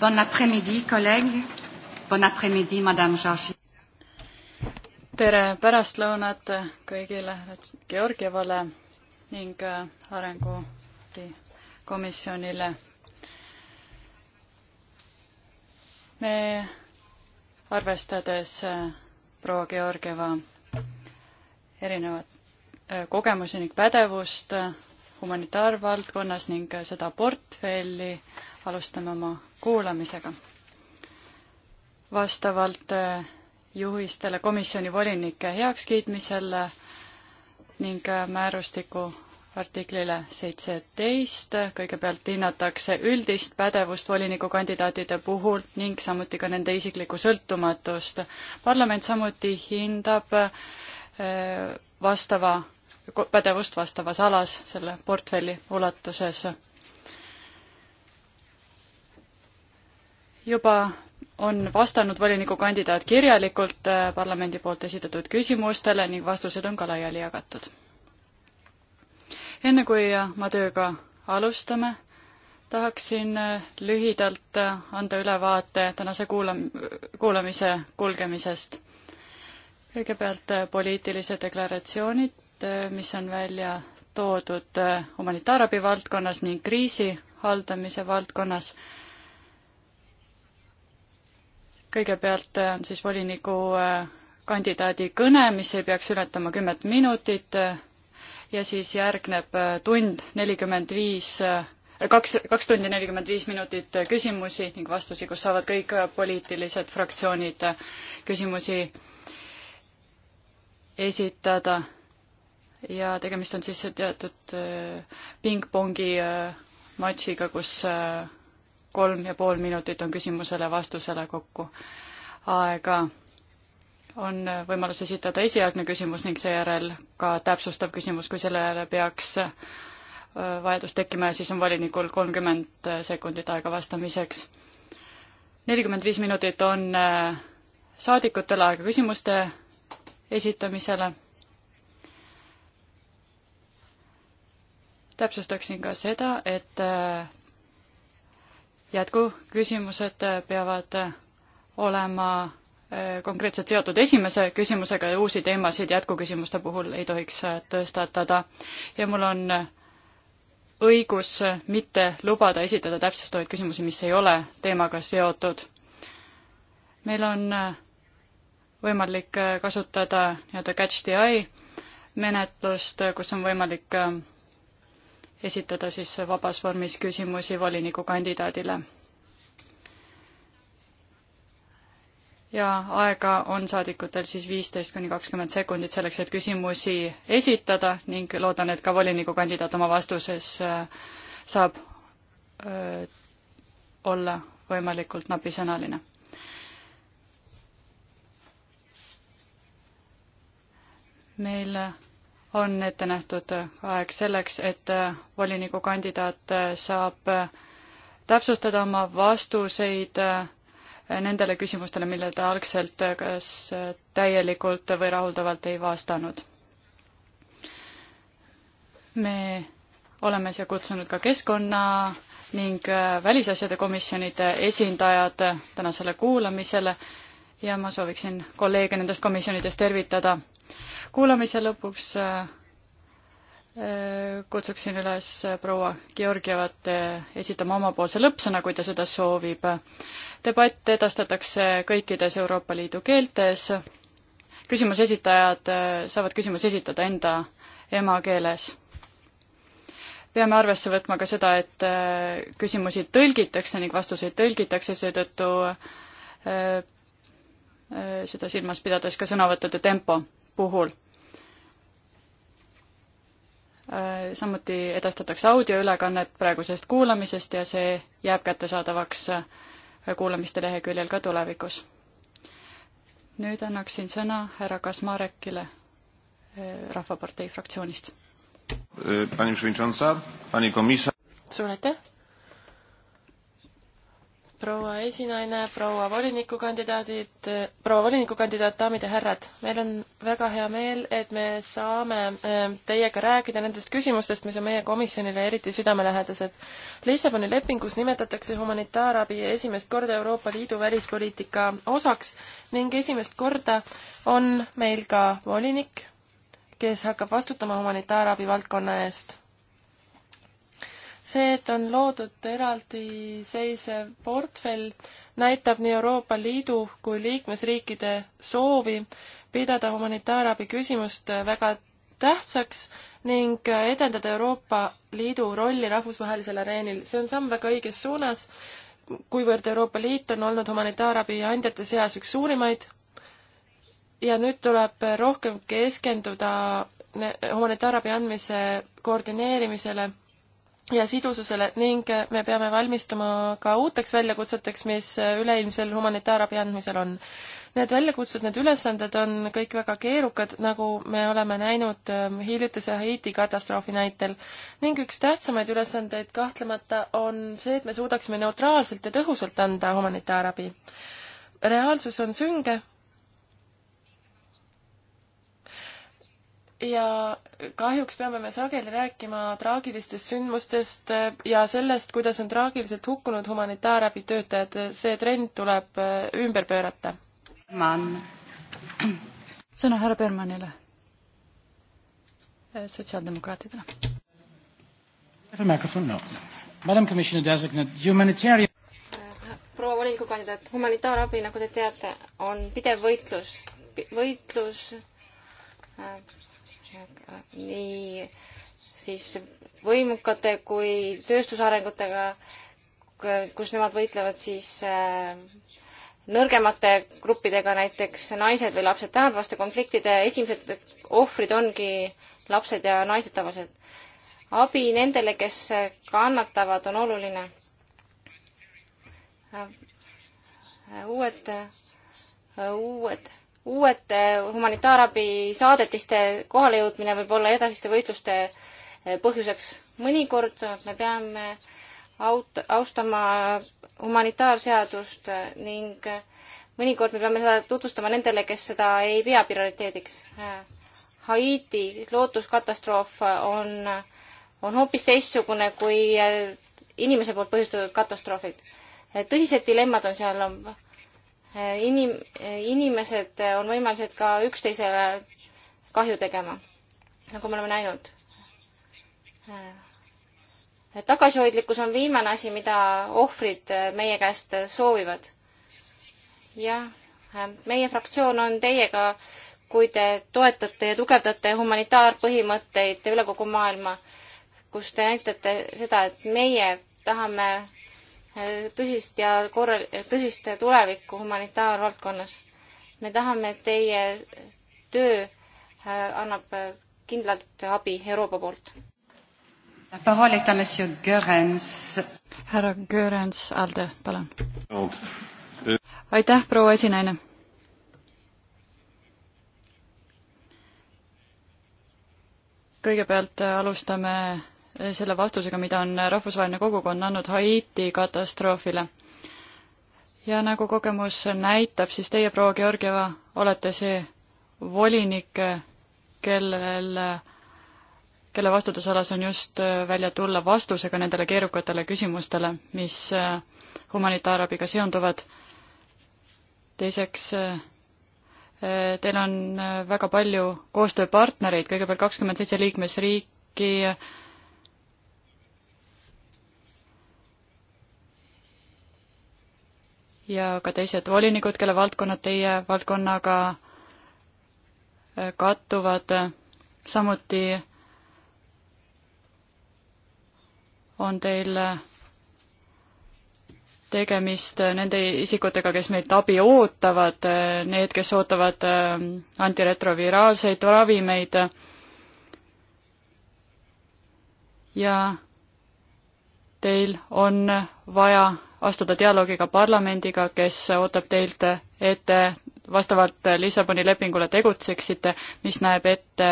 Bon après-midi, kolleeg. Bon après-midi, madame Georgi. tere pärastlõunat kõigile Georgievale ning äh, arengukomisjonile. me arvestades äh, proua Georgieva erinevat äh, kogemusi ning pädevust humanitaarvaldkonnas ning seda portfelli, alustame oma kuulamisega. vastavalt äh, juhistele komisjoni volinike heakskiitmisele äh, ning äh, määrustiku artiklile seitseteist kõigepealt hinnatakse üldist pädevust volinikukandidaatide puhul ning samuti ka nende isiklikku sõltumatust. parlament samuti hindab vastava, pädevust vastavas alas selle portfelli ulatuses juba on vastanud volinikukandidaat kirjalikult äh, parlamendi poolt esitatud küsimustele ning vastused on ka laiali jagatud. enne kui ma tööga alustame, tahaksin äh, lühidalt äh, anda ülevaate tänase kuulam-, kuulamise kulgemisest. kõigepealt poliitilised deklaratsioonid, mis on välja toodud humanitaarabi valdkonnas ning kriisi haldamise valdkonnas kõigepealt äh, on siis voliniku äh, kandidaadi kõne, mis ei peaks ületama kümmet minutit äh, ja siis järgneb tund nelikümmend viis, kaks, kaks tundi nelikümmend viis minutit küsimusi ning vastusi, kus saavad kõik poliitilised fraktsioonid küsimusi esitada. ja tegemist on siis teatud pingpongi matšiga, kus kolm ja pool minutit on küsimusele-vastusele kokku aega. on võimalus esitada esialgne küsimus ning seejärel ka täpsustav küsimus, kui sellele peaks äh, vajadus tekkima ja siis on volinikul kolmkümmend äh, sekundit aega vastamiseks. nelikümmend viis minutit on äh, saadikutel aega küsimuste esitamisele täpsustaksin ka seda, et jätkuküsimused äh, peavad äh, olema äh, konkreetselt seotud esimese küsimusega ja uusi teemasid jätkuküsimuste puhul ei tohiks tõstatada. ja mul on õigus mitte lubada esitada täpsustavaid küsimusi, mis ei ole teemaga seotud. meil on võimalik kasutada nii-öelda catch the eye menetlust, kus on võimalik esitada siis vabas vormis küsimusi volinikukandidaadile. ja aega on saadikutel siis viisteist kuni kakskümmend sekundit selleks, et küsimusi esitada ning loodan, et ka volinikukandidaat oma vastuses äh, saab öö, äh, olla võimalikult napisõnaline meil on ette nähtud aeg selleks, et volinikukandidaat saab täpsustada oma vastuseid nendele küsimustele, millele ta algselt kas täielikult või rahuldavalt ei vastanud. me oleme siia kutsunud ka keskkonna ning välisasjade komisjonide esindajad tänasele kuulamisele ja ma sooviksin kolleege nendest komisjonidest tervitada kuulamise lõpuks äh, äh, kutsuksin üles äh, proua Georgievat esitama omapoolse lõppsõna, kui ta seda soovib. debatt edastatakse kõikides Euroopa Liidu keeltes. küsimuse esitajad saavad küsimusi esitada enda emakeeles. peame arvesse võtma ka seda, et küsimusi tõlgitakse ning vastuseid tõlgitakse, seetõttu seda silmas pidades ka sõnavõttude tempo puhul Äh, samuti edastatakse audioülekannet praegusest kuulamisest ja see jääb kättesaadavaks äh, kuulamiste leheküljel ka tulevikus. nüüd annaksin sõna härra Kasmarekile äh, Rahvapartei fraktsioonist. suur aitäh, proua esinaine, proua volinikukandidaadid, proua volinikukandidaat, daamid ja härrad, meil on väga hea meel, et me saame äh, teiega rääkida nendest küsimustest, mis on meie komisjonile eriti südamelähedased. Lissaboni lepingus nimetatakse humanitaarabi esimest korda Euroopa Liidu välispoliitika osaks ning esimest korda on meil ka volinik, kes hakkab vastutama humanitaarabi valdkonna eest see, et on loodud eraldiseisev portfell, näitab nii Euroopa Liidu kui liikmesriikide soovi pidada humanitaarabi küsimust väga tähtsaks ning edendada Euroopa Liidu rolli rahvusvahelisel areenil. see on samm väga õiges suunas, kuivõrd Euroopa Liit on olnud humanitaarabi andjate seas üks suurimaid ja nüüd tuleb rohkem keskenduda humanitaarabi andmise koordineerimisele ja sidususele ning me peame valmistuma ka uuteks väljakutseteks, mis üleilmsel humanitaarabi andmisel on. Need väljakutsed, need ülesanded on kõik väga keerukad, nagu me oleme näinud ähm, hiljutise Haiti katastroofi näitel. ning üks tähtsamaid ülesandeid kahtlemata on see, et me suudaksime neutraalselt ja tõhusalt anda humanitaarabi. reaalsus on sünge ja kahjuks peame me sageli rääkima traagilistest sündmustest ja sellest, kuidas on traagiliselt hukkunud humanitaarabi töötajad. see trend tuleb äh, ümber pöörata. sõna härra Bermanile, äh, sotsiaaldemokraatidele. mikrofon, no. Madam Commissioner Designate, humanitarian proua volinikukandidaat, humanitaarabi, nagu te teate, on pidev võitlus, võitlus äh, nii siis võimukate kui tööstusarengutega, kus nemad võitlevad siis äh, nõrgemate gruppidega, näiteks naised või lapsed. tänapäevaste konfliktide esimesed ohvrid ongi lapsed ja naised tavaliselt. abi nendele, kes kannatavad, on oluline. Äh, uued, äh, uued uute humanitaarabi saadetiste kohalejõudmine võib olla edasiste võitluste eh, põhjuseks. mõnikord me peame aut-, austama humanitaarseadust eh, ning eh, mõnikord me peame seda tutvustama nendele, kes seda ei pea prioriteediks. Haiti lootuskatastroof on, on hoopis teistsugune kui inimese poolt põhjustatud katastroofid. tõsised dilemmad on seal Eh, inim-, eh, inimesed eh, on võimelised ka üksteisele kahju tegema, nagu me oleme näinud. tagasihoidlikkus on viimane asi, mida ohvrid meie käest soovivad. jah, meie fraktsioon on teiega, kui te toetate ja tugevdate humanitaarpõhimõtteid üle kogu maailma, kus te näitate seda, et meie tahame tõsist ja korral-, tõsist tulevikku humanitaarvaldkonnas. me tahame, et teie töö äh, annab äh, kindlalt abi Euroopa poolt. härra Görens, Alde, palun. Euh, aitäh, proua esinaine. kõigepealt äh, alustame selle vastusega, mida on rahvusvaheline kogukond andnud Haiti katastroofile. ja nagu kogemus näitab, siis teie, proua Georgieva, olete see volinik, kellel, kelle vastutusalas on just välja tulla vastusega nendele keerukatele küsimustele, mis humanitaarabiga seonduvad. teiseks teil on väga palju koostööpartnereid, kõigepealt kakskümmend seitse liikmesriiki, ja ka teised volinikud, kelle valdkonnad teie valdkonnaga äh, kattuvad, samuti on teil äh, tegemist äh, nende isikutega, kes meilt abi ootavad, need, kes ootavad antiretroviraalseid ravimeid ja teil on vaja astuda dialoogiga parlamendiga, kes ootab teilt, et te vastavalt Lissaboni lepingule tegutseksite, mis näeb ette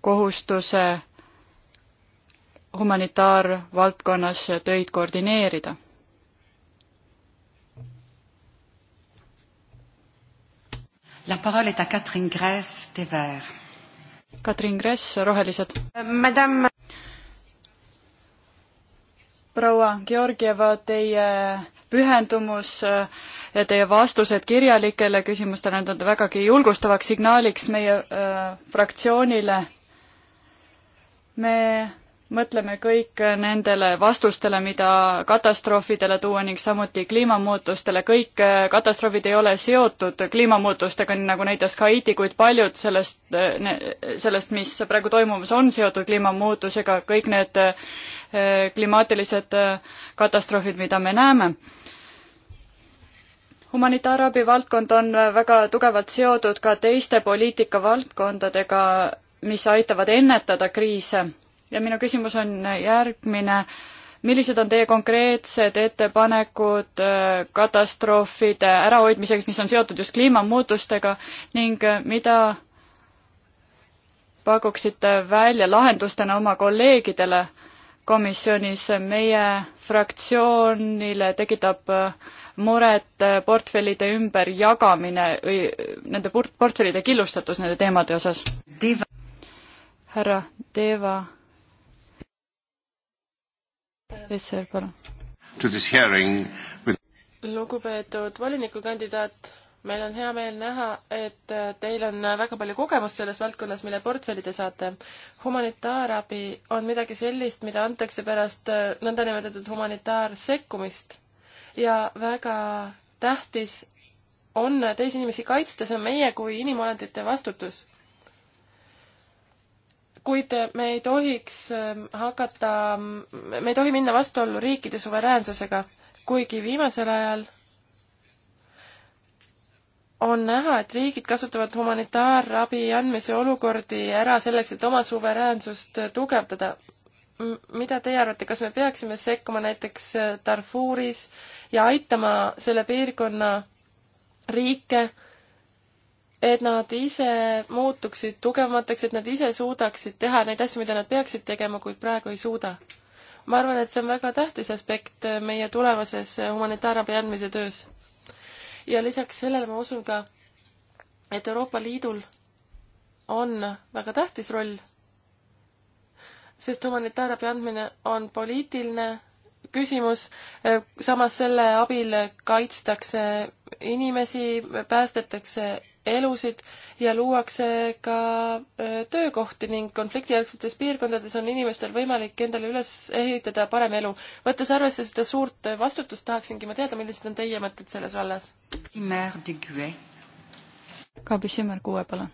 kohustuse humanitaarvaldkonnas töid koordineerida La parole est à Catherine Gress des Verts. Catherine Gress, Rohelised. Madame proua Georgieva, teie pühendumus ja teie vastused kirjalikele küsimustele on vägagi julgustavaks signaaliks meie äh, fraktsioonile. me mõtleme kõik nendele vastustele, mida katastroofidele tuua ning samuti kliimamuutustele, kõik katastroofid ei ole seotud kliimamuutustega, nii nagu näitas Haiti, kuid paljud sellest, sellest, mis praegu toimumas on seotud kliimamuutusega, kõik need eh, klimaatilised eh, katastroofid, mida me näeme humanitaarabi valdkond on väga tugevalt seotud ka teiste poliitikavaldkondadega, mis aitavad ennetada kriise ja minu küsimus on järgmine. millised on teie konkreetsed ettepanekud äh, katastroofide ärahoidmiseks, mis on seotud just kliimamuutustega ning äh, mida pakuksite välja lahendustena oma kolleegidele komisjonis? meie fraktsioonile tekitab äh, muret portfellide ümberjagamine või nende port-, portfellide killustatus nende teemade osas? härra Deva Esser, palun. lugupeetud volinikukandidaat, meil on hea meel näha, et teil on väga palju kogemust selles valdkonnas, mille portfelli te saate. humanitaarabi on midagi sellist, mida antakse pärast äh, nõndanimetatud humanitaarsekkumist ja väga tähtis on teisi inimesi kaitsta, see on meie kui inimolendite vastutus kuid me ei tohiks ähm, hakata, me ei tohi minna vastuollu riikide suveräänsusega, kuigi viimasel ajal on näha, et riigid kasutavad humanitaarabi andmise olukordi ära selleks, et oma suveräänsust tugevdada. mida teie arvate, kas me peaksime sekkuma näiteks äh, Darfuris ja aitama selle piirkonna riike et nad ise muutuksid tugevamateks, et nad ise suudaksid teha neid asju, mida nad peaksid tegema, kuid praegu ei suuda. ma arvan, et see on väga tähtis aspekt meie tulevases humanitaarabi andmise töös. ja lisaks sellele ma usun ka, et Euroopa Liidul on väga tähtis roll, sest humanitaarabi andmine on poliitiline küsimus, samas selle abil kaitstakse inimesi, päästetakse elusid ja luuakse ka äh, töökohti ning konfliktijärgsetes piirkondades on inimestel võimalik endale üles ehitada parem elu. võttes arvesse seda suurt äh, vastutust, tahaksingi ma teada, millised on teie mõtted selles vallas? Gabi Simmer-Kuue, palun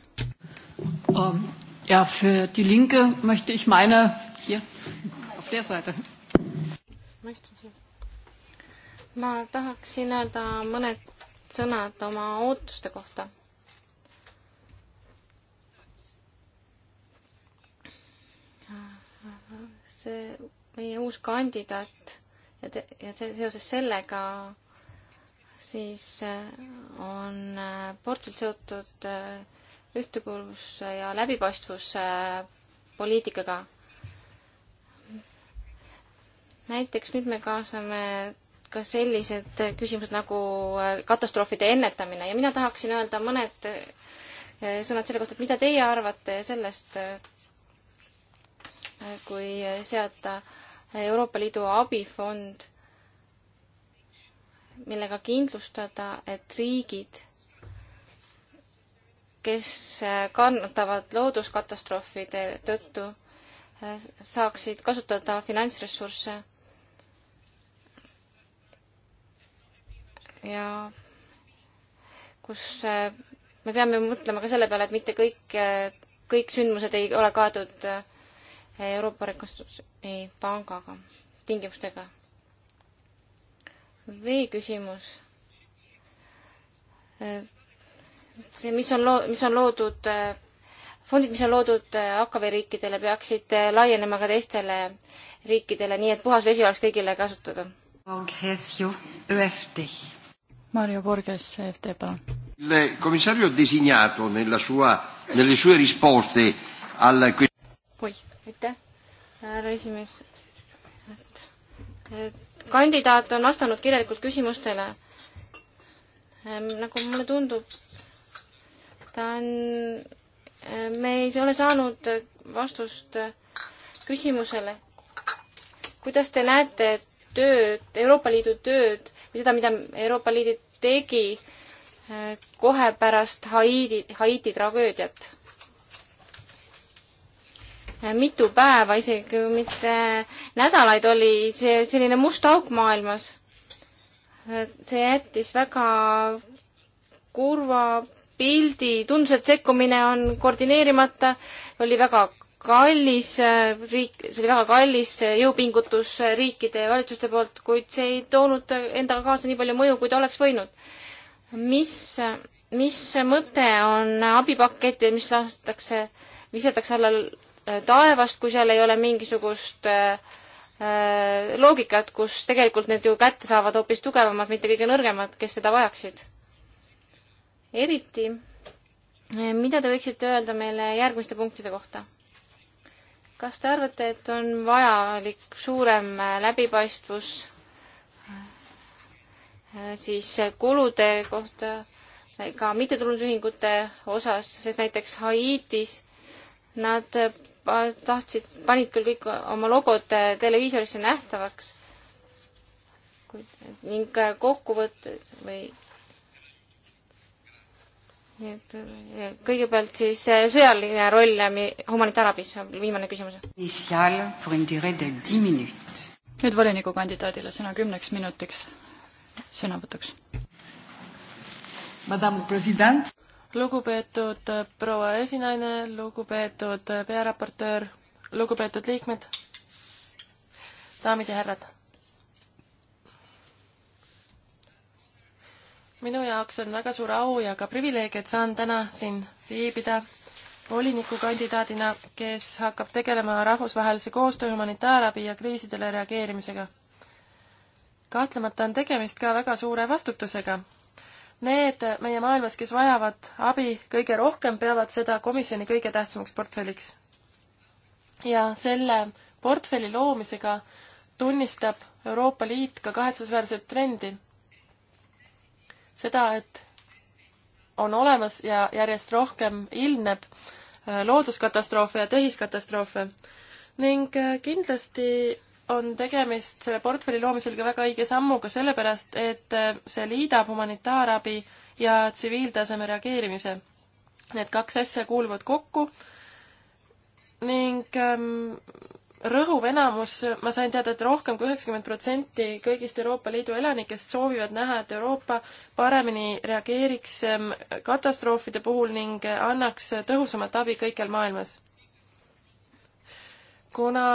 um,. Ja, für die Linke möchte ich meine hier auf der Seite. ma tahaksin öelda mõned sõnad oma ootuste kohta. see meie uus kandidaat ja te-, ja te, seoses sellega siis äh, on äh, portfell seotud äh, ühtekuuluvuse ja läbipaistvuse poliitikaga. näiteks nüüd me kaasame ka sellised küsimused nagu katastroofide ennetamine ja mina tahaksin öelda mõned sõnad selle kohta, et mida teie arvate sellest, kui seata Euroopa Liidu abifond, millega kindlustada, et riigid, kes kannatavad looduskatastroofide tõttu, saaksid kasutada finantsressursse ja kus eh, me peame mõtlema ka selle peale, et mitte kõik, eh, kõik sündmused ei ole kaetud eh, Euroopa Rekonstruktsioonipangaga, tingimustega. veeküsimus. see, mis on loo-, mis on loodud, fondid, mis on loodud AKV riikidele, peaksid laienema ka teistele riikidele, nii et puhas vesi oleks kõigile kasutada. Mario Borges, EFT, palun. Il commissario designato nella sua, nelle sue risposte alla oih, aitäh, härra esimees. et, et kandidaat on vastanud kirjalikult küsimustele. Ehm, nagu mulle tundub, ta on, ehm, me ei ole saanud vastust ehm, küsimusele, kuidas te näete tööd, Euroopa Liidu tööd või seda, mida Euroopa Liit tegi kohe pärast Haiti, Haiti tragöödiat? mitu päeva, isegi mitte nädalaid oli see selline must auk maailmas. see jättis väga kurva pildi, tundus, et sekkumine on koordineerimata, oli väga kallis äh, riik, see oli väga kallis äh, jõupingutus äh, riikide ja valitsuste poolt, kuid see ei toonud endaga kaasa nii palju mõju, kui ta oleks võinud. mis, mis mõte on abipakettidel, mis lastakse, visatakse alla Äh, taevast, kui seal ei ole mingisugust äh, äh, loogikat, kus tegelikult need ju kätte saavad hoopis tugevamad, mitte kõige nõrgemad, kes seda vajaksid. eriti, mida te võiksite öelda meile järgmiste punktide kohta? kas te arvate, et on vajalik suurem läbipaistvus siis kulude kohta ka mittetulundusühingute osas, sest näiteks Haitis nad tahtsid, panid küll kõik oma logod eh, televiisorisse nähtavaks. ning eh, kokkuvõtted või nii et eh, kõigepealt siis sõjaline roll humanitaarabis on viimane küsimus. nüüd volinikukandidaadile sõna kümneks minutiks sõnavõtuks lugupeetud äh, proua esinaine, lugupeetud äh, pearaportöör, lugupeetud liikmed, daamid ja härrad. minu jaoks on väga suur au ja ka privileeg, et saan täna siin viibida volinikukandidaadina, kes hakkab tegelema rahvusvahelise koostöö humanitaarabi ja kriisidele reageerimisega. kahtlemata on tegemist ka väga suure vastutusega Need meie maailmas, kes vajavad abi kõige rohkem, peavad seda komisjoni kõige tähtsamaks portfelliks. ja selle portfelli loomisega tunnistab Euroopa Liit ka kahetsusväärset trendi. seda, et on olemas ja järjest rohkem ilmneb äh, looduskatastroofe ja tehiskatastroofe ning äh, kindlasti on tegemist selle portfelli loomisel ka väga õige sammuga, sellepärast et äh, see liidab humanitaarabi ja tsiviiltaseme reageerimise. Need kaks asja kuuluvad kokku ning ähm, rõhuv enamus, ma sain teada, et rohkem kui üheksakümmend protsenti kõigist Euroopa Liidu elanikest soovivad näha, et Euroopa paremini reageeriks ähm, katastroofide puhul ning äh, annaks tõhusamat abi kõikjal maailmas. kuna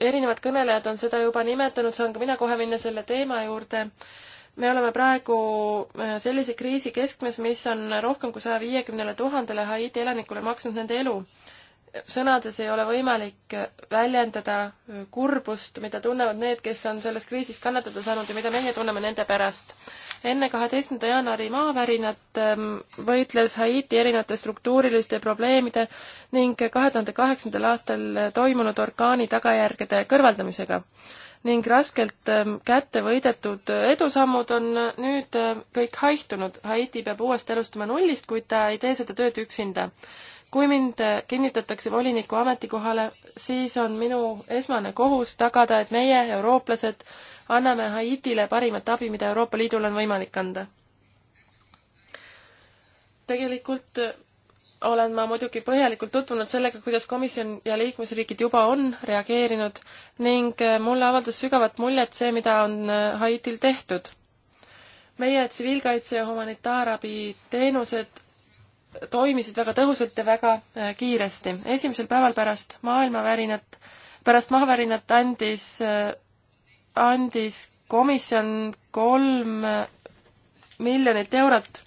erinevad kõnelejad on seda juba nimetanud, saan ka mina kohe minna selle teema juurde. me oleme praegu äh, sellise kriisi keskmes, mis on rohkem kui saja viiekümnele tuhandele Haiti elanikule maksnud nende elu. sõnades ei ole võimalik väljendada äh, kurbust, mida tunnevad need, kes on selles kriisis kannatada saanud ja mida meie tunneme nende pärast enne kaheteistkümnenda jaanuari maavärinat ähm, võitles Haiti erinevate struktuuriliste probleemide ning kahe tuhande kaheksandal aastal äh, toimunud orkaani tagajärgede kõrvaldamisega ning raskelt ähm, kätte võidetud edusammud on äh, nüüd äh, kõik haihtunud. Haiti peab uuesti alustama nullist, kuid ta ei tee seda tööd üksinda. kui mind kinnitatakse voliniku ametikohale, siis on minu esmane kohus tagada, et meie, eurooplased, anname Haitile parimat abi, mida Euroopa Liidul on võimalik anda. tegelikult olen ma muidugi põhjalikult tutvunud sellega, kuidas komisjon ja liikmesriigid juba on reageerinud ning mulle avaldas sügavat muljet see, mida on Haitil tehtud. meie tsiviilkaitse ja humanitaarabi teenused toimisid väga tõhusalt ja väga äh, kiiresti. esimesel päeval pärast maailmavärinat, pärast maavärinat andis äh, andis komisjon kolm miljonit eurot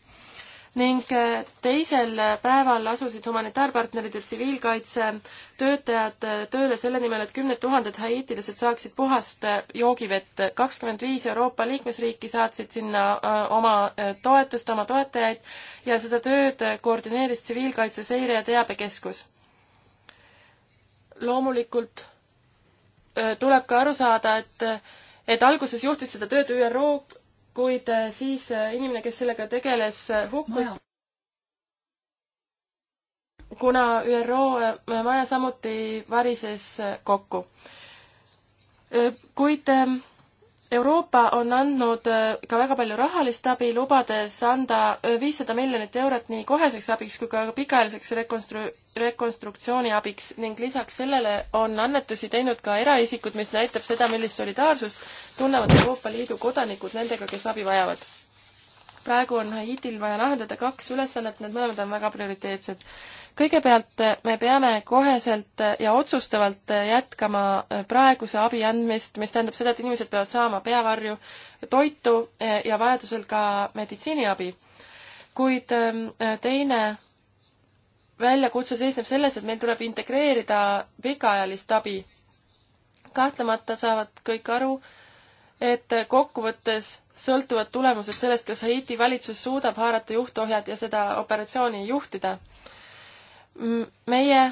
ning äh, teisel päeval asusid humanitaarpartnerid ja tsiviilkaitsetöötajad äh, tööle selle nimel, et kümned tuhanded haitilased saaksid puhast äh, joogivett. kakskümmend viis Euroopa liikmesriiki saatsid sinna oma toetust, oma toetajaid ja seda tööd koordineeris Tsiviilkaitse Seire- ja Teabekeskus. loomulikult tuleb ka aru saada, et et alguses juhtis seda tööd ÜRO, kuid äh, siis äh, inimene, kes sellega tegeles, äh, hukkus. kuna ÜRO maja samuti varises kokku. kuid ähm, Euroopa on andnud äh, ka väga palju rahalist abi, lubades anda äh, viissada miljonit eurot nii koheseks abiks kui ka pikaajaliseks rekonstru-, rekonstruktsiooni abiks ning lisaks sellele on annetusi teinud ka eraisikud, mis näitab seda, millist solidaarsust tunnevad Euroopa Liidu kodanikud nendega, kes abi vajavad. praegu on Haitil vaja lahendada kaks ülesannet, need mõlemad on väga prioriteetsed kõigepealt eh, me peame koheselt eh, ja otsustavalt eh, jätkama praeguse abi andmist, mis tähendab seda, et inimesed peavad saama peavarju, toitu ja vajadusel ka meditsiiniabi. kuid ehm, teine väljakutse seisneb selles, et meil tuleb integreerida pikaajalist abi. kahtlemata saavad kõik aru, et kokkuvõttes sõltuvad tulemused sellest, kas Haiti valitsus suudab haarata juhtohjad ja seda operatsiooni juhtida meie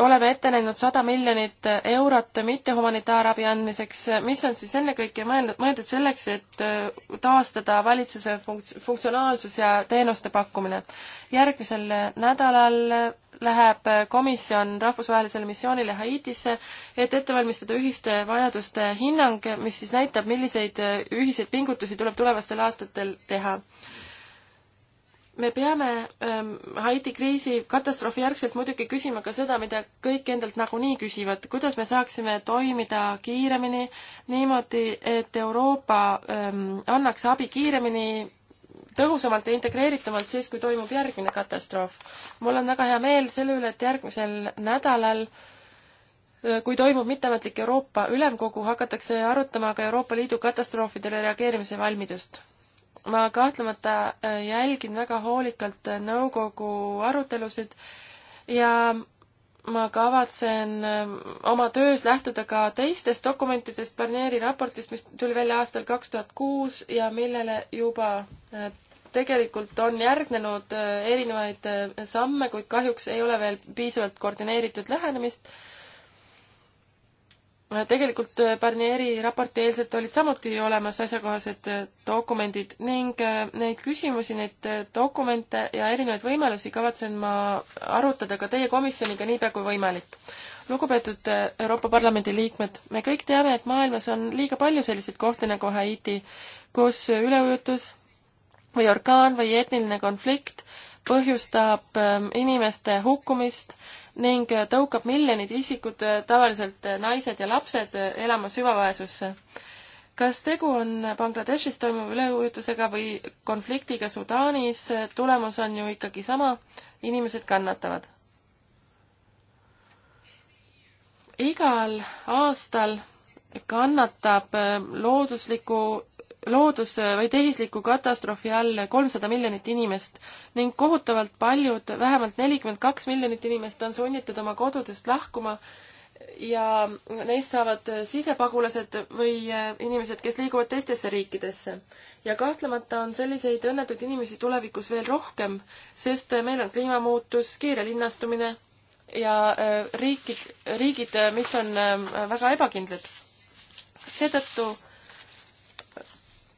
oleme ette näinud sada miljonit eurot mittehumanitaarabi andmiseks, mis on siis ennekõike mõeldud, mõeldud selleks, et äh, taastada valitsuse funkts-, funktsionaalsus ja teenuste pakkumine. järgmisel nädalal läheb komisjon rahvusvahelisele missioonile Haitisse, et ette valmistada ühiste vajaduste hinnang, mis siis näitab, milliseid ühiseid pingutusi tuleb tulevastel aastatel teha me peame ähm, Haiti kriisi katastroofi järgselt muidugi küsima ka seda, mida kõik endalt nagunii küsivad, kuidas me saaksime toimida kiiremini, niimoodi, et Euroopa ähm, annaks abi kiiremini, tõhusamalt ja integreeritumalt siis, kui toimub järgmine katastroof. mul on väga hea meel selle üle, et järgmisel nädalal äh, kui toimub mitteametlik Euroopa Ülemkogu, hakatakse arutama ka Euroopa Liidu katastroofidele reageerimise valmidust ma kahtlemata äh, jälgin väga hoolikalt äh, nõukogu arutelusid ja ma kavatsen äh, oma töös lähtuda ka teistest dokumentidest Barnieri raportist, mis tuli välja aastal kaks tuhat kuus ja millele juba tegelikult on järgnenud erinevaid samme, kuid kahjuks ei ole veel piisavalt koordineeritud lähenemist tegelikult äh, Barnieri raporti eelselt olid samuti olemas asjakohased äh, dokumendid ning äh, neid küsimusi, neid dokumente ja erinevaid võimalusi kavatsen ma arutada ka teie komisjoniga niipea kui võimalik. lugupeetud Euroopa Parlamendi liikmed, me kõik teame, et maailmas on liiga palju selliseid kohti nagu Haiti, kus üleujutus või orkaan või etniline konflikt põhjustab ähm, inimeste hukkumist ning tõukab miljonid isikud, äh, tavaliselt äh, naised ja lapsed, äh, elama süvavaesusse. kas tegu on Bangladeshis toimuva üleujutusega või konfliktiga Sudaanis, tulemus on ju ikkagi sama, inimesed kannatavad. igal aastal kannatab loodusliku loodus- või tehisliku katastroofi all kolmsada miljonit inimest ning kohutavalt paljud, vähemalt nelikümmend kaks miljonit inimest on sunnitud oma kodudest lahkuma ja neist saavad sisepagulased või äh, inimesed, kes liiguvad teistesse riikidesse. ja kahtlemata on selliseid õnnetuid inimesi tulevikus veel rohkem, sest äh, meil on kliimamuutus, kiire linnastumine ja äh, riikid, riigid, mis on väga ebakindlad. seetõttu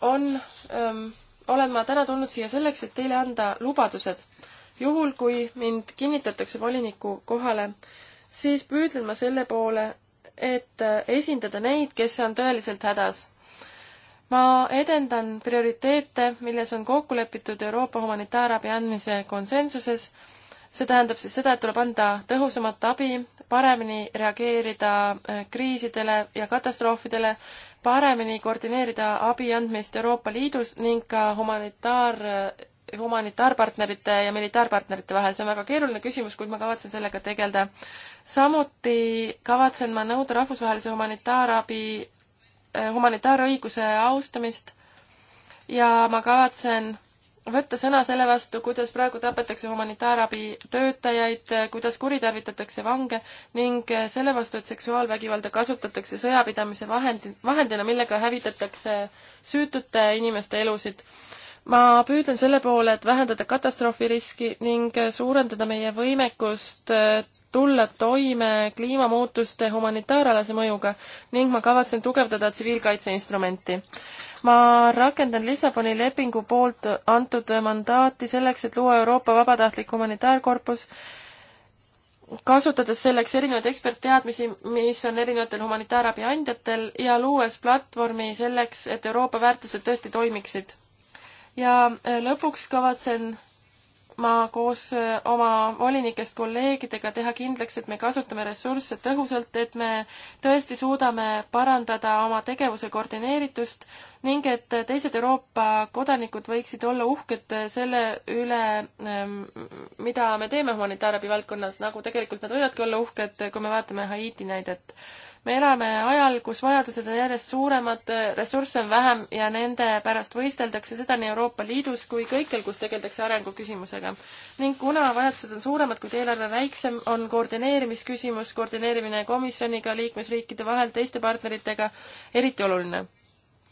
on, ähm, olen ma täna tulnud siia selleks, et teile anda lubadused. juhul, kui mind kinnitatakse voliniku kohale, siis püüdlen ma selle poole, et äh, esindada neid, kes on tõeliselt hädas. ma edendan prioriteete, milles on kokku lepitud Euroopa humanitaarabi andmise konsensuses see tähendab siis seda, et tuleb anda tõhusamat abi, paremini reageerida äh, kriisidele ja katastroofidele, paremini koordineerida abi andmist Euroopa Liidus ning ka humanitaar, äh, humanitaarpartnerite ja militaarpartnerite vahel. see on väga keeruline küsimus, kuid ma kavatsen sellega tegeleda. samuti kavatsen ma nõuda rahvusvahelise humanitaarabi, äh, humanitaarõiguse austamist ja ma kavatsen võtta sõna selle vastu, kuidas praegu tapetakse humanitaarabi töötajaid, kuidas kuritarvitatakse vange ning selle vastu, et seksuaalvägivalda kasutatakse sõjapidamise vahendi, vahendina, millega hävitatakse süütute inimeste elusid. ma püüdlen selle poole, et vähendada katastroofiriski ning suurendada meie võimekust tulla toime kliimamuutuste humanitaaralase mõjuga ning ma kavatsen tugevdada tsiviilkaitseinstrumenti ma rakendan Lissaboni lepingu poolt antud mandaati selleks, et luua Euroopa Vabatahtlik Humanitaarkorpus, kasutades selleks erinevaid ekspertteadmisi, mis on erinevatel humanitaarabi andjatel ja luues platvormi selleks, et Euroopa väärtused tõesti toimiksid. ja äh, lõpuks kavatsen ma koos äh, oma volinikest kolleegidega teha kindlaks, et me kasutame ressursse tõhusalt, et me tõesti suudame parandada oma tegevuse koordineeritust ning et teised Euroopa kodanikud võiksid olla uhked selle üle, ähm, mida me teeme humanitaarabi valdkonnas, nagu tegelikult nad võivadki olla uhked, kui me vaatame Haiti näidet. me elame ajal, kus vajadused on järjest suuremad, ressursse on vähem ja nende pärast võisteldakse, seda nii Euroopa Liidus kui kõikjal, kus tegeldakse arenguküsimusega. ning kuna vajadused on suuremad, kuid eelarve väiksem, on koordineerimisküsimus, koordineerimine komisjoniga, liikmesriikide vahel, teiste partneritega eriti oluline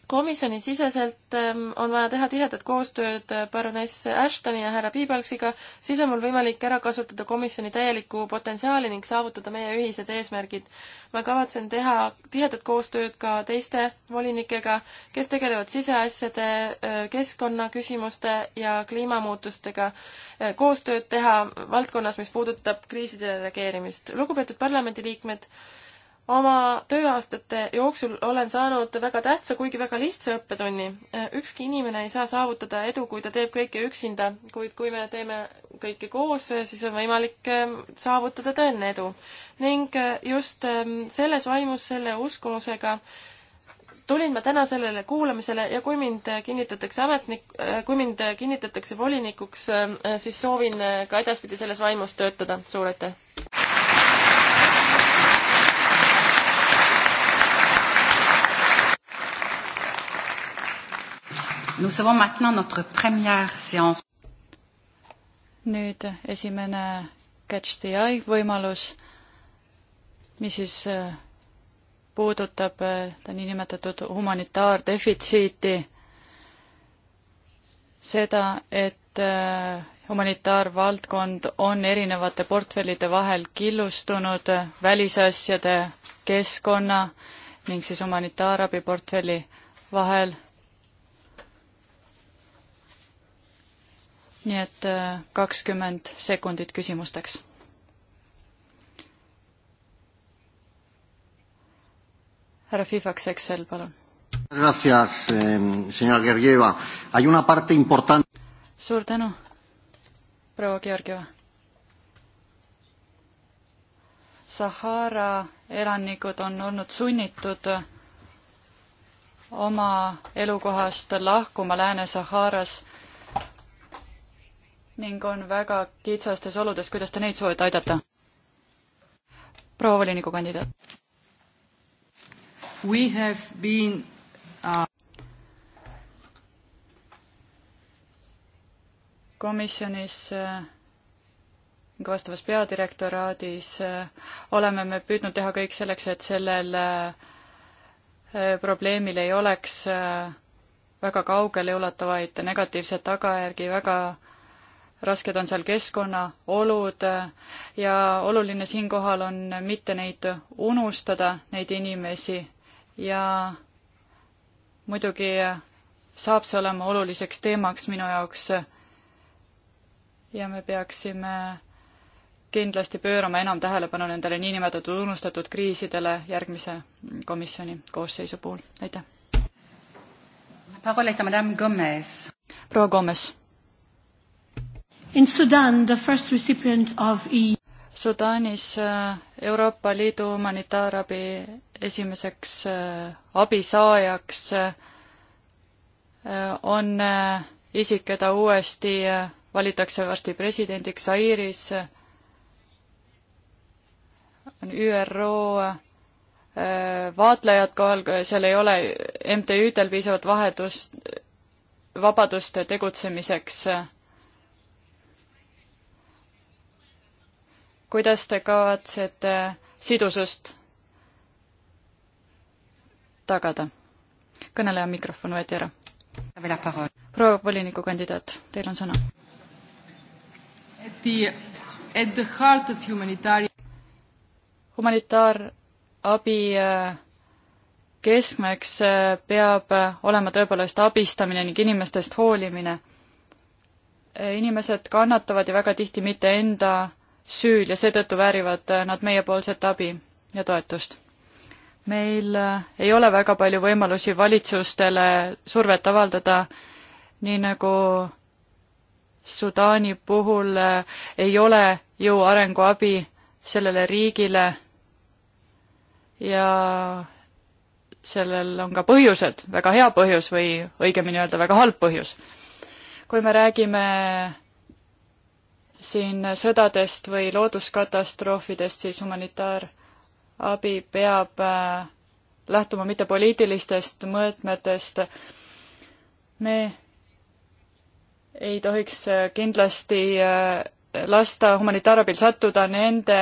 komisjoni siseselt ähm, on vaja teha tihedat koostööd äh, baroness Ashtoni ja härra Piibalksiga, siis on mul võimalik ära kasutada komisjoni täielikku potentsiaali ning saavutada meie ühised eesmärgid. ma kavatsen teha tihedat koostööd ka teiste volinikega, kes tegelevad siseasjade, äh, keskkonnaküsimuste ja kliimamuutustega, äh, koostööd teha valdkonnas, mis puudutab kriisidele reageerimist. lugupeetud parlamendiliikmed, oma tööaastate jooksul olen saanud väga tähtsa, kuigi väga lihtsa õppetunni. ükski inimene ei saa saavutada edu, kui ta teeb kõike üksinda, kuid kui me teeme kõike koos, siis on võimalik ehm, saavutada tõeline edu. ning ehm, just ehm, selles vaimus, selle uskumusega tulin ma täna sellele kuulamisele ja kui mind kinnitatakse ametnik, kui mind kinnitatakse volinikuks, siis soovin ka edaspidi selles vaimus töötada. suur aitäh! Nous avons maintenant notre première séance. nüüd esimene Catch the Eye võimalus, mis siis äh, puudutab äh, ta niinimetatud humanitaardefitsiiti, seda, et äh, humanitaarvaldkond on erinevate portfellide vahel killustunud välisasjade, keskkonna ning siis humanitaarabi portfelli vahel nii et äh, kakskümmend sekundit küsimusteks. härra Fifaks, Excel, palun. suur tänu, proua Georgieva. Sahara elanikud on olnud sunnitud oma elukohast lahkuma Lääne-Saharas ning on väga kitsastes oludes, kuidas te neid soovite aidata? proua volinikukandidaat. We have been uh... komisjonis äh, ning vastavas peadirektoraadis äh, oleme me püüdnud teha kõik selleks, et sellel äh, probleemil ei oleks väga kaugeleulatuvaid negatiivseid tagajärgi, väga rasked on seal keskkonnaolud ja oluline siinkohal on mitte neid unustada, neid inimesi, ja muidugi saab see olema oluliseks teemaks minu jaoks ja me peaksime kindlasti pöörama enam tähelepanu nendele niinimetatud unustatud kriisidele järgmise komisjoni koosseisu puhul, aitäh. proua Gomes. In Sudan, the first recipient of EU Sudaanis äh, Euroopa Liidu humanitaarabi esimeseks äh, abisaajaks äh, on isik, keda uuesti valitakse varsti presidendiks Airis, on ÜRO vaatlejad kohal, seal ei ole MTÜ-del piisavat vahedust, vabadust tegutsemiseks kuidas te kavatsete sidusust tagada? kõneleja mikrofon võeti ära. proua volinikukandidaat, teil on sõna. humanitaarabi äh, keskmeks äh, peab äh, olema tõepoolest abistamine ning inimestest hoolimine. inimesed kannatavad ja väga tihti mitte enda süüd ja seetõttu väärivad äh, nad meiepoolset abi ja toetust. meil äh, ei ole väga palju võimalusi valitsustele survet avaldada, nii nagu Sudaani puhul äh, ei ole ju arenguabi sellele riigile ja sellel on ka põhjused, väga hea põhjus või õigemini öelda, väga halb põhjus. kui me räägime siin sõdadest või looduskatastroofidest, siis humanitaarabi peab äh, lähtuma mitte poliitilistest mõõtmetest. me ei tohiks äh, kindlasti äh, lasta humanitaarabil sattuda nende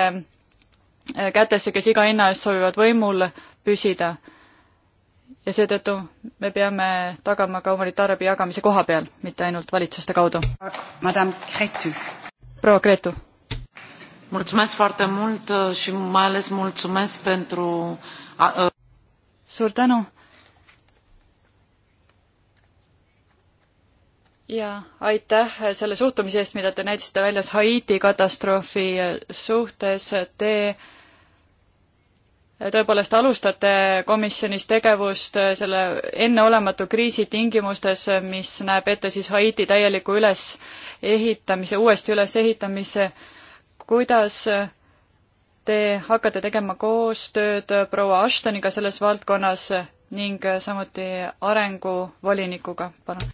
kätesse, kes iga hinna eest soovivad võimul püsida. ja seetõttu me peame tagama ka humanitaarabi jagamise koha peal, mitte ainult valitsuste kaudu. Madame Cretu proua Gretu. mulțumesc foarte mult uh, și mai ales mulțumesc pentru uh, suur tänu. ja aitäh selle suhtumise eest, mida te näitasite väljas Haiti katastroofi suhtes, te tõepoolest alustate komisjonis tegevust äh, selle enneolematu kriisi tingimustes, äh, mis näeb ette siis Haiti täieliku ülesehitamise, uuesti ülesehitamise. kuidas äh, te hakkate tegema koostööd proua Ashtoniga selles valdkonnas ning samuti arenguvolinikuga, palun?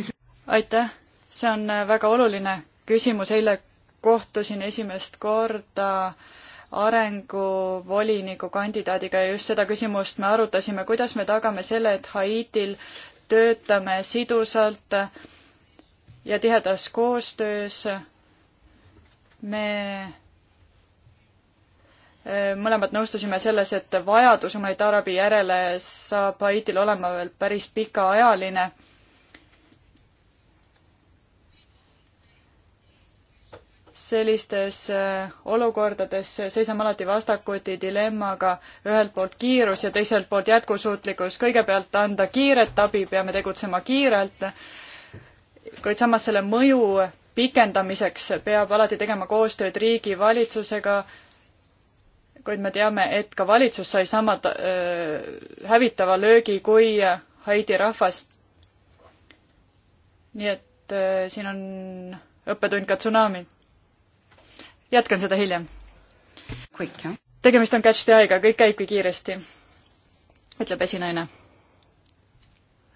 Is... aitäh, see on väga oluline küsimus, eile kohtusin esimest korda arenguvoliniku kandidaadiga ja just seda küsimust me arutasime, kuidas me tagame selle, et Haitil töötame sidusalt ja tihedas koostöös. me e, mõlemad nõustusime selles, et vajadus humanitaarabi järele saab Haitil olema veel päris pikaajaline sellistes äh, olukordades seisame alati vastakuti dilemmaga ühelt poolt kiirus ja teiselt poolt jätkusuutlikkus. kõigepealt anda kiiret abi, peame tegutsema kiirelt, kuid samas selle mõju pikendamiseks peab alati tegema koostööd riigi valitsusega, kuid me teame, et ka valitsus sai sama äh, hävitava löögi kui Haiti rahvas. nii et äh, siin on õppetund ka tsunami jätkan seda hiljem. tegemist on catch the eye'ga, kõik käibki kiiresti, ütleb esinaine.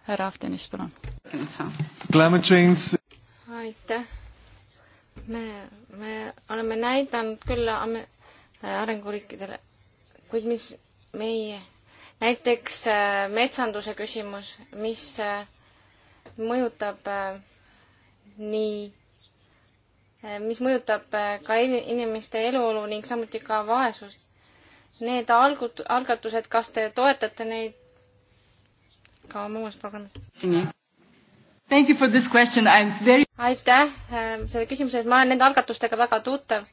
härra Aftenis, palun. aitäh. me, me oleme näidanud küll äh, arenguriikidele, kuid mis meie, näiteks äh, metsanduse küsimus, mis äh, mõjutab nii Eh, mis mõjutab eh, ka inimeste eluolu ning samuti ka vaesust. Need algut-, algatused, kas te toetate neid ka muues programmis? Thank you for this question, I am very aitäh eh, selle küsimuse eest, ma olen nende algatustega väga tuttav.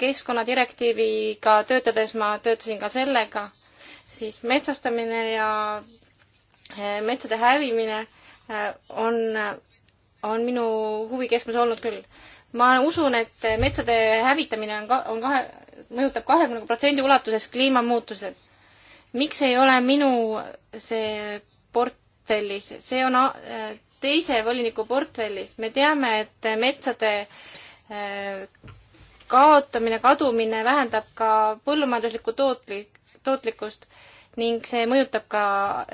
keskkonnadirektiiviga töötades ma töötasin ka sellega, siis metsastamine ja metsade hävimine on on minu huvi keskmes olnud küll. ma usun, et metsade hävitamine on ka, on kahe, mõjutab kahekümne protsendi ulatuses kliimamuutused. miks ei ole minu see portfellis, see on äh, teise voliniku portfellis, me teame, et metsade äh, kaotamine, kadumine vähendab ka põllumajanduslikku tootlik-, tootlikkust ning see mõjutab ka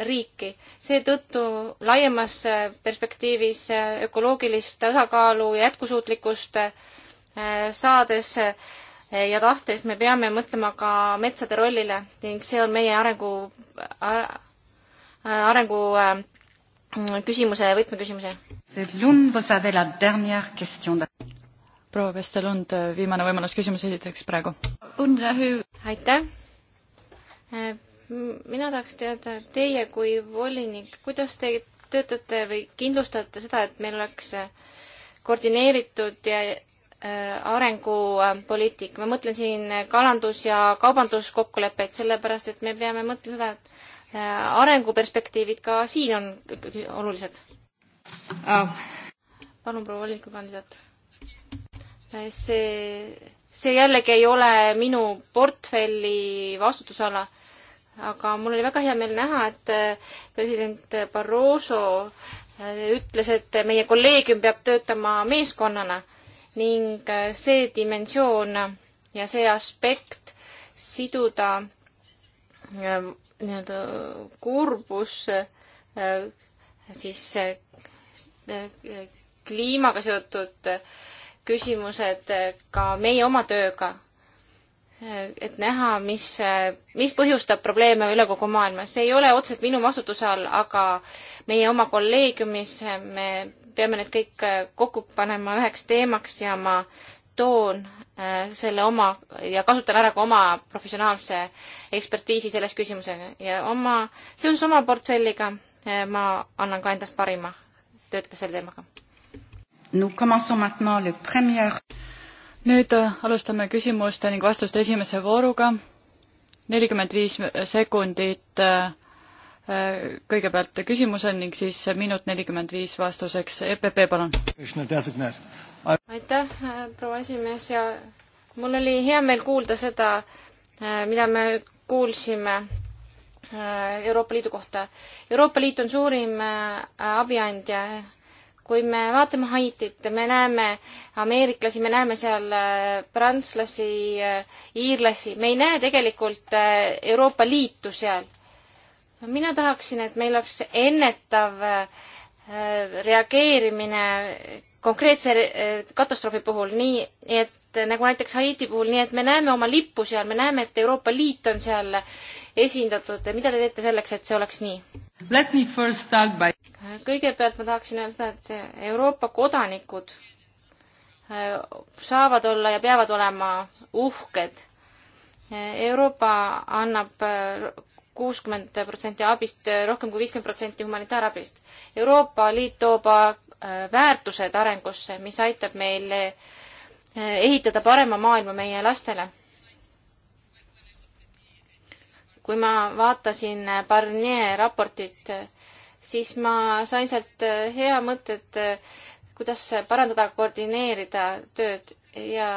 riiki. seetõttu laiemas äh, perspektiivis äh, ökoloogilist tasakaalu ja jätkusuutlikkust äh, saades ja tahtes me peame mõtlema ka metsade rollile ning see on meie arengu, arengu küsimuse, võtmeküsimuse. proua Pestelund, viimane võimalus küsimuse esitamiseks praegu. aitäh! mina tahaks teada, teie kui volinik, kuidas te töötate või kindlustate seda, et meil oleks äh, koordineeritud ja äh, arengupoliitika, ma mõtlen siin äh, kalandus- ja kaubanduskokkuleppeid, sellepärast et me peame mõtlema seda, et arenguperspektiivid ka siin on olulised oh.. palun, proua volinikukandidaat. see, see jällegi ei ole minu portfelli vastutusala aga mul oli väga hea meel näha, et äh, president Barroso äh, ütles, et meie kolleegium peab töötama meeskonnana ning äh, see dimensioon ja see aspekt siduda nii-öelda kurbus siis kliimaga seotud küsimused ka meie oma tööga et näha, mis, mis põhjustab probleeme üle kogu maailma. see ei ole otseselt minu vastutuse all, aga meie oma kolleegiumis me peame need kõik äh, kokku panema üheks teemaks ja ma toon äh, selle oma ja kasutan ära ka oma professionaalse ekspertiisi selles küsimuses ja oma, seoses oma portfelliga äh, ma annan ka endast parima töötada selle teemaga nüüd äh, alustame küsimuste ning vastuste esimese vooruga. nelikümmend viis sekundit äh, äh, kõigepealt küsimusel ning siis minut nelikümmend viis vastuseks. EPP, palun. aitäh, proua esimees ja mul oli hea meel kuulda seda, mida me kuulsime Euroopa Liidu kohta. Euroopa Liit on suurim abiandja kui me vaatame Haitit, me näeme ameeriklasi, me näeme seal äh, prantslasi, äh, iirlasi, me ei näe tegelikult äh, Euroopa Liitu seal. mina tahaksin, et meil oleks ennetav reageerimine konkreetse katastroofi puhul, nii et nagu näiteks Haiti puhul, nii et me näeme oma lippu seal, me näeme, et Euroopa Liit on seal esindatud, mida te teete selleks, et see oleks nii? By... kõigepealt ma tahaksin öelda, et Euroopa kodanikud äh, saavad olla ja peavad olema uhked. Euroopa annab äh, kuuskümmend protsenti abist, äh, rohkem kui viiskümmend protsenti humanitaarabist. Euroopa Liit toob väärtused arengusse, mis aitab meil ehitada parema maailma meie lastele kui ma vaatasin Barnier raportit, siis ma sain sealt hea mõtte, et eh, kuidas parandada, koordineerida tööd ja,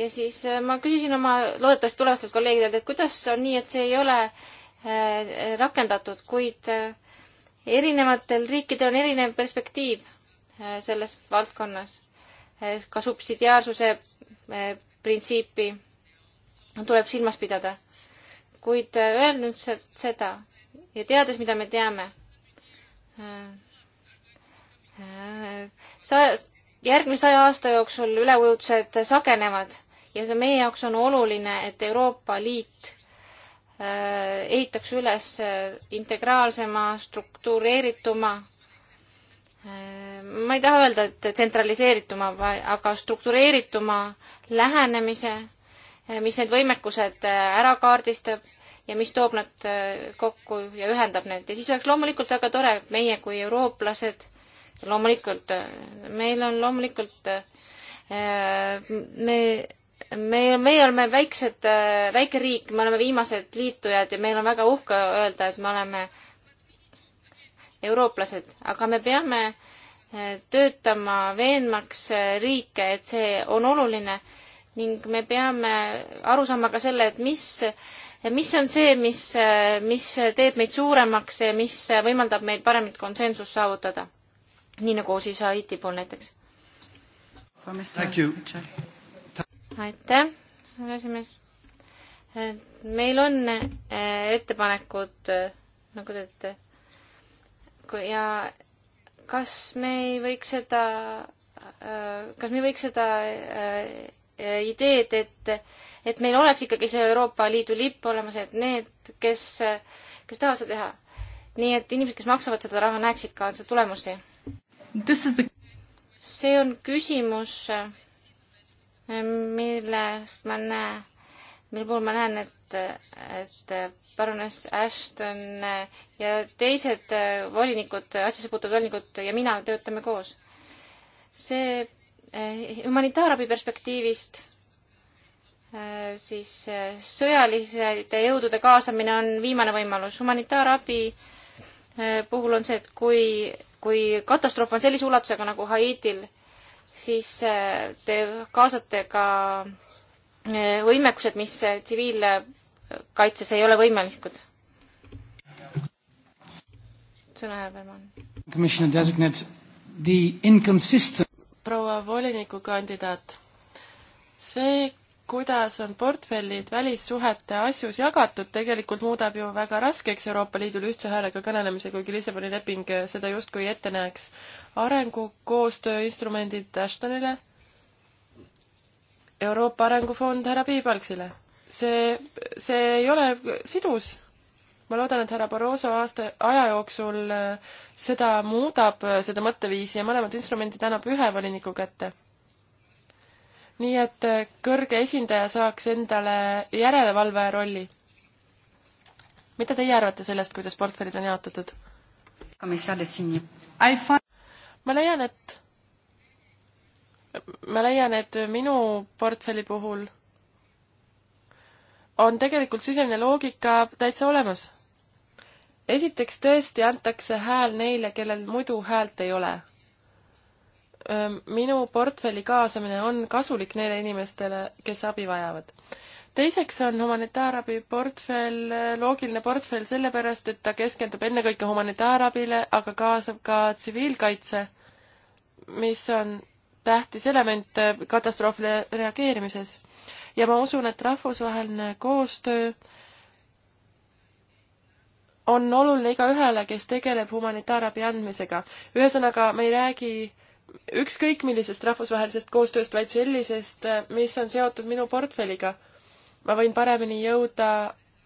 ja siis eh, ma küsisin oma loodetavasti tulevastelt kolleegidelt, et kuidas on nii, et see ei ole eh, rakendatud, kuid erinevatel riikidel on erinev perspektiiv selles valdkonnas. ka subsidiaarsuse printsiipi tuleb silmas pidada kuid äh, öelnud seda ja teades, mida me teame, äh, äh, saja, järgmise saja aasta jooksul üleujutused sagenevad ja see meie jaoks on oluline, et Euroopa Liit ehitaks üles integraalsema, struktureerituma, ma ei taha öelda, et tsentraliseerituma, aga struktureerituma lähenemise, mis need võimekused ära kaardistab ja mis toob nad äh, kokku ja ühendab need ja siis oleks loomulikult väga tore, et meie kui eurooplased, loomulikult, äh, meil on loomulikult, äh, me me, meie oleme väiksed, väike riik, me oleme viimased liitujad ja meil on väga uhke öelda, et me oleme eurooplased, aga me peame töötama veenmaks riike, et see on oluline ning me peame aru saama ka selle, et mis mis on see, mis, mis teeb meid suuremaks ja mis võimaldab meil paremat konsensust saavutada? nii nagu siis Haiti puhul näiteks. aitäh, härra esimees. meil on eh, ettepanekud, eh, nagu te teate, ja kas me ei võiks seda, eh, kas me ei võiks seda ideed, et et meil oleks ikkagi see Euroopa Liidu lipp olemas, et need, kes, kes tahavad seda teha, nii et inimesed, kes maksavad seda raha, näeksid ka seda tulemusi. The... see on küsimus, millest ma näen, mille puhul ma näen, et, et parunes Ashton ja teised volinikud, asjasse puutuvad volinikud ja mina töötame koos. see eh, humanitaarabi perspektiivist Äh, siis äh, sõjaliste jõudude kaasamine on viimane võimalus. humanitaarabi äh, puhul on see, et kui, kui katastroof on sellise ulatusega nagu Haitil, siis te kaasate ka võimekused, mis tsiviilkaitses ei ole võimelikud. sõna härra Berman. proua volinikukandidaat, see kuidas on portfellid välissuhete asjus jagatud, tegelikult muudab ju väga raskeks Euroopa Liidul ühtse häälega kõnelemise, kuigi Lissaboni leping seda justkui ette näeks. arengukoostöö instrumendid Ashtonile, Euroopa Arengufond härra Piibalksile. see, see ei ole sidus. ma loodan, et härra Barroso aasta, aja jooksul äh, seda muudab, äh, seda mõtteviisi ja mõlemad instrumendid annab ühe voliniku kätte nii et äh, kõrge esindaja saaks endale järelevalve rolli. mida teie arvate sellest, kuidas portfellid on jaotatud? ma leian, et ma leian, et minu portfelli puhul on tegelikult sisemine loogika täitsa olemas. esiteks tõesti antakse hääl neile, kellel muidu häält ei ole minu portfelli kaasamine on kasulik neile inimestele, kes abi vajavad. teiseks on humanitaarabi portfell loogiline portfell sellepärast, et ta keskendub ennekõike humanitaarabile, aga kaasab ka tsiviilkaitse, mis on tähtis element katastroofile reageerimises. ja ma usun, et rahvusvaheline koostöö on oluline igaühele, kes tegeleb humanitaarabi andmisega. ühesõnaga, me ei räägi ükskõik millisest rahvusvahelisest koostööst, vaid sellisest, mis on seotud minu portfelliga. ma võin paremini jõuda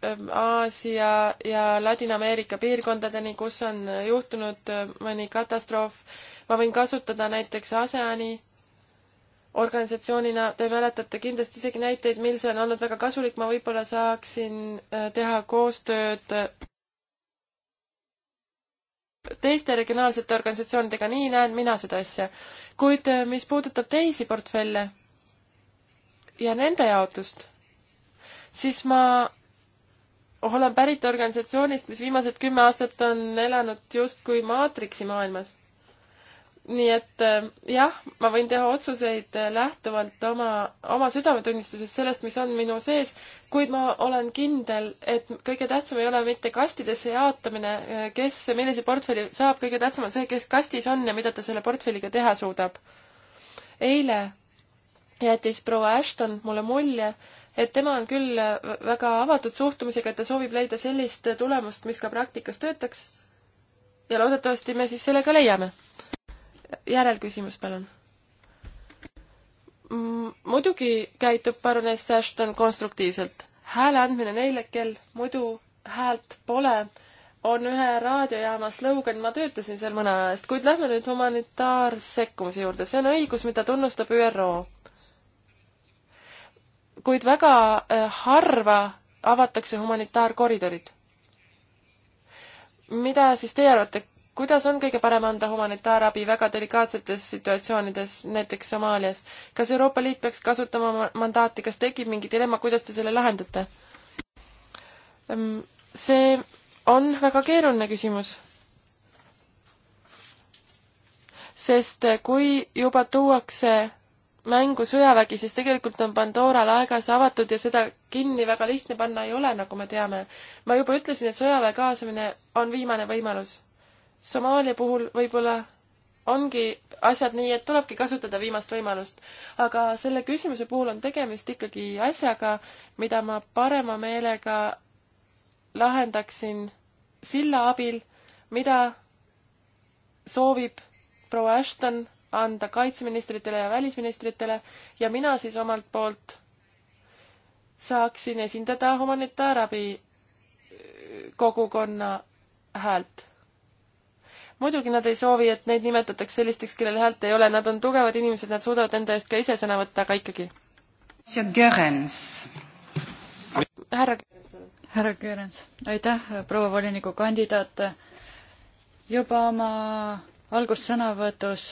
ähm, Aasia ja Ladina-Ameerika piirkondadeni, kus on juhtunud äh, mõni katastroof. ma võin kasutada näiteks ASEAN-i organisatsioonina, te mäletate kindlasti isegi näiteid, mil see on olnud väga kasulik, ma võib-olla saaksin äh, teha koostööd äh, teiste regionaalsete organisatsioonidega, nii näen mina seda asja. kuid äh, mis puudutab teisi portfelle ja nende jaotust, siis ma olen pärit organisatsioonist, mis viimased kümme aastat on elanud justkui maatriksi maailmas nii et äh, jah, ma võin teha otsuseid äh, lähtuvalt oma, oma südametunnistusest, sellest, mis on minu sees, kuid ma olen kindel, et kõige tähtsam ei ole mitte kastidesse jaotamine, äh, kes millise portfelli saab, kõige tähtsam on see, kes kastis on ja mida ta selle portfelliga teha suudab. eile jättis proua Ashton mulle mulje, et tema on küll väga avatud suhtumisega, et ta soovib leida sellist tulemust, mis ka praktikas töötaks. ja loodetavasti me siis selle ka leiame järelküsimus, palun. muidugi käitub paruness Ashton konstruktiivselt. hääle andmine neile, kel muidu häält pole, on ühe raadiojaama slogan, ma töötasin seal mõne aja eest, kuid lähme nüüd humanitaarsekkumise juurde, see on õigus, mida tunnustab ÜRO. kuid väga äh, harva avatakse humanitaarkoridorid mida siis teie arvate, kuidas on kõige parem anda humanitaarabi väga delikaatsetes situatsioonides, näiteks Somaalias? kas Euroopa Liit peaks kasutama mandaati, kas tekib mingi dilemma, kuidas te selle lahendate? Ehm, see on väga keeruline küsimus. sest eh, kui juba tuuakse mängu sõjavägi, siis tegelikult on Pandora laegas avatud ja seda kinni väga lihtne panna ei ole, nagu me teame. ma juba ütlesin, et sõjaväe kaasamine on viimane võimalus Somaalia puhul võib-olla ongi asjad nii, et tulebki kasutada viimast võimalust. aga selle küsimuse puhul on tegemist ikkagi asjaga, mida ma parema meelega lahendaksin silla abil, mida soovib proua Ashton anda kaitseministritele ja välisministritele ja mina siis omalt poolt saaksin esindada humanitaarabi kogukonna häält muidugi nad ei soovi, et neid nimetatakse sellisteks, kellel häält ei ole, nad on tugevad inimesed, nad suudavad enda eest ka ise sõna võtta, aga ikkagi. härra härra Göörens, aitäh, proua volinikukandidaat. juba oma algussõnavõtus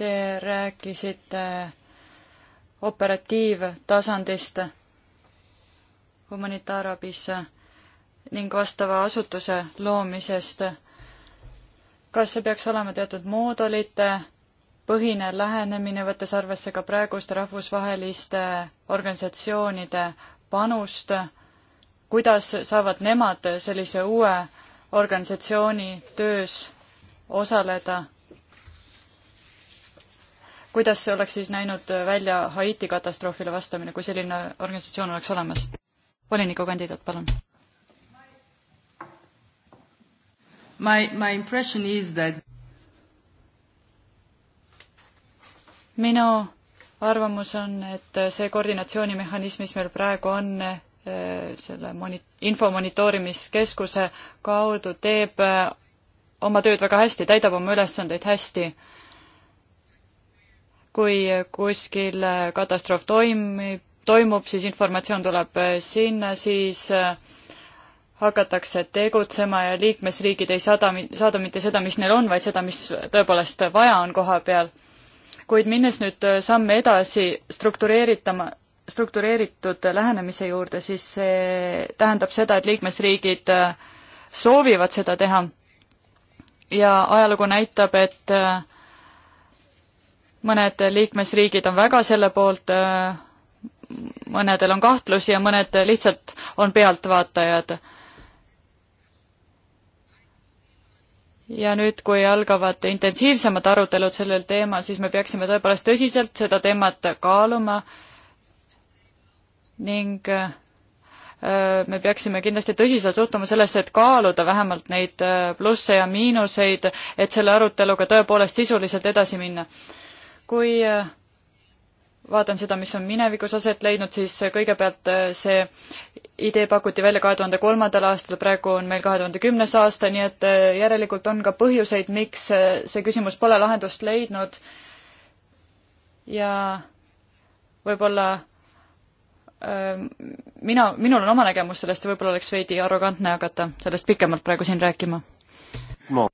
te rääkisite operatiivtasandist humanitaarabisse ning vastava asutuse loomisest kas see peaks olema teatud moodulite põhine lähenemine, võttes arvesse ka praeguste rahvusvaheliste organisatsioonide panust, kuidas saavad nemad sellise uue organisatsiooni töös osaleda? kuidas see oleks siis näinud välja Haiti katastroofile vastamine, kui selline organisatsioon oleks olemas? volinikukandidaat, palun My, my impression is that minu arvamus on, et see koordinatsioonimehhanism, mis meil praegu on, eh, selle moni-, info monitoorimiskeskuse kaudu teeb eh, oma tööd väga hästi, täidab oma ülesandeid hästi. kui kuskil eh, katastroof toimib, toimub, siis informatsioon tuleb sinna, siis äh, hakatakse tegutsema ja liikmesriigid ei saada, saada mitte seda, mis neil on, vaid seda, mis tõepoolest vaja on koha peal. kuid minnes nüüd äh, samme edasi struktureeritama, struktureeritud lähenemise juurde, siis see tähendab seda, et liikmesriigid äh, soovivad seda teha. ja ajalugu näitab, et äh, mõned liikmesriigid on väga selle poolt, mõnedel on kahtlusi ja mõned lihtsalt on pealtvaatajad ja nüüd, kui algavad intensiivsemad arutelud sellel teemal, siis me peaksime tõepoolest tõsiselt seda teemat kaaluma ning äh, me peaksime kindlasti tõsiselt suhtuma sellesse, et kaaluda vähemalt neid äh, plusse ja miinuseid, et selle aruteluga tõepoolest sisuliselt edasi minna. kui äh, vaatan seda, mis on minevikus aset leidnud, siis kõigepealt äh, see idee pakuti välja kahe tuhande kolmandal aastal, praegu on meil kahe tuhande kümnes aasta, nii et äh, järelikult on ka põhjuseid, miks äh, see küsimus pole lahendust leidnud. ja võib-olla ähm, mina, minul on oma nägemus sellest ja võib-olla oleks veidi arrogantne hakata sellest pikemalt praegu siin rääkima no..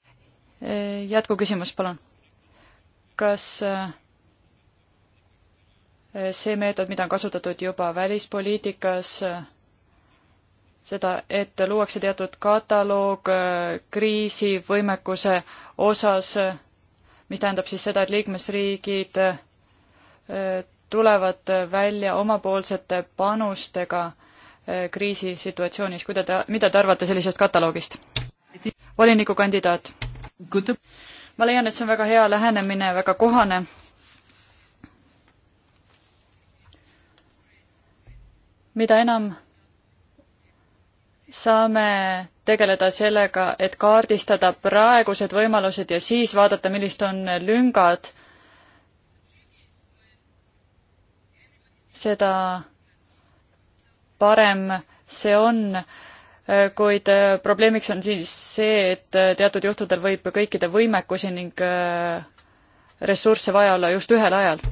jätkuküsimus, palun. kas äh, see meetod, mida on kasutatud juba välispoliitikas, seda, et luuakse teatud kataloog äh, kriisivõimekuse osas, mis tähendab siis seda, et liikmesriigid äh, tulevad välja omapoolsete panustega äh, kriisisituatsioonis, kuida te, mida te arvate sellisest kataloogist? volinikukandidaat. ma leian, et see on väga hea lähenemine, väga kohane mida enam saame tegeleda sellega, et kaardistada praegused võimalused ja siis vaadata, millised on lüngad. seda parem see on, kuid probleemiks on siis see, et teatud juhtudel võib kõikide võimekusi ning äh, ressursse vaja olla just ühel ajal.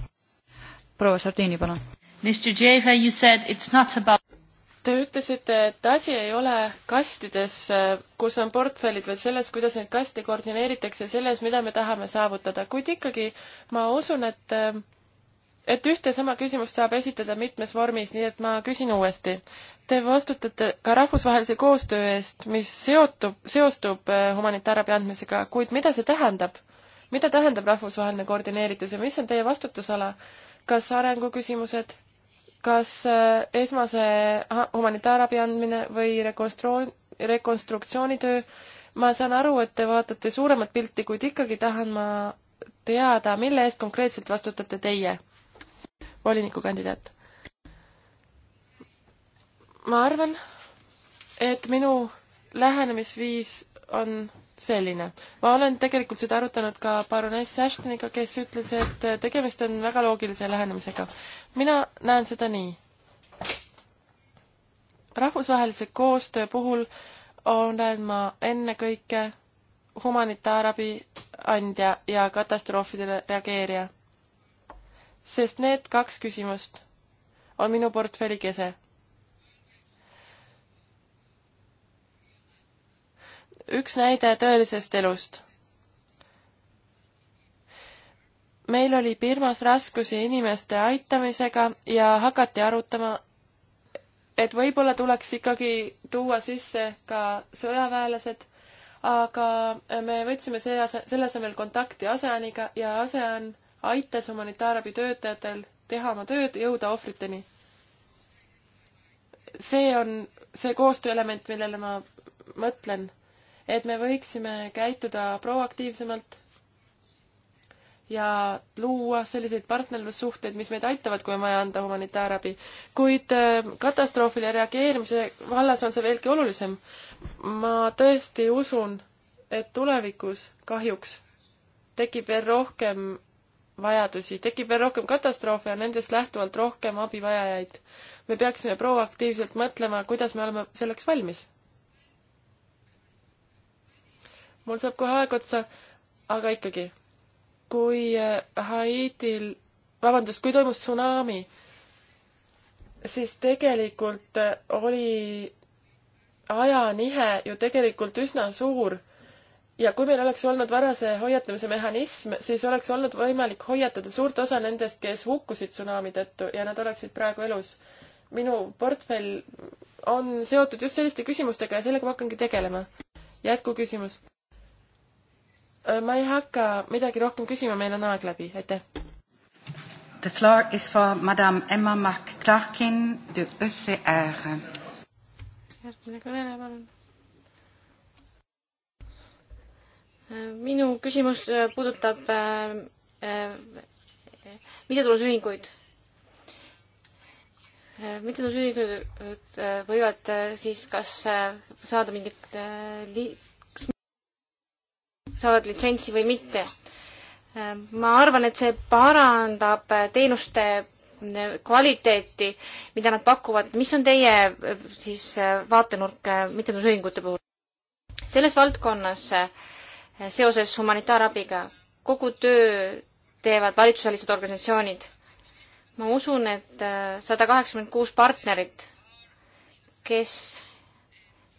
proua Sardiini, palun Mr Jeva, you said it's not about Te ütlesite, et asi ei ole kastides, kus on portfellid, vaid selles, kuidas neid kaste koordineeritakse, selles, mida me tahame saavutada, kuid ikkagi ma usun, et et ühte sama küsimust saab esitada mitmes vormis, nii et ma küsin uuesti. Te vastutate ka rahvusvahelise koostöö eest, mis seotub, seostub eh, humanitaarabi andmisega, kuid mida see tähendab? mida tähendab rahvusvaheline koordineeritus ja mis on teie vastutusala? kas arenguküsimused, kas äh, esmase humanitaarabi andmine või rekonstru-, rekonstruktsioonitöö, ma saan aru, et te vaatate suuremat pilti, kuid ikkagi tahan ma teada, mille eest konkreetselt vastutate teie, volinikukandidaat? ma arvan, et minu lähenemisviis on selline. ma olen tegelikult seda arutanud ka baroness Ashtoniga, kes ütles, et tegemist on väga loogilise lähenemisega. mina näen seda nii. rahvusvahelise koostöö puhul olen ma ennekõike humanitaarabi andja ja katastroofidele reageerija. sest need kaks küsimust on minu portfelli kese üks näide tõelisest elust. meil oli Birmas raskusi inimeste aitamisega ja hakati arutama, et võib-olla tuleks ikkagi tuua sisse ka sõjaväelased, aga me võtsime selle, selle asemel kontakti ASEANiga ja ASEAN aitas humanitaarabi töötajatel teha oma tööd, jõuda ohvriteni. see on see koostööelement, millele ma mõtlen et me võiksime käituda proaktiivsemalt ja luua selliseid partnerlussuhteid, mis meid aitavad, kui on vaja anda humanitaarabi. kuid äh, katastroofile reageerimise vallas on see veelgi olulisem. ma tõesti usun, et tulevikus kahjuks tekib veel rohkem vajadusi, tekib veel rohkem katastroofe ja nendest lähtuvalt rohkem abivajajaid. me peaksime proaktiivselt mõtlema, kuidas me oleme selleks valmis mul saab kohe aeg otsa, aga ikkagi, kui äh, Haitil, vabandust, kui toimus tsunami, siis tegelikult äh, oli ajanihe ju tegelikult üsna suur ja kui meil oleks olnud varase hoiatamise mehhanism, siis oleks olnud võimalik hoiatada suurt osa nendest, kes hukkusid tsunami tõttu ja nad oleksid praegu elus. minu portfell on seotud just selliste küsimustega ja sellega ma hakkangi tegelema. jätkuküsimus. Äh, ma ei hakka midagi rohkem küsima, meil on aeg läbi, aitäh. The floor is for madam Emma McClarkin de ECR. järgmine kõneleja, palun. Äh, minu küsimus äh, puudutab äh, äh, mittetulundusühinguid mittetulundusühingud võivad siis kas saada mingit saavad litsentsi või mitte. ma arvan, et see parandab teenuste kvaliteeti, mida nad pakuvad. mis on teie siis vaatenurk mittetulundusühingute puhul? selles valdkonnas seoses humanitaarabiga kogu töö teevad valitsusvälised organisatsioonid. ma usun, et sada kaheksakümmend kuus partnerit, kes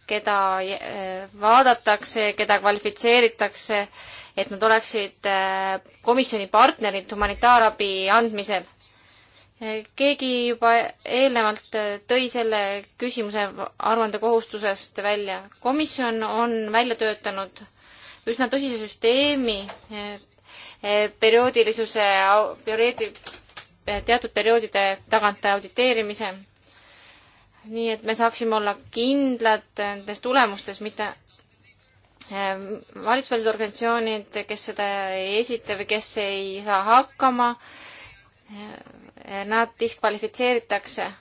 keda eh, vaadatakse, keda kvalifitseeritakse, et nad oleksid eh, komisjoni partnerid humanitaarabi andmisel. Eh, keegi juba eelnevalt tõi selle küsimuse aruandekohustusest välja. komisjon on välja töötanud üsna tõsise süsteemi perioodilisuse, perioodi, teatud perioodide tagant auditeerimise nii et me saaksime olla kindlad nendes tulemustes, mitte ähm, valitsusvälised organisatsioonid, kes seda ei esita või kes ei saa hakkama, äh, nad diskvalifitseeritakse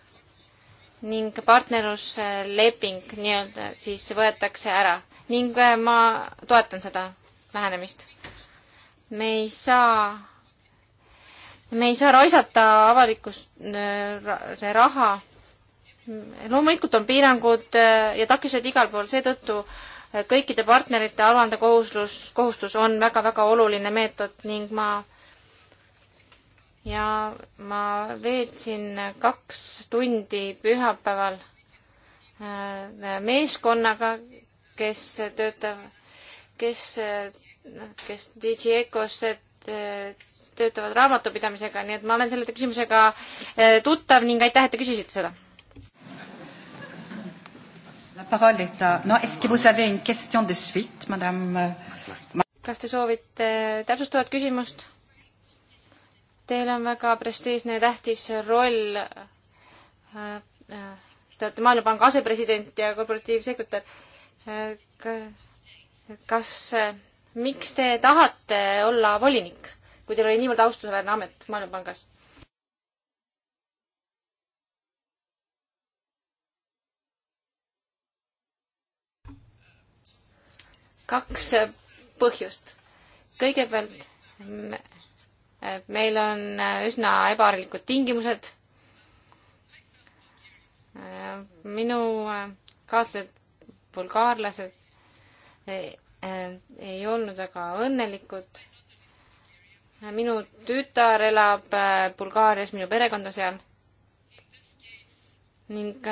ning partnerlusleping nii-öelda siis võetakse ära ning äh, ma toetan seda lähenemist. me ei saa, me ei saa raisata avalikkust, äh, see raha loomulikult on piirangud äh, ja takistused igal pool, seetõttu äh, kõikide partnerite aruandekohuslus, kohustus on väga-väga oluline meetod ning ma ja ma veetsin kaks tundi pühapäeval äh, meeskonnaga, kes töötab, kes, kes DJ Ecos töötavad raamatupidamisega, nii et ma olen selle küsimusega tuttav ning aitäh, et te küsisite seda La parole est à... No, est-ce que vous avez une question de suite, madame? Euh, kas te soovite äh, täpsustavat küsimust? Teil on väga prestiižne ja tähtis roll. Äh, äh, te olete Maailmapanga asepresident ja korporatiivsekretär. kas, miks te tahate olla volinik, kui teil oli niivõrd austusväärne amet Maailmapangas? kaks äh, põhjust. kõigepealt äh, meil on äh, üsna ebaharilikud tingimused. minu kaaslased, bulgaarlased ei, ei olnud väga õnnelikud. minu tütar elab Bulgaarias, minu perekond on seal ning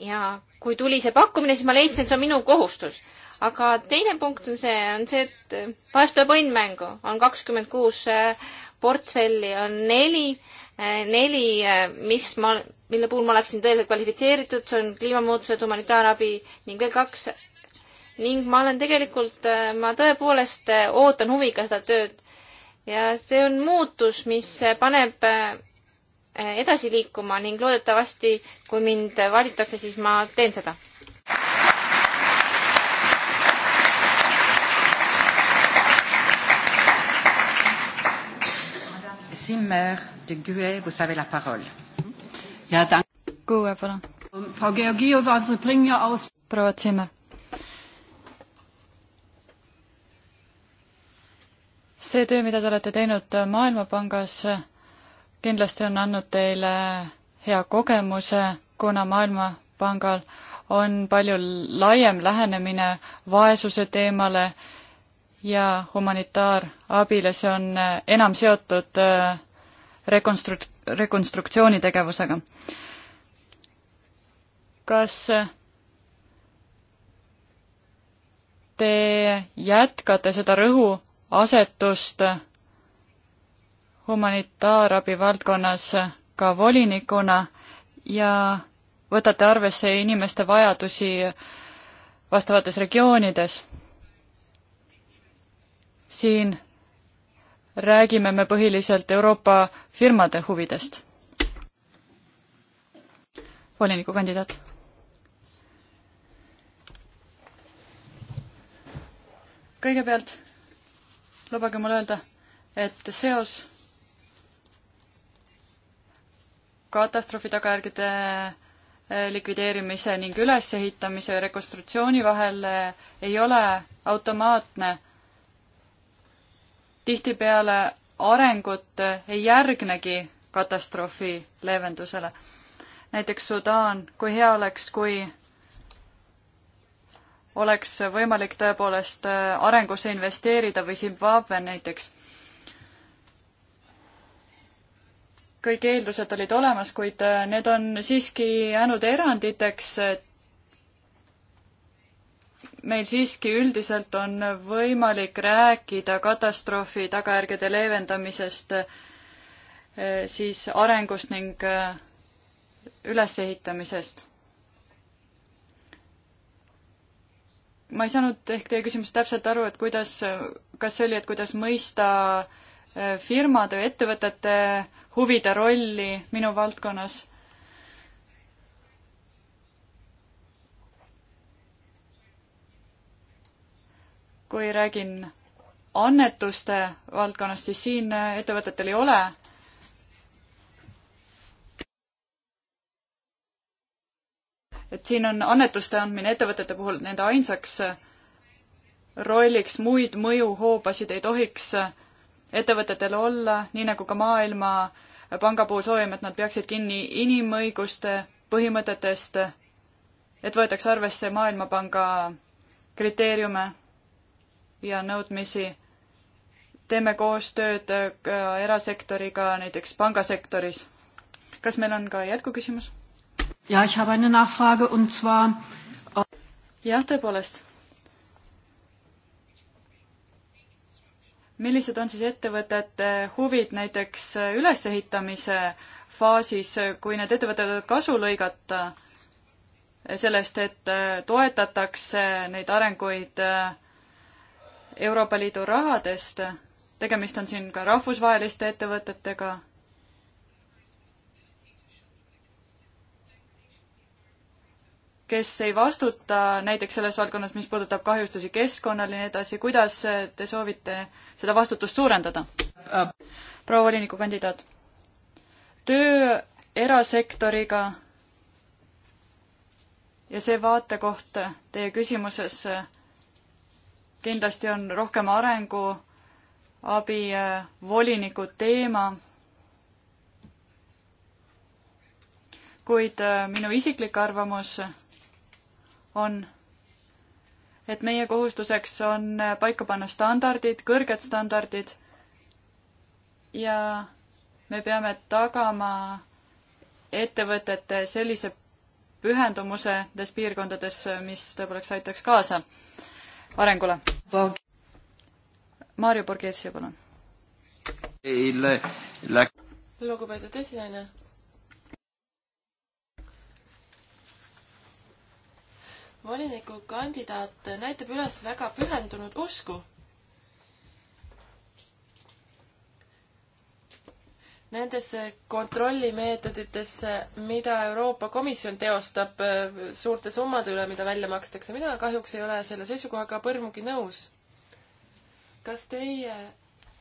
ja kui tuli see pakkumine, siis ma leidsin, et see on minu kohustus. aga teine punkt on see, on see, et äh, vahest tuleb õnn mängu, on kakskümmend kuus äh, portfelli, on neli, äh, neli, mis ma, mille puhul ma oleksin tõeliselt kvalifitseeritud, see on kliimamuutused, humanitaarabi ning veel kaks. ning ma olen tegelikult, ma tõepoolest ootan huviga seda tööd ja see on muutus, mis paneb Äh, edasi liikuma ning loodetavasti, kui mind valitakse, siis ma teen seda. Zimmer de Gue, vous avez la parole. ja tänan. Gue, palun. Frau Georgieva, Sie bringen ja aus. proua Zimmer. see töö, mida te olete teinud Maailmapangas kindlasti on andnud teile hea kogemuse, kuna Maailmapangal on palju laiem lähenemine vaesuse teemale ja humanitaarabile, see on eh, enam seotud eh, rekonstruk-, rekonstruktsioonitegevusega. kas eh, te jätkate seda rõhuasetust humanitaarabi valdkonnas ka volinikuna ja võtate arvesse inimeste vajadusi vastavates regioonides. siin räägime me põhiliselt Euroopa firmade huvidest. volinikukandidaat. kõigepealt lubage mul öelda, et seos katastroofi tagajärgede eh, likvideerimise ning ülesehitamise ja rekonstruktsiooni vahel eh, ei ole automaatne. tihtipeale arengut eh, ei järgnegi katastroofi leevendusele. näiteks Sudaan, kui hea oleks, kui oleks võimalik tõepoolest arengusse investeerida või Zimbabwe näiteks kõik eeldused olid olemas, kuid äh, need on siiski jäänud eranditeks. meil siiski üldiselt on võimalik rääkida katastroofi tagajärgede leevendamisest, äh, siis arengust ning äh, ülesehitamisest. ma ei saanud ehk teie küsimusest täpselt aru, et kuidas, kas see oli, et kuidas mõista äh, firmade või ettevõtete huvide rolli minu valdkonnas. kui räägin annetuste valdkonnast, siis siin ettevõtetel ei ole et siin on annetuste andmine ettevõtete puhul nende ainsaks rolliks, muid mõjuhoobasid ei tohiks äh, ettevõtetel olla, nii nagu ka Maailmapanga puhul soovime, et nad peaksid kinni inimõiguste põhimõtetest, et võetakse arvesse Maailmapanga kriteeriume ja nõudmisi. teeme koostööd ka erasektoriga, näiteks pangasektoris. kas meil on ka jätkuküsimus? Äh, jah, tõepoolest millised on siis ettevõtete huvid näiteks ülesehitamise faasis, kui need ettevõtted võivad kasu lõigata sellest, et äh, toetatakse neid arenguid äh, Euroopa Liidu rahadest, tegemist on siin ka rahvusvaheliste ettevõtetega kes ei vastuta näiteks selles valdkonnas, mis puudutab kahjustusi keskkonnale ja nii edasi, kuidas te soovite seda vastutust suurendada? proua volinikukandidaat. töö erasektoriga ja see vaatekoht teie küsimuses kindlasti on rohkem arenguabi voliniku teema kuid minu isiklik arvamus on, et meie kohustuseks on paika panna standardid, kõrged standardid ja me peame tagama ettevõtete sellise pühendumuse nendes piirkondades, mis tõepoolest aitaks kaasa arengule. Mario Borghese, palun. lugupeetud esinaine volinikukandidaat näitab üles väga pühendunud usku. Nendesse kontrollimeetoditesse, mida Euroopa Komisjon teostab eh, suurte summade üle, mida välja makstakse, mina kahjuks ei ole selle seisukohaga põrmugi nõus. kas teie,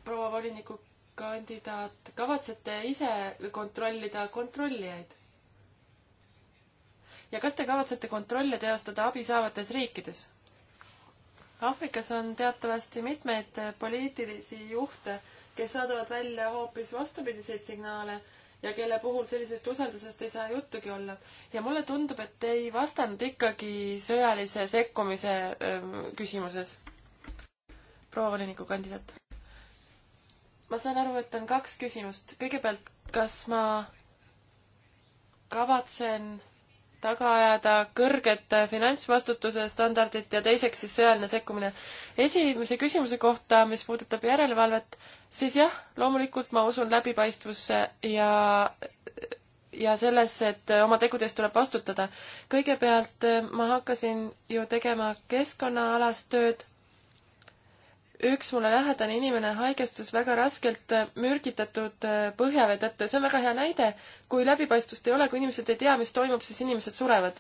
proua volinikukandidaat, kavatsete ise kontrollida kontrollijaid? ja kas te kavatsete kontrolle teostada abi saavates riikides? Aafrikas on teatavasti mitmeid poliitilisi juhte, kes saadavad välja hoopis vastupidiseid signaale ja kelle puhul sellisest usaldusest ei saa juttugi olla. ja mulle tundub, et te ei vastanud ikkagi sõjalise sekkumise öö, ähm, küsimuses. proua volinikukandidaat. ma saan aru, et on kaks küsimust. kõigepealt, kas ma kavatsen taga ajada kõrget finantsvastutuse standardit ja teiseks siis sõjaline sekkumine. esimese küsimuse kohta, mis puudutab järelevalvet, siis jah, loomulikult ma usun läbipaistvusse ja ja sellesse, et oma tegude eest tuleb vastutada. kõigepealt eh, ma hakkasin ju tegema keskkonnaalast tööd üks mulle lähedane inimene haigestus väga raskelt äh, mürgitatud äh, põhjavee tõttu ja see on väga hea näide, kui läbipaistvust ei ole, kui inimesed ei tea, mis toimub, siis inimesed surevad.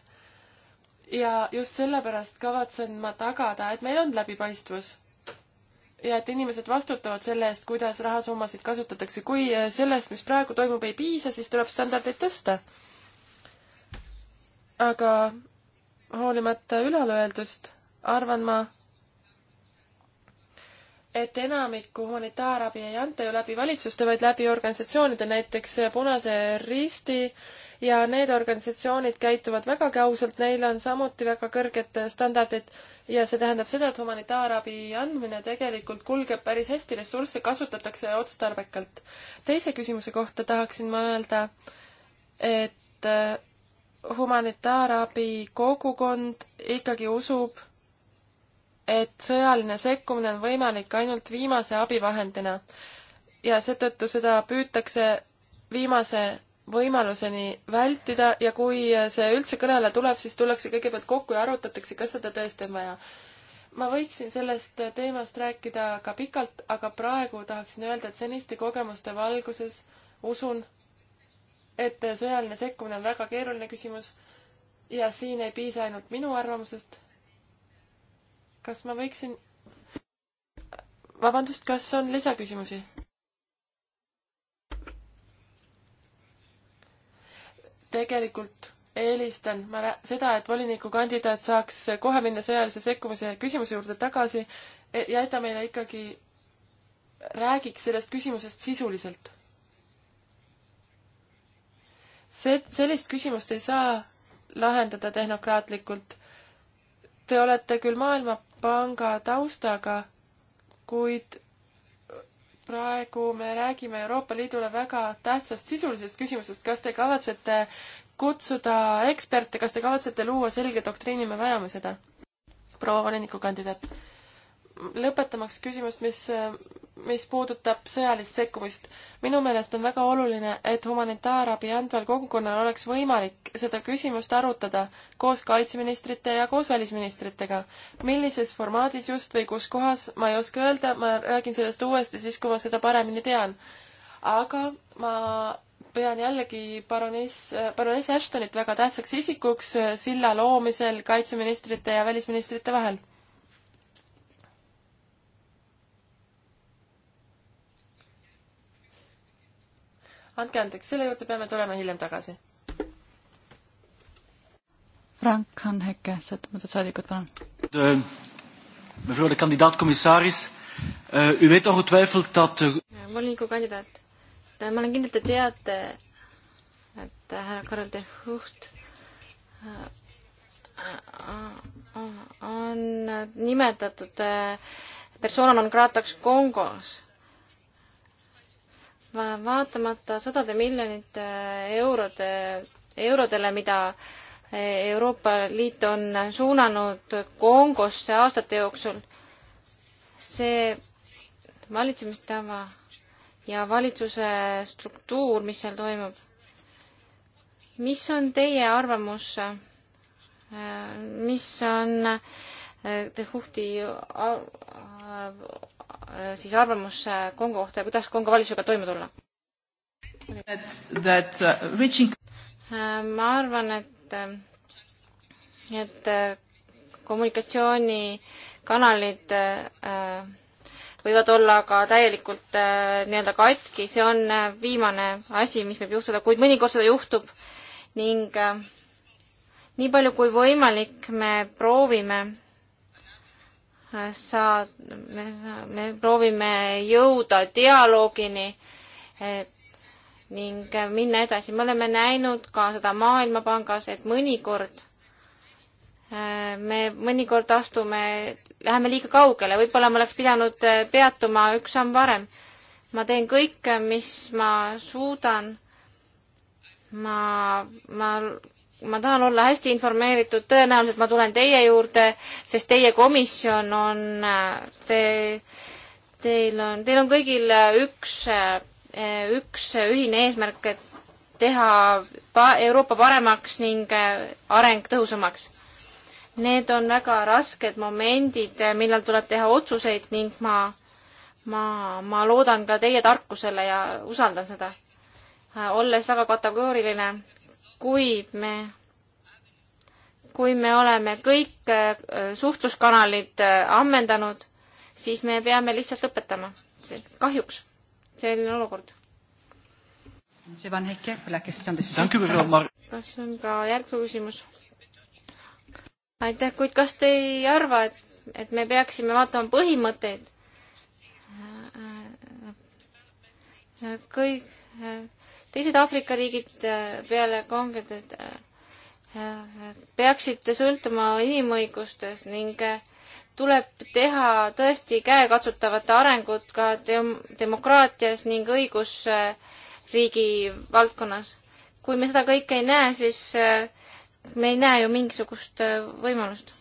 ja just sellepärast kavatsen ma tagada, et meil on läbipaistvus. ja et inimesed vastutavad selle eest, kuidas rahasummasid kasutatakse. kui äh, sellest, mis praegu toimub, ei piisa, siis tuleb standardeid tõsta. aga hoolimata ülalöeldust, arvan ma, et enamikku humanitaarabi ei anta ju läbi valitsuste, vaid läbi organisatsioonide, näiteks Punase Risti ja need organisatsioonid käituvad vägagi ausalt, neil on samuti väga kõrged standardid ja see tähendab seda, et humanitaarabi andmine tegelikult kulgeb päris hästi, ressursse kasutatakse otstarbekalt. teise küsimuse kohta tahaksin ma öelda, et humanitaarabi kogukond ikkagi usub et sõjaline sekkumine on võimalik ainult viimase abivahendina ja seetõttu seda püütakse viimase võimaluseni vältida ja kui see üldse kõnele tuleb, siis tullakse kõigepealt kokku ja arutatakse, kas seda tõesti on vaja. ma võiksin sellest teemast rääkida ka pikalt, aga praegu tahaksin öelda, et seniste kogemuste valguses usun, et sõjaline sekkumine on väga keeruline küsimus ja siin ei piisa ainult minu arvamusest kas ma võiksin, vabandust, kas on lisaküsimusi? tegelikult eelistan ma seda, et volinikukandidaat saaks kohe minna sõjalise sekkumise küsimuse juurde tagasi e- ja et ta meile ikkagi räägiks sellest küsimusest sisuliselt. see, sellist küsimust ei saa lahendada tehnokraatlikult. Te olete küll maailma panga taustaga, kuid praegu me räägime Euroopa Liidule väga tähtsast sisulisest küsimusest, kas te kavatsete kutsuda eksperte, kas te kavatsete luua selge doktriini, me vajame seda? proua volinikukandidaat lõpetamaks küsimust, mis, mis puudutab sõjalist sekkumist. minu meelest on väga oluline, et humanitaarabi andval kogukonnal oleks võimalik seda küsimust arutada koos kaitseministrite ja koos välisministritega. millises formaadis just või kus kohas, ma ei oska öelda, ma räägin sellest uuesti siis, kui ma seda paremini tean. aga ma pean jällegi baroness, baroness Ashtonit väga tähtsaks isikuks silla loomisel kaitseministrite ja välisministrite vahel andke andeks, selle juurde peame tulema hiljem tagasi. Frank Hanheke, sõltumatud saadikud, palun. Mevrouw de kandidaat-commissaris uh,, u weet ongetwijfeld dat uh.... Eh, voliniku kandidaat, ma olen kindel, te teate, et eh, härra Karel de Hucht on nimetatud persona non grataks Kongos vaatamata sadade miljonite eurode, eurodele, mida Euroopa Liit on suunanud Kongosse aastate jooksul, see valitsemistava ja valitsuse struktuur, mis seal toimub. mis on teie arvamus, mis on De äh, Huhti äh, Äh, siis arvamus äh, Kongo kohta ja kuidas Kongo valitsusega toime tulla? Uh, reaching... Äh, ma arvan, et, et kommunikatsioonikanalid võivad olla ka täielikult nii-öelda katki, see on viimane asi, mis võib juhtuda, kuid mõnikord seda juhtub ning nii palju kui võimalik, me proovime saa-, me, me proovime jõuda dialoogini eh, ning eh, minna edasi. me oleme näinud ka seda Maailmapangas, et mõnikord eh, me mõnikord astume, läheme liiga kaugele, võib-olla ma oleks pidanud peatuma üks samm varem. ma teen kõik, mis ma suudan. ma, ma ma tahan olla hästi informeeritud, tõenäoliselt ma tulen teie juurde, sest teie komisjon on, äh, te, teil on, teil on kõigil äh, üks, äh, üks ühine eesmärk, et teha pa-, Euroopa paremaks ning areng tõhusamaks. Need on väga rasked momendid, millal tuleb teha otsuseid ning ma, ma, ma loodan ka teie tarkusele ja usaldan seda. olles väga kategooriline, kui me, kui me oleme kõik äh, suhtluskanalid äh, ammendanud, siis me peame lihtsalt lõpetama. kahjuks selline olukord. kas on ka järgmine küsimus? aitäh, kuid kas te ei arva, et, et me peaksime vaatama põhimõtteid? Äh, kõik teised Aafrika riigid äh, peale Kongot äh, äh, peaksid sõltuma inimõigustest ning tuleb teha tõesti käekatsutavat arengut ka dem-, demokraatias ning õigusriigi valdkonnas. kui me seda kõike ei näe, siis me ei näe ju mingisugust võimalust.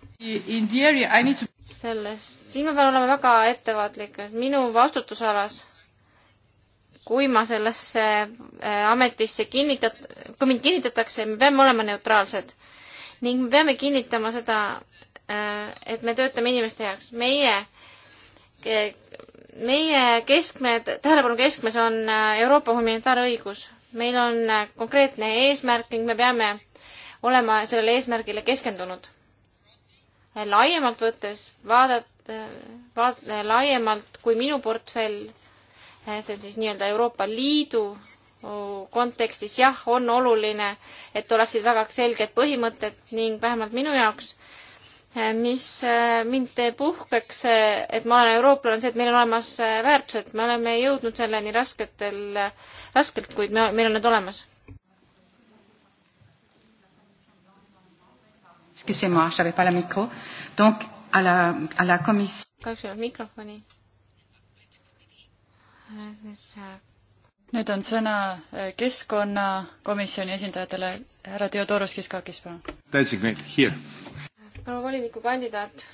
selles, siin ma pean olema väga ettevaatlik, et minu vastutusalas kui ma sellesse äh, ametisse kinnitat-, kui mind kinnitatakse, me peame olema neutraalsed. ning me peame kinnitama seda, äh, et me töötame inimeste jaoks. meie, meie keskme, tähelepanu keskmes on äh, Euroopa humanitaarõigus. meil on konkreetne eesmärk ning me peame olema sellele eesmärgile keskendunud. laiemalt võttes, vaadata, vaat-, laiemalt kui minu portfell Eh, see on siis nii-öelda Euroopa Liidu uh, kontekstis jah, on oluline, et oleksid väga selged põhimõtted ning vähemalt minu jaoks, eh, mis eh, mind teeb uhkeks, et ma olen eurooplane, on see, et meil on olemas väärtused, me oleme jõudnud selleni rasketel, raskelt, kuid me, meil on need olemas. kahjuks ei olnud mikrofoni nüüd on sõna äh, keskkonnakomisjoni esindajatele, härra Theodoros Kiskakis, palun. proua volinikukandidaat,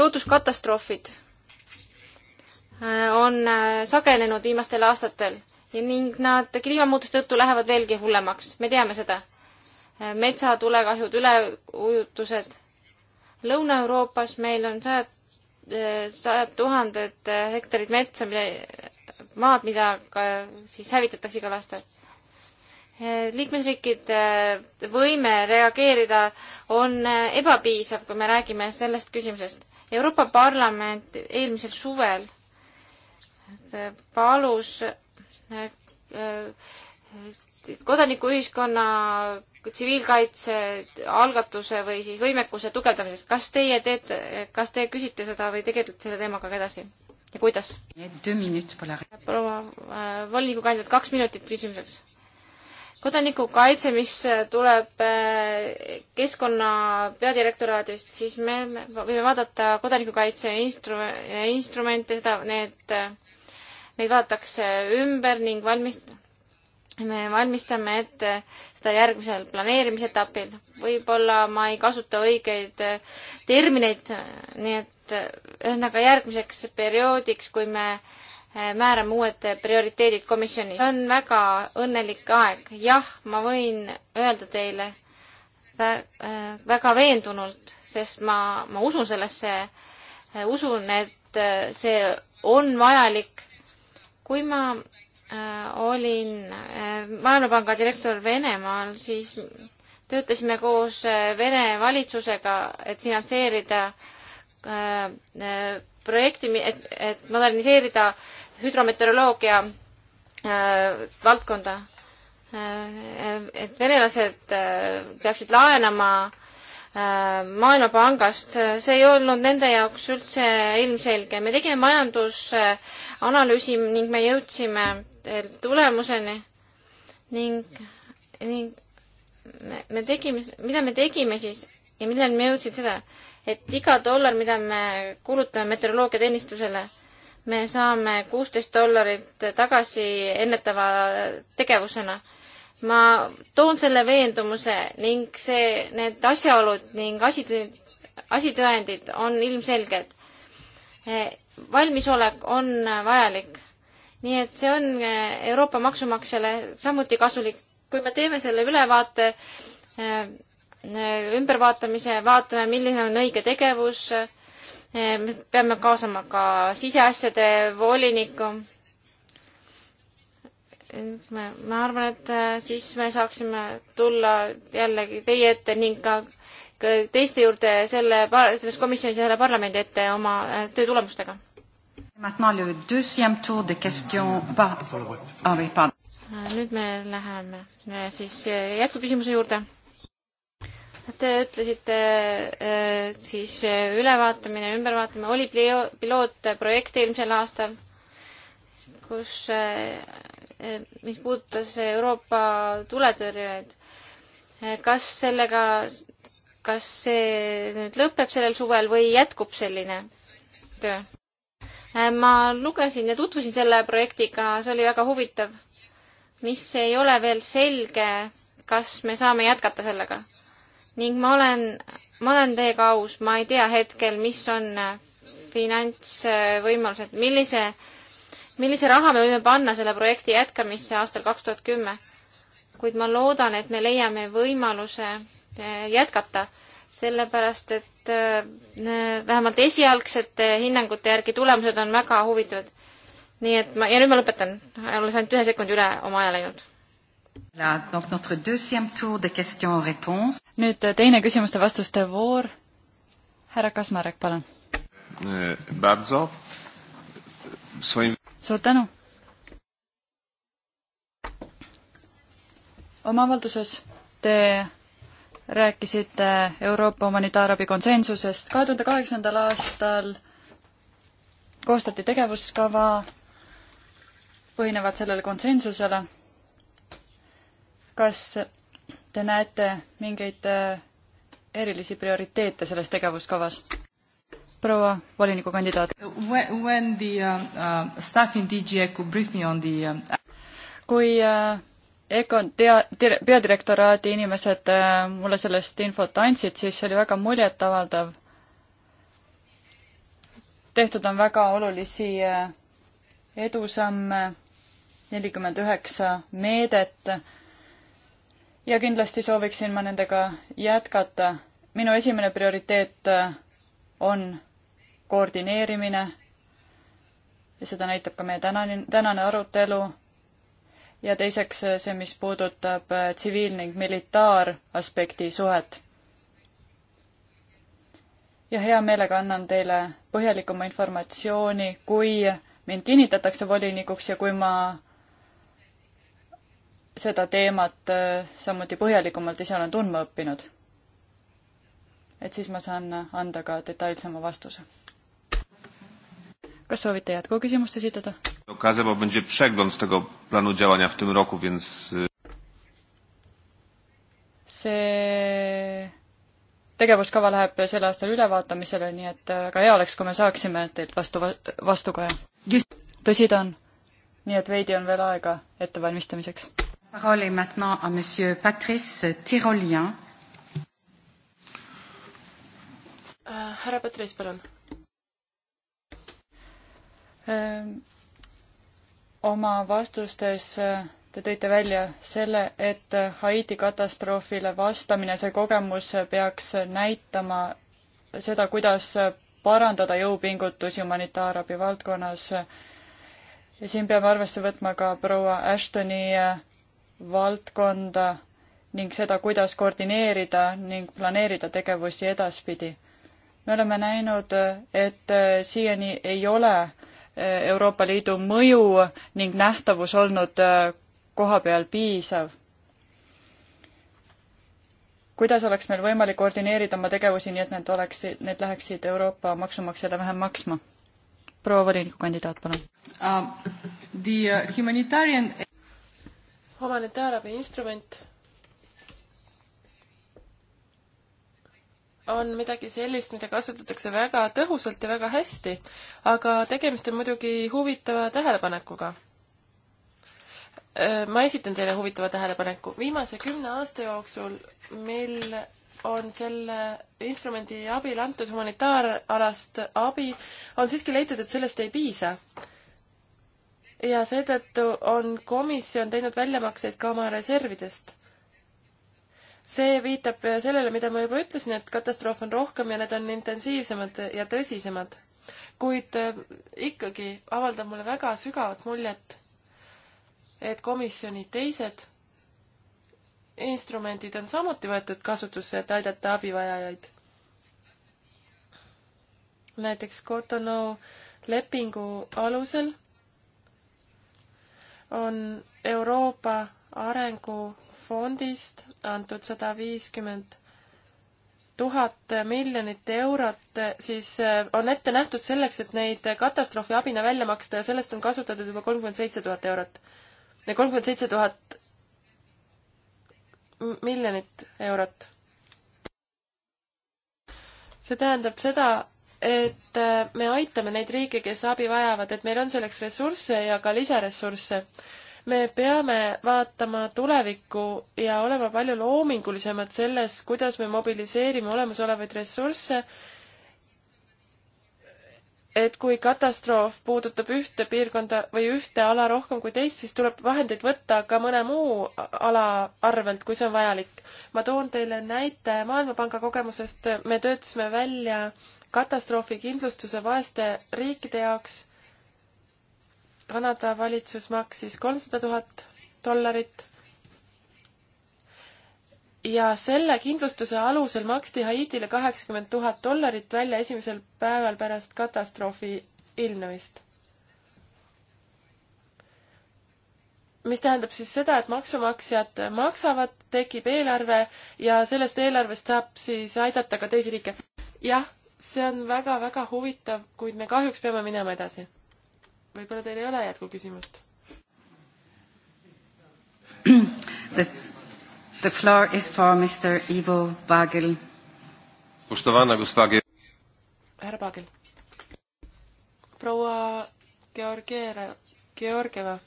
looduskatastroofid äh, on äh, sagenenud viimastel aastatel ning nad kliimamuutuste tõttu lähevad veelgi hullemaks, me teame seda. metsatulekahjud, üleujutused. Lõuna-Euroopas meil on sajad sajad tuhanded eh, hektarid metsa, maad, mida ka siis hävitatakse igal aastal. Eh, liikmesriikide eh, võime reageerida on ebapiisav, kui me räägime sellest küsimusest. Euroopa Parlament eelmisel suvel palus kodanikuühiskonna tsiviilkaitsealgatuse või siis võimekuse tugevdamisest. kas teie teete, kas te küsite seda või tegelete selle teemaga ka edasi ja kuidas? proua äh, volikogu kandidaat, kaks minutit küsimuseks. kodanikukaitse, mis tuleb äh, keskkonna peadirektoraadist, siis me võime vaadata kodanikukaitse instru-, instrumente, seda, need, äh, neid vaadatakse ümber ning valmist-, me valmistame ette seda järgmisel planeerimisetapil. võib-olla ma ei kasuta õigeid äh, termineid, äh, nii et äh, ühesõnaga järgmiseks perioodiks, kui me määrame uued prioriteedid komisjonis. see on väga õnnelik aeg. jah, ma võin öelda teile väga veendunult, sest ma, ma usun sellesse, usun, et see on vajalik. kui ma Äh, olin äh, Maailmapanga direktor Venemaal, siis töötasime koos äh, Vene valitsusega, et finantseerida projekti, et, et moderniseerida hüdrometeoroloogia valdkonda. et venelased peaksid laenama Maailmapangast, see ei olnud nende jaoks üldse ilmselge. me tegime majandusanalüüsi ning me jõudsime Er, tulemuseni ning, ning me, me tegime, mida me tegime siis ja millal me jõudsid seda, et iga dollar, mida me kulutame meteoroloogiateenistusele, me saame kuusteist dollarit tagasi ennetava tegevusena. ma toon selle veendumuse ning see, need asjaolud ning asitõ-, asitõendid on ilmselged. Eh, valmisolek on vajalik nii et see on eh, Euroopa maksumaksjale samuti kasulik. kui me teeme selle ülevaate, eh, eh, ümbervaatamise, vaatame, milline on õige tegevus, me peame kaasama ka siseasjade voliniku. ma, ma arvan, et siis me saaksime tulla jällegi teie ette ning ka teiste juurde selle, selles komisjonis ja selle parlamendi ette oma töö tulemustega Ah ah, nüüd me läheme me siis eh, jätkuküsimuse juurde. Te ütlesite eh, siis eh, ülevaatamine, ümbervaatamine oli pilootprojekt eelmisel aastal, kus, mis puudutas Euroopa tuletõrjujaid. kas sellega, kas see nüüd lõpeb sellel suvel või jätkub selline töö? Äh, ma lugesin ja tutvusin selle projektiga, see oli väga huvitav. mis ei ole veel selge, kas me saame jätkata sellega. ning ma olen, ma olen teiega aus, ma ei tea hetkel, mis on äh, finantsvõimalused, millise, millise raha me võime panna selle projekti jätkamisse aastal kaks tuhat kümme. kuid ma loodan, et me leiame võimaluse äh, jätkata, sellepärast et et äh, vähemalt esialgsete hinnangute järgi tulemused on väga huvitavad. nii et ma, ja nüüd ma lõpetan, olles ainult ühe sekundi üle oma aja läinud. nüüd äh, teine küsimuste-vastuste voor. härra Kasmarek, palun. Eh, suur tänu. oma avalduses te rääkisite Euroopa humanitaarabi konsensusest. kahe tuhande kaheksandal aastal koostati tegevuskava, põhinevad sellele konsensusele. kas te näete mingeid äh, erilisi prioriteete selles tegevuskavas? proua volinikukandidaat. Uh, uh, e uh, kui uh, Econ tea-, peadirektoraadi inimesed äh, mulle sellest infot andsid, siis see oli väga muljetavaldav. tehtud on väga olulisi äh, edusamme, nelikümmend üheksa meedet ja kindlasti sooviksin ma nendega jätkata. minu esimene prioriteet äh, on koordineerimine ja seda näitab ka meie tänane, tänane arutelu ja teiseks eh, see, mis puudutab eh, tsiviil- ning militaaraspekti suhet. ja hea meelega annan teile põhjalikuma informatsiooni, kui mind kinnitatakse volinikuks ja kui ma seda teemat eh, samuti põhjalikumalt ise olen tundma õppinud. et siis ma saan anda ka detailsema vastuse. kas soovite jätkuküsimust esitada? okazja, bo będzie przegląd tego planu działania w tym roku, więc see tegevuskava läheb sel aastal ülevaatamisele, nii et väga äh, hea oleks, kui me saaksime teilt vastu, vastu kohe. tõsi ta on. nii et veidi on veel aega ettevalmistamiseks. Äh, härra Patrice, palun ähm oma vastustes äh, te tõite välja selle, et Haiti katastroofile vastamine, see kogemus peaks näitama seda, kuidas parandada jõupingutusi humanitaarabi valdkonnas. ja siin peame arvesse võtma ka proua Ashtoni äh, valdkonda ning seda, kuidas koordineerida ning planeerida tegevusi edaspidi. me oleme näinud, äh, et siiani ei ole Euroopa Liidu mõju ning nähtavus olnud äh, kohapeal piisav? kuidas oleks meil võimalik koordineerida oma tegevusi nii, et need oleksid, need läheksid Euroopa maksumaksjale vähem maksma? proua volinikukandidaat, palun uh,. The uh, humanitarian humanitaarabi instrument on midagi sellist, mida kasutatakse väga tõhusalt ja väga hästi, aga tegemist on muidugi huvitava tähelepanekuga. Äh, ma esitan teile huvitava tähelepaneku. viimase kümne aasta jooksul, mil on selle instrumendi abil antud humanitaaralast abi, on siiski leitud, et sellest ei piisa. ja seetõttu on komisjon teinud väljamakseid ka oma reservidest see viitab sellele, mida ma juba ütlesin, et katastroofe on rohkem ja need on intensiivsemad ja tõsisemad. kuid äh, ikkagi avaldab mulle väga sügavat muljet, et komisjoni teised instrumendid on samuti võetud kasutusse, et aidata abivajajaid. näiteks Cotonou lepingu alusel on Euroopa Arengu fondist antud sada viiskümmend tuhat miljonit eurot, siis äh, on ette nähtud selleks, et neid katastroofiabina välja maksta ja sellest on kasutatud juba kolmkümmend seitse tuhat eurot. kolmkümmend seitse tuhat miljonit eurot. see tähendab seda, et äh, me aitame neid riike, kes abi vajavad, et meil on selleks ressursse ja ka lisaressursse me peame vaatama tulevikku ja olema palju loomingulisemad selles, kuidas me mobiliseerime olemasolevaid ressursse, et kui katastroof puudutab ühte piirkonda või ühte ala rohkem kui teist, siis tuleb vahendeid võtta ka mõne muu ala arvelt, kui see on vajalik. ma toon teile näite Maailmapanga kogemusest, me töötasime välja katastroofikindlustuse vaeste riikide jaoks Kanada valitsus maksis kolmsada tuhat dollarit ja selle kindlustuse alusel maksti Haitile kaheksakümmend tuhat dollarit välja esimesel päeval pärast katastroofi ilmnemist. mis tähendab siis seda, et maksumaksjad maksavad, tekib eelarve ja sellest eelarvest saab siis aidata ka teisi riike. jah, see on väga-väga huvitav, kuid me kahjuks peame minema edasi võib-olla teil ei ole jätkuküsimust? The, the floor is for Mr Ivo Vagel. härra Vagel. proua Georgieva, Georgieva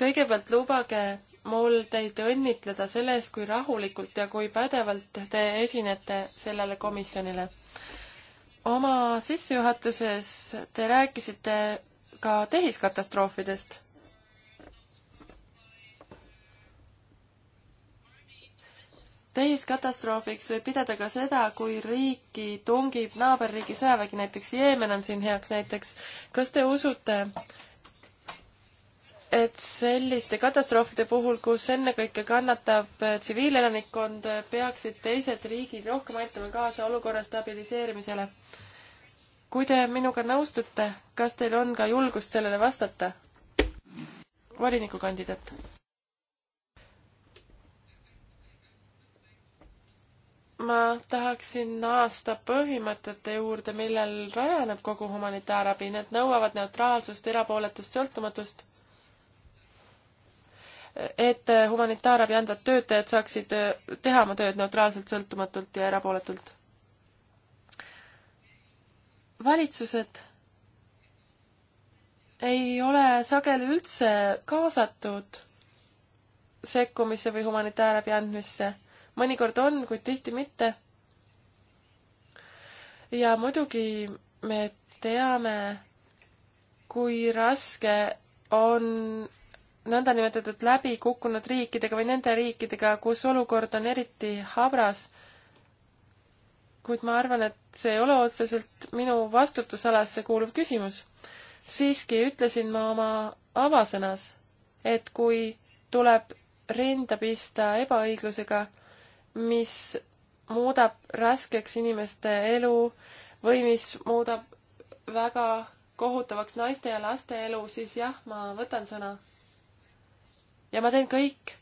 kõigepealt lubage mul teid õnnitleda selles, kui rahulikult ja kui pädevalt te esinete sellele komisjonile oma sissejuhatuses te rääkisite ka tehiskatastroofidest. tehiskatastroofiks võib pidada ka seda, kui riiki tungib naaberriigi sõjavägi, näiteks Jeemen on siin heaks näiteks. kas te usute, et selliste katastroofide puhul, kus ennekõike kannatab äh, tsiviilelanikkond, äh, peaksid teised riigid rohkem aitama kaasa olukorra stabiliseerimisele. kui te minuga nõustute, kas teil on ka julgust sellele vastata? volinikukandidaat. ma tahaksin naasta põhimõtete juurde, millel rajaneb kogu humanitaarabi, need nõuavad neutraalsust, erapooletust, sõltumatust et humanitaarabi andvad töötajad saaksid äh, teha oma tööd neutraalselt, sõltumatult ja erapooletult. valitsused ei ole sageli üldse kaasatud sekkumisse või humanitaarabi andmisse. mõnikord on, kuid tihti mitte. ja muidugi me teame, kui raske on nõndanimetatud läbikukkunud riikidega või nende riikidega, kus olukord on eriti habras, kuid ma arvan, et see ei ole otseselt minu vastutusalasse kuuluv küsimus. siiski ütlesin ma oma avasõnas, et kui tuleb rinda pista ebaõiglusega, mis muudab raskeks inimeste elu või mis muudab väga kohutavaks naiste ja laste elu, siis jah, ma võtan sõna ja ma teen kõik,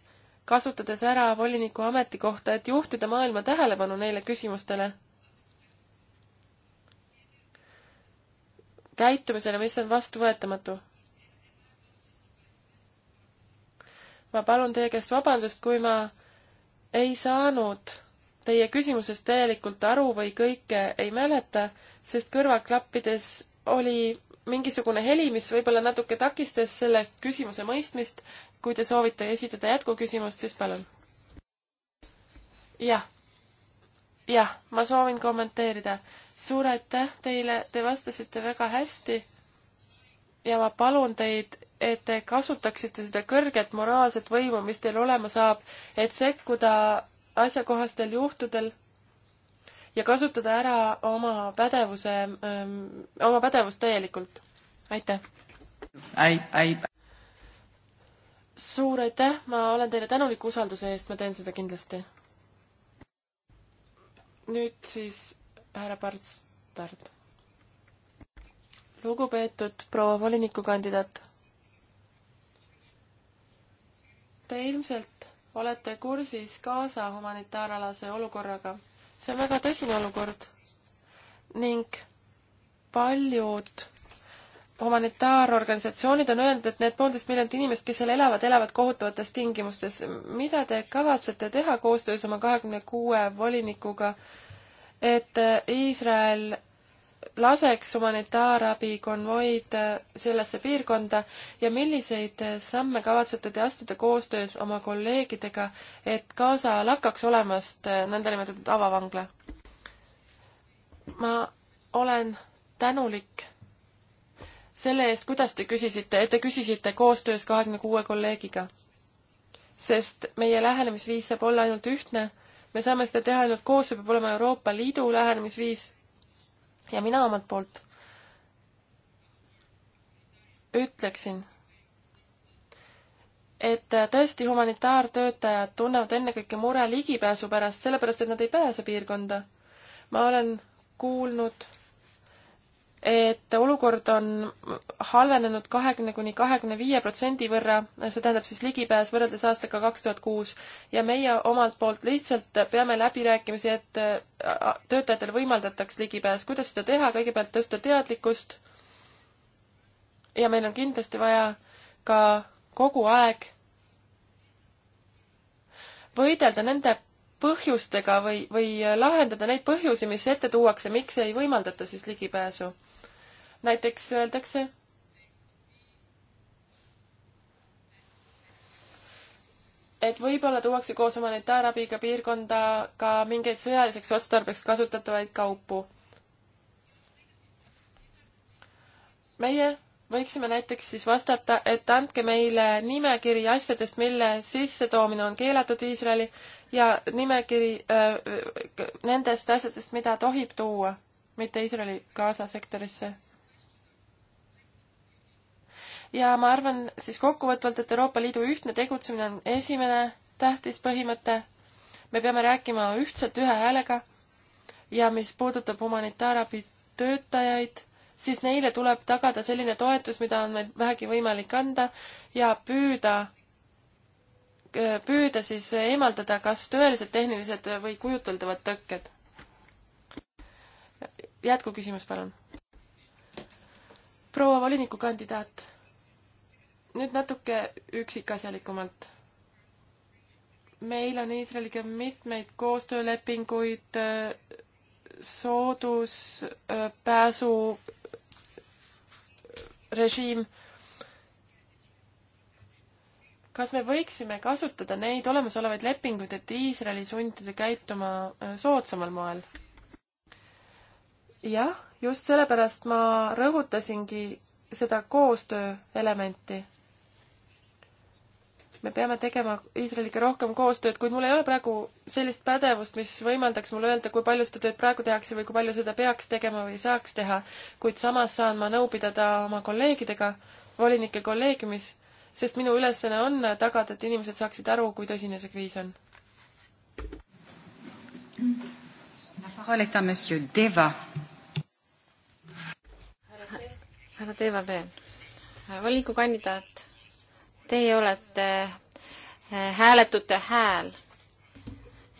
kasutades ära voliniku ametikohta, et juhtida maailma tähelepanu neile küsimustele. käitumisele, mis on vastuvõetamatu. ma palun teie käest vabandust, kui ma ei saanud teie küsimusest täielikult aru või kõike ei mäleta, sest kõrvaklappides oli mingisugune heli, mis võib-olla natuke takistas selle küsimuse mõistmist kui te soovite esitada jätkuküsimust, siis palun. jah. jah, ma soovin kommenteerida. suur aitäh teile, te vastasite väga hästi. ja ma palun teid, et te kasutaksite seda kõrget moraalset võimu, mis teil olema saab, et sekkuda asjakohastel juhtudel ja kasutada ära oma pädevuse, ähm, oma pädevust täielikult. aitäh! I, I, suur aitäh, ma olen teile tänulik usalduse eest, ma teen seda kindlasti. nüüd siis härra Parts Tard. lugupeetud proua volinikukandidaat. Te ilmselt olete kursis Gaza humanitaaralase olukorraga. see on väga tõsine olukord ning paljud humanitaarorganisatsioonid on öelnud, et need poolteist miljonit inimest, kes seal elavad, elavad kohutavates tingimustes. mida te kavatsete teha koostöös oma kahekümne kuue volinikuga, et äh, Iisrael laseks humanitaarabi konvoid äh, sellesse piirkonda ja milliseid äh, samme kavatsete te astuda koostöös oma kolleegidega, et Gaza lakkaks olemast nõndanimetatud avavangla? ma olen tänulik selle eest, kuidas te küsisite, et te küsisite koostöös kahekümne kuue kolleegiga. sest meie lähenemisviis saab olla ainult ühtne, me saame seda teha ainult koos, see peab olema Euroopa Liidu lähenemisviis ja mina omalt poolt ütleksin, et tõesti humanitaartöötajad tunnevad ennekõike mure ligipääsu pärast, sellepärast et nad ei pääse piirkonda. ma olen kuulnud et olukord on halvenenud kahekümne kuni kahekümne viie protsendi võrra, see tähendab siis ligipääs võrreldes aastaga kaks tuhat kuus ja meie omalt poolt lihtsalt peame läbirääkimisi, et äh, töötajatele võimaldataks ligipääs. kuidas seda teha, kõigepealt tõsta teadlikkust ja meil on kindlasti vaja ka kogu aeg võidelda nende põhjustega või, või lahendada neid põhjusi, mis ette tuuakse, miks ei võimaldata siis ligipääsu. näiteks öeldakse, et võib-olla tuuakse koos humanitaarabiga piirkonda ka mingeid sõjaliseks otstarbeks kasutatavaid kaupu. meie võiksime näiteks siis vastata, et andke meile nimekiri asjadest, mille sissetoomine on keelatud Iisraeli ja nimekiri äh, nendest asjadest, mida tohib tuua, mitte Iisraeli Gaza sektorisse. ja ma arvan siis kokkuvõtvalt, et Euroopa Liidu ühtne tegutsemine on esimene tähtis põhimõte. me peame rääkima ühtselt ühe häälega ja mis puudutab humanitaarabi töötajaid, siis neile tuleb tagada selline toetus, mida on meil vähegi võimalik anda ja püüda püüda siis eemaldada kas tõelised tehnilised või kujuteldavad tõkked. jätkuküsimus, palun. proua volinikukandidaat, nüüd natuke üksikasjalikumalt. meil on Iisraeliga mitmeid koostöölepinguid, sooduspääsu äh, äh, režiim äh, kas me võiksime kasutada neid olemasolevaid lepinguid, et Iisraeli sundida käituma äh, soodsamal moel? jah, just sellepärast ma rõhutasingi seda koostöö elementi. me peame tegema Iisraeliga rohkem koostööd, kuid mul ei ole praegu sellist pädevust, mis võimaldaks mulle öelda, kui palju seda tööd praegu tehakse või kui palju seda peaks tegema või saaks teha, kuid samas saan ma nõu pidada oma kolleegidega volinike kolleegiumis sest minu ülesanne on tagada, et inimesed saaksid aru, kui tõsine see kriis on. härra Deva Peen, valikukandidaat, teie olete eh, hääletute hääl.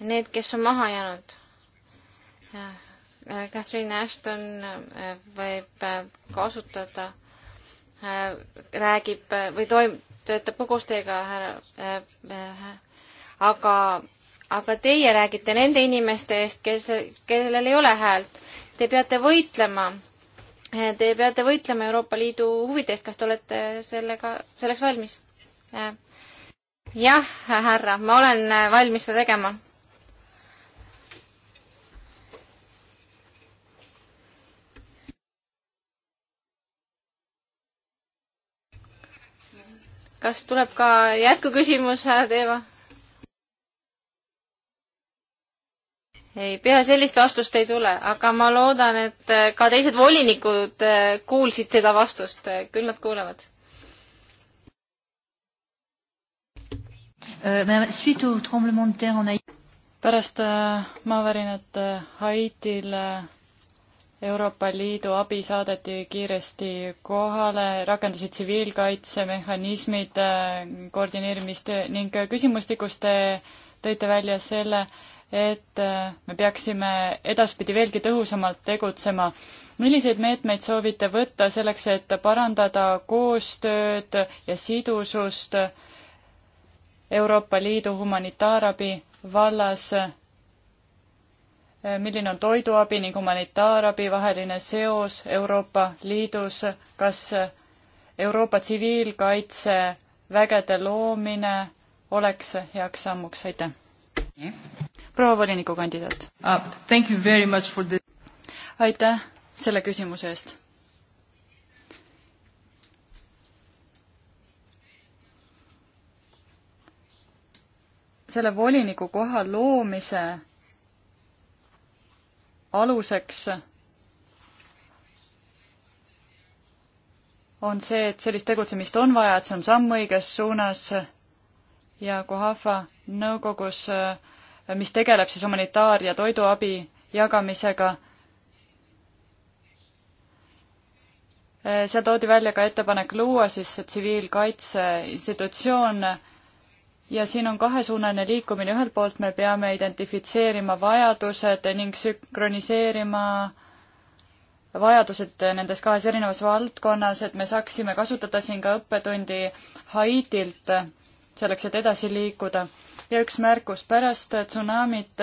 Need, kes on maha jäänud eh, Catherine Ashton eh, võib kasutada, räägib või toim-, töötab ka koos teiega, härra. Äh, äh, aga, aga teie räägite nende inimeste eest, kes, kellel ei ole häält. Te peate võitlema. Te peate võitlema Euroopa Liidu huvide eest, kas te olete sellega, selleks valmis? Äh, jah, härra, ma olen valmis seda tegema kas tuleb ka jätkuküsimus, härra Teeva? ei, peale sellist vastust ei tule, aga ma loodan, et äh, ka teised volinikud äh, kuulsid seda vastust, äh, küll nad kuulevad. Euh, pärast maavärinat Haitil Euroopa Liidu abi saadeti kiiresti kohale, rakendusid tsiviilkaitsemehhanismid, äh, koordineerimist ning küsimustikus te tõite välja selle, et äh, me peaksime edaspidi veelgi tõhusamalt tegutsema. milliseid meetmeid soovite võtta selleks, et parandada koostööd ja sidusust Euroopa Liidu humanitaarabi vallas Äh, milline on toiduabi ning humanitaarabi vaheline seos Euroopa Liidus, kas äh, Euroopa tsiviilkaitsevägede loomine oleks heaks sammuks, aitäh! proua volinikukandidaat uh,. The... aitäh selle küsimuse eest! selle voliniku koha loomise aluseks on see, et sellist tegutsemist on vaja, et see on samm õiges suunas ja Kohafa nõukogus, mis tegeleb siis humanitaar- ja toiduabi jagamisega, seal toodi välja ka ettepanek luua siis tsiviilkaitse institutsioon, ja siin on kahesuunaline liikumine, ühelt poolt me peame identifitseerima vajadused ning sünkroniseerima vajadused nendes kahes erinevas valdkonnas, et me saaksime kasutada siin ka õppetundi Haitilt, selleks et edasi liikuda. ja üks märkus, pärast tsunamit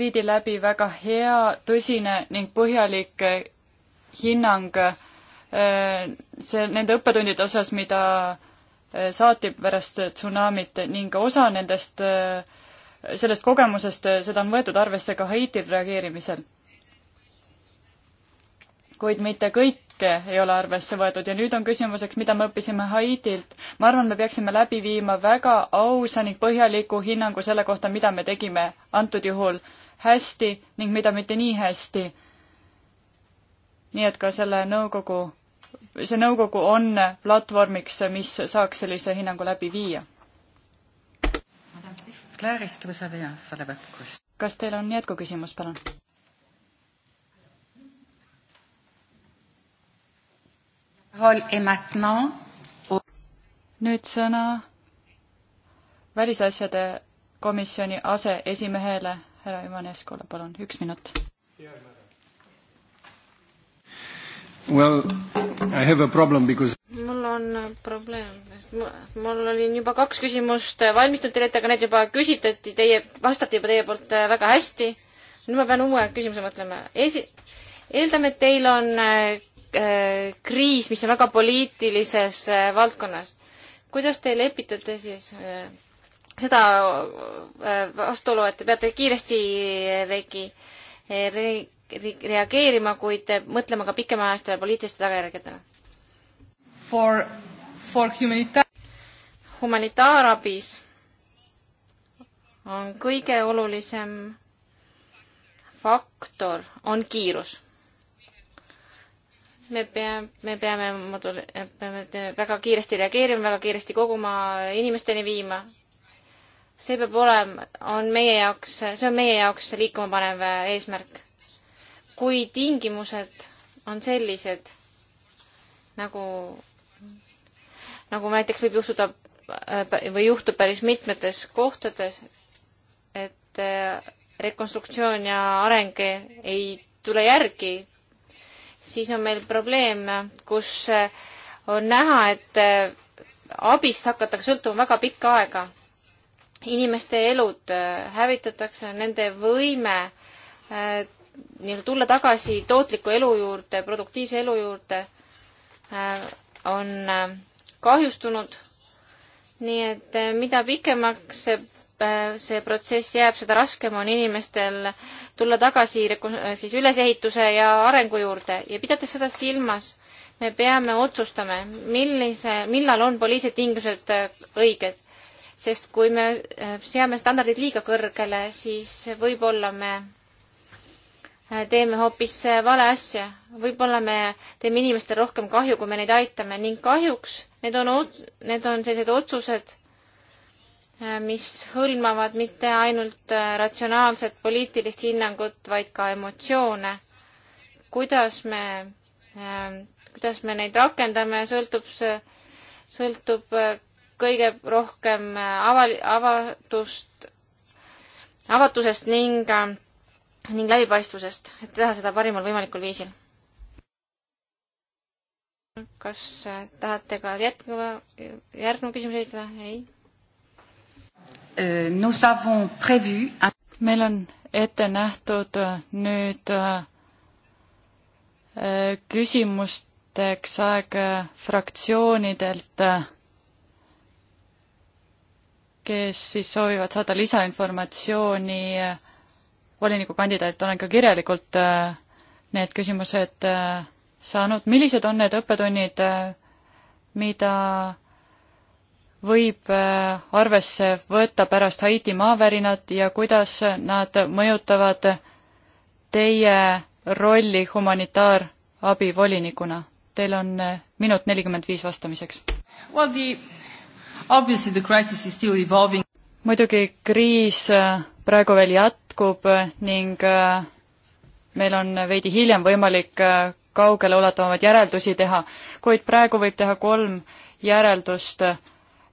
viidi läbi väga hea, tõsine ning põhjalik hinnang äh, see, nende õppetundide osas, mida saati pärast tsunamit ning osa nendest, sellest kogemusest, seda on võetud arvesse ka Haitil reageerimisel. kuid mitte kõike ei ole arvesse võetud ja nüüd on küsimuseks, mida me õppisime Haitilt. ma arvan, me peaksime läbi viima väga ausa ning põhjaliku hinnangu selle kohta, mida me tegime antud juhul hästi ning mida mitte nii hästi. nii et ka selle nõukogu see nõukogu on platvormiks, mis saaks sellise hinnangu läbi viia. kas teil on jätkuküsimus, palun? nüüd sõna välisasjade komisjoni aseesimehele, härra Ivaneskole, palun, üks minut. Well, I have a problem because mul on probleem, sest mul olin juba kaks küsimust äh, valmistunud teile ette, aga need juba küsitleti, teie, vastati juba teie poolt äh, väga hästi. nüüd ma pean uue küsimuse mõtlema. Esi-, eeldame, et teil on äh, äh kriis, mis on väga poliitilises äh, valdkonnas. kuidas te lepitate siis äh, seda vastuolu, et te peate kiiresti regi-, regi-, reageerima, kuid mõtlema ka pikemaajalistele poliitilistele tagajärgedele. For, for humanita-. humanitaarabis on kõige olulisem faktor, on kiirus. me peame, me peame, peame väga kiiresti reageerima, väga kiiresti koguma, inimesteni viima. see peab olema, on meie jaoks, see on meie jaoks liikuma panev eesmärk kui tingimused on sellised, nagu, nagu näiteks võib juhtuda äh, või juhtub päris mitmetes kohtades, et äh, rekonstruktsioon ja areng ei tule järgi, siis on meil probleem, kus äh, on näha, et abist hakatakse sõltuma väga pikka aega. inimeste elud hävitatakse, nende võime nii-öelda tulla tagasi tootliku elu juurde, produktiivse elu juurde, äh, on äh, kahjustunud. nii et äh, mida pikemaks see, see protsess jääb, seda raskem on inimestel tulla tagasi siis ülesehituse ja arengu juurde ja pidades seda silmas, me peame otsustama, millise, millal on poliitilised tingimused õiged. sest kui me seame standardid liiga kõrgele, siis võib-olla me Äh, teeme hoopis äh, vale asja. võib-olla me teeme inimestele rohkem kahju, kui me neid aitame ning kahjuks need on, need on sellised otsused, äh, mis hõlmavad mitte ainult ratsionaalset poliitilist hinnangut, vaid ka emotsioone. kuidas me, kuidas me neid rakendame, sõltub see, sõltub kõige rohkem ava-, avatust, avatusest ning ning läbipaistvusest, et teha seda parimal võimalikul viisil. kas äh, tahate ka jätkava, järgneva küsimuse esitada? ei? Euh, meil on ette nähtud äh, nüüd äh, küsimusteks aeg fraktsioonidelt, kes siis soovivad saada lisainformatsiooni volinikukandidaat, olen ka kirjalikult äh, need küsimused äh, saanud, millised on need õppetunnid, äh, mida võib arvesse võtta pärast Haiti maavärinat ja kuidas nad mõjutavad teie rolli humanitaarabi volinikuna? Teil on minut nelikümmend viis vastamiseks well,. muidugi kriis praegu veel jät-, jätkub äh, ning äh, meil on veidi hiljem võimalik äh, kaugeleulatuvamaid järeldusi teha, kuid praegu võib teha kolm järeldust.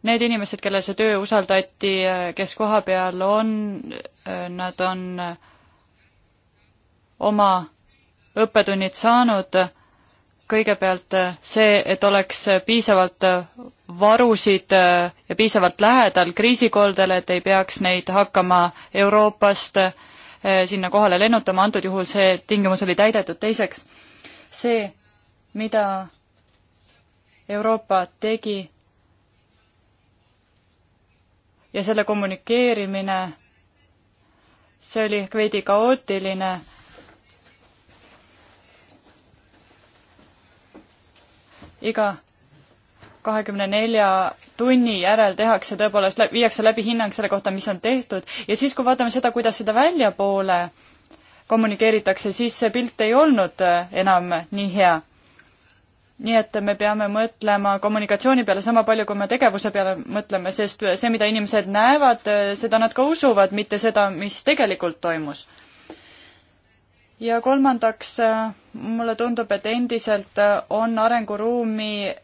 Need inimesed, kellele see töö usaldati, kes koha peal on, nad on oma õppetunnid saanud kõigepealt äh, see, et oleks äh, piisavalt äh, varusid ja piisavalt lähedal kriisikoldele, et ei peaks neid hakkama Euroopast sinna kohale lennutama, antud juhul see tingimus oli täidetud. teiseks, see, mida Euroopa tegi ja selle kommunikeerimine, see oli veidi kaootiline iga kahekümne nelja tunni järel tehakse tõepoolest, viiakse läbi hinnang selle kohta, mis on tehtud ja siis, kui vaatame seda, kuidas seda väljapoole kommunikeeritakse, siis see pilt ei olnud äh, enam nii hea. nii et me peame mõtlema kommunikatsiooni peale sama palju, kui me tegevuse peale mõtleme, sest see, mida inimesed näevad, äh, seda nad ka usuvad, mitte seda, mis tegelikult toimus ja kolmandaks, äh, mulle tundub, et endiselt äh, on arenguruumi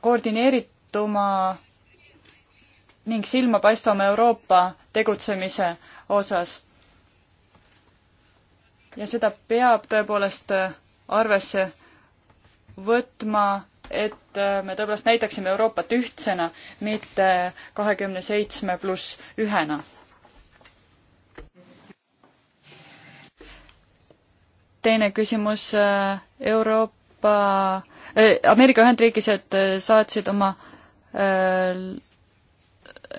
koordineerituma ning silmapaistvama Euroopa tegutsemise osas. ja seda peab tõepoolest äh, arvesse võtma, et me tõepoolest näitaksime Euroopat ühtsena, mitte kahekümne seitsme pluss ühena teine küsimus, äh, Euroopa äh,, Ameerika Ühendriigid äh, saatsid oma äh,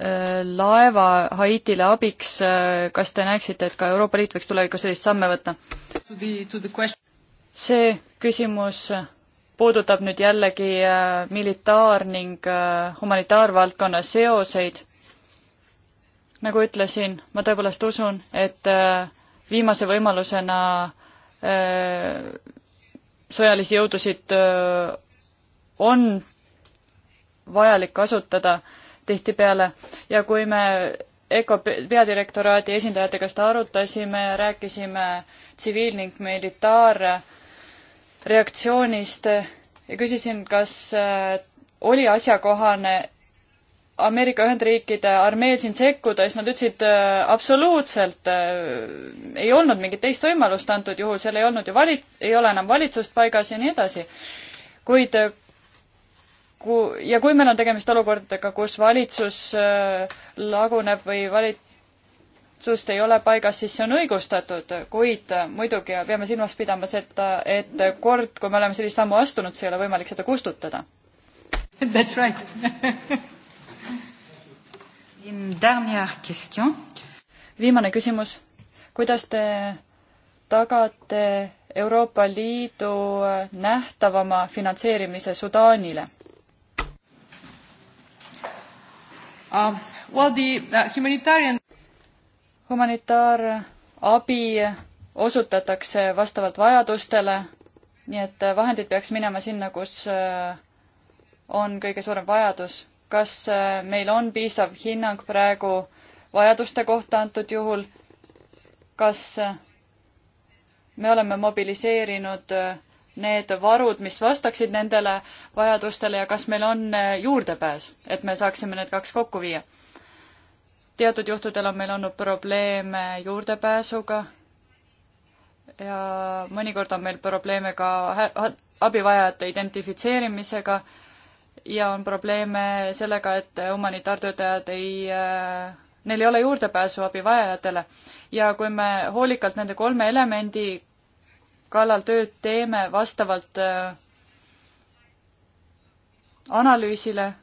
äh, laeva Haitile abiks, äh, kas te näeksite, et ka Euroopa Liit võiks tulevikus sellist samme võtta? see küsimus puudutab nüüd jällegi militaar- ning humanitaarvaldkonna seoseid. nagu ütlesin, ma tõepoolest usun, et viimase võimalusena Äh, sõjalisi jõudusid äh, on vajalik kasutada tihtipeale ja kui me EKO peadirektoraadi esindajatega seda arutasime, rääkisime tsiviil- ning militaarreaktsioonist äh, ja küsisin, kas oli asjakohane Ameerika Ühendriikide armeel siin sekkuda, siis nad ütlesid äh, absoluutselt äh, ei olnud mingit teist võimalust antud juhul, seal ei olnud ju vali-, ei ole enam valitsust paigas ja nii edasi. kuid äh, ku-, ja kui meil on tegemist olukordadega, kus valitsus laguneb või valitsust ei ole paigas, siis see on õigustatud, kuid muidugi peame silmas pidama seda, et kord, kui me oleme sellise sammu astunud, siis ei ole võimalik seda kustutada. That's right viimane küsimus. kuidas te tagate Euroopa Liidu nähtavama finantseerimise Sudaanile uh,? Well, the uh, humanitarian humanitaarabi osutatakse vastavalt vajadustele, nii et uh, vahendid peaks minema sinna, kus uh, on kõige suurem vajadus kas äh, meil on piisav hinnang praegu vajaduste kohta antud juhul, kas äh, me oleme mobiliseerinud äh, need varud, mis vastaksid nendele vajadustele ja kas meil on juurdepääs, et me saaksime need kaks kokku viia. teatud juhtudel on meil olnud probleeme juurdepääsuga ja mõnikord on meil probleeme ka abivajajate identifitseerimisega ja on probleeme sellega, et humanitaartöötajad ei, äh, neil ei ole juurdepääsu abivajajatele. ja kui me hoolikalt nende kolme elemendi kallal tööd teeme vastavalt äh, analüüsile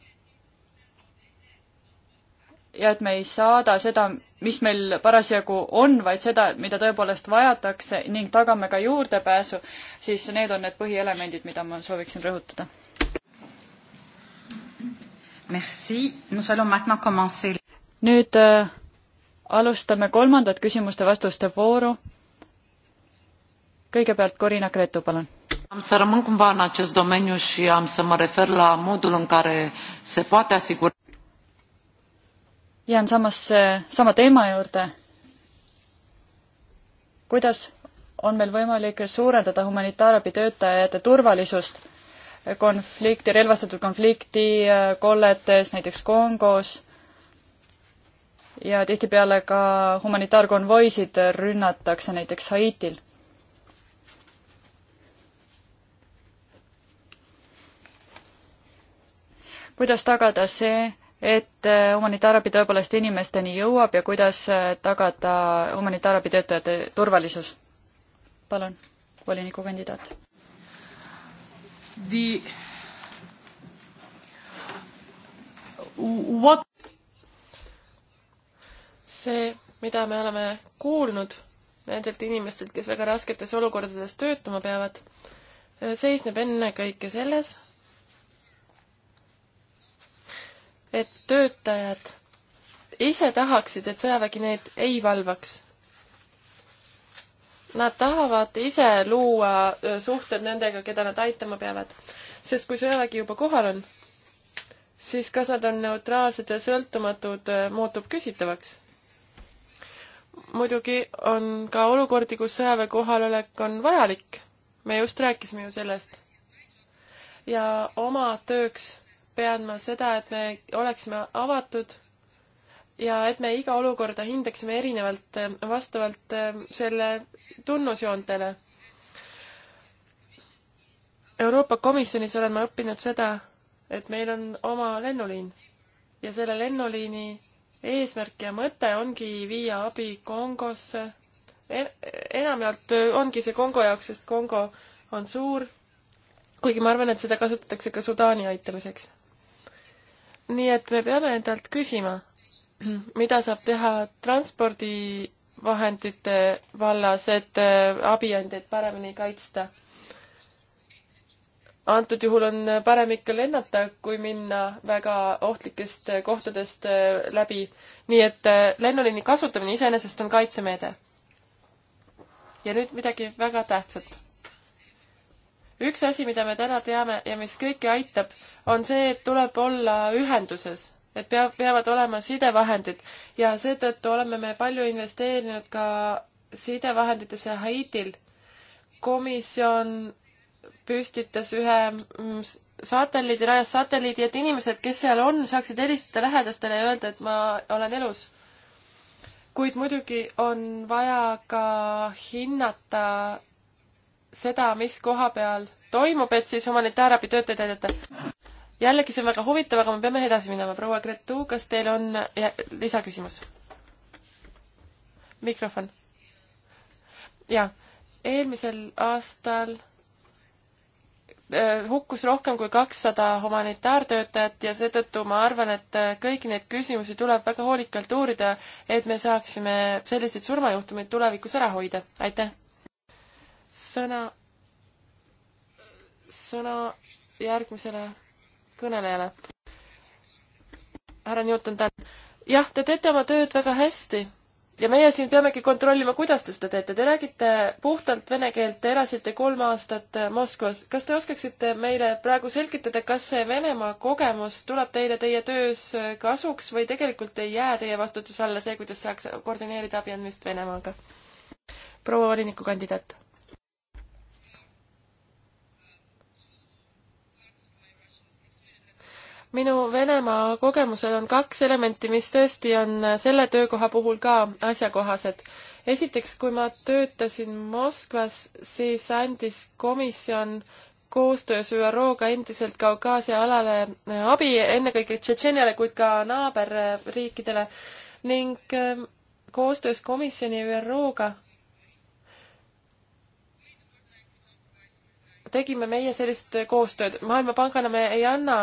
ja et me ei saada seda, mis meil parasjagu on, vaid seda, mida tõepoolest vajatakse ning tagame ka juurdepääsu, siis need on need põhielemendid, mida ma sooviksin rõhutada nüüd äh, alustame kolmandat küsimuste-vastuste vooru. kõigepealt Corina Cretu, palun. Am să rămân cumva în acest domeniu și am să mă refer la modul în care se poate asigura jään samasse, sama teema juurde. kuidas on meil võimalik suurendada humanitaarabi töötajate turvalisust? konflikti, relvastatud konflikti äh, kolletes, näiteks Kongos, ja tihtipeale ka humanitaarkonvoisid rünnatakse näiteks Haitil. kuidas tagada see, et äh, humanitaarabi tõepoolest inimesteni jõuab ja kuidas äh, tagada humanitaarabi töötajate turvalisus? palun, volinikukandidaat The what see, mida me oleme kuulnud nendelt inimestelt, kes väga rasketes olukordades töötama peavad, eh, seisneb ennekõike selles, et töötajad ise tahaksid, et sõjavägi neid ei valvaks Nad tahavad ise luua suhted nendega, keda nad aitama peavad. sest kui sõjavägi juba kohal on, siis kas nad on neutraalsed ja sõltumatud, muutub küsitavaks. muidugi on ka olukordi, kus sõjaväe kohalolek on vajalik. me just rääkisime ju sellest. ja oma tööks pean ma seda, et me oleksime avatud ja et me iga olukorda hindaksime erinevalt eh, vastavalt eh, selle tunnusjoontele. Euroopa Komisjonis olen ma õppinud seda, et meil on oma lennuliin ja selle lennuliini eesmärk ja mõte ongi viia abi Kongosse en. enamjaolt ongi see Kongo jaoks, sest Kongo on suur, kuigi ma arvan, et seda kasutatakse ka Sudaani aitamiseks. nii et me peame endalt küsima, mida saab teha transpordivahendite vallas, et äh, abiandjaid paremini kaitsta? antud juhul on parem ikka lennata, kui minna väga ohtlikest kohtadest äh, läbi. nii et äh, lennuliini kasutamine iseenesest on kaitsemeede. ja nüüd midagi väga tähtsat. üks asi, mida me täna teame ja mis kõiki aitab, on see, et tuleb olla ühenduses et peab, peavad olema sidevahendid ja seetõttu oleme me palju investeerinud ka sidevahenditesse Haitil. komisjon püstitas ühe mm, satelliidi, rajas satelliidi, et inimesed, kes seal on, saaksid helistada lähedastele ja öelda, et ma olen elus. kuid muidugi on vaja ka hinnata seda, mis koha peal toimub, et siis humanitaarabi töötajaid aidata jällegi, see on väga huvitav, aga me peame edasi minema. proua Gretu, kas teil on lisaküsimus? mikrofon. jaa, eelmisel aastal äh, hukkus rohkem kui kakssada humanitaartöötajat ja seetõttu ma arvan, et äh, kõiki neid küsimusi tuleb väga hoolikalt uurida, et me saaksime selliseid surmajuhtumeid tulevikus ära hoida. aitäh! sõna, sõna järgmisele kõnelejale. härra Newton-Dunn, jah, te teete oma tööd väga hästi ja meie siin peamegi kontrollima, kuidas te seda teete. Te räägite puhtalt vene keelt, te elasite kolm aastat Moskvas. kas te oskaksite meile praegu selgitada, kas see Venemaa kogemus tuleb teile teie töös kasuks või tegelikult ei jää teie vastutuse alla see, kuidas saaks koordineerida abi andmist Venemaaga? proua volinikukandidaat minu Venemaa kogemusel on kaks elementi, mis tõesti on selle töökoha puhul ka asjakohased. esiteks, kui ma töötasin Moskvas, siis andis komisjon koostöös ÜRO-ga endiselt Kaukaasia alale abi, ennekõike Tšetšeeniale, kuid ka naaberriikidele ning ähm, koostöös komisjoni ÜRO-ga tegime meie sellist koostööd. maailmapangana me ei anna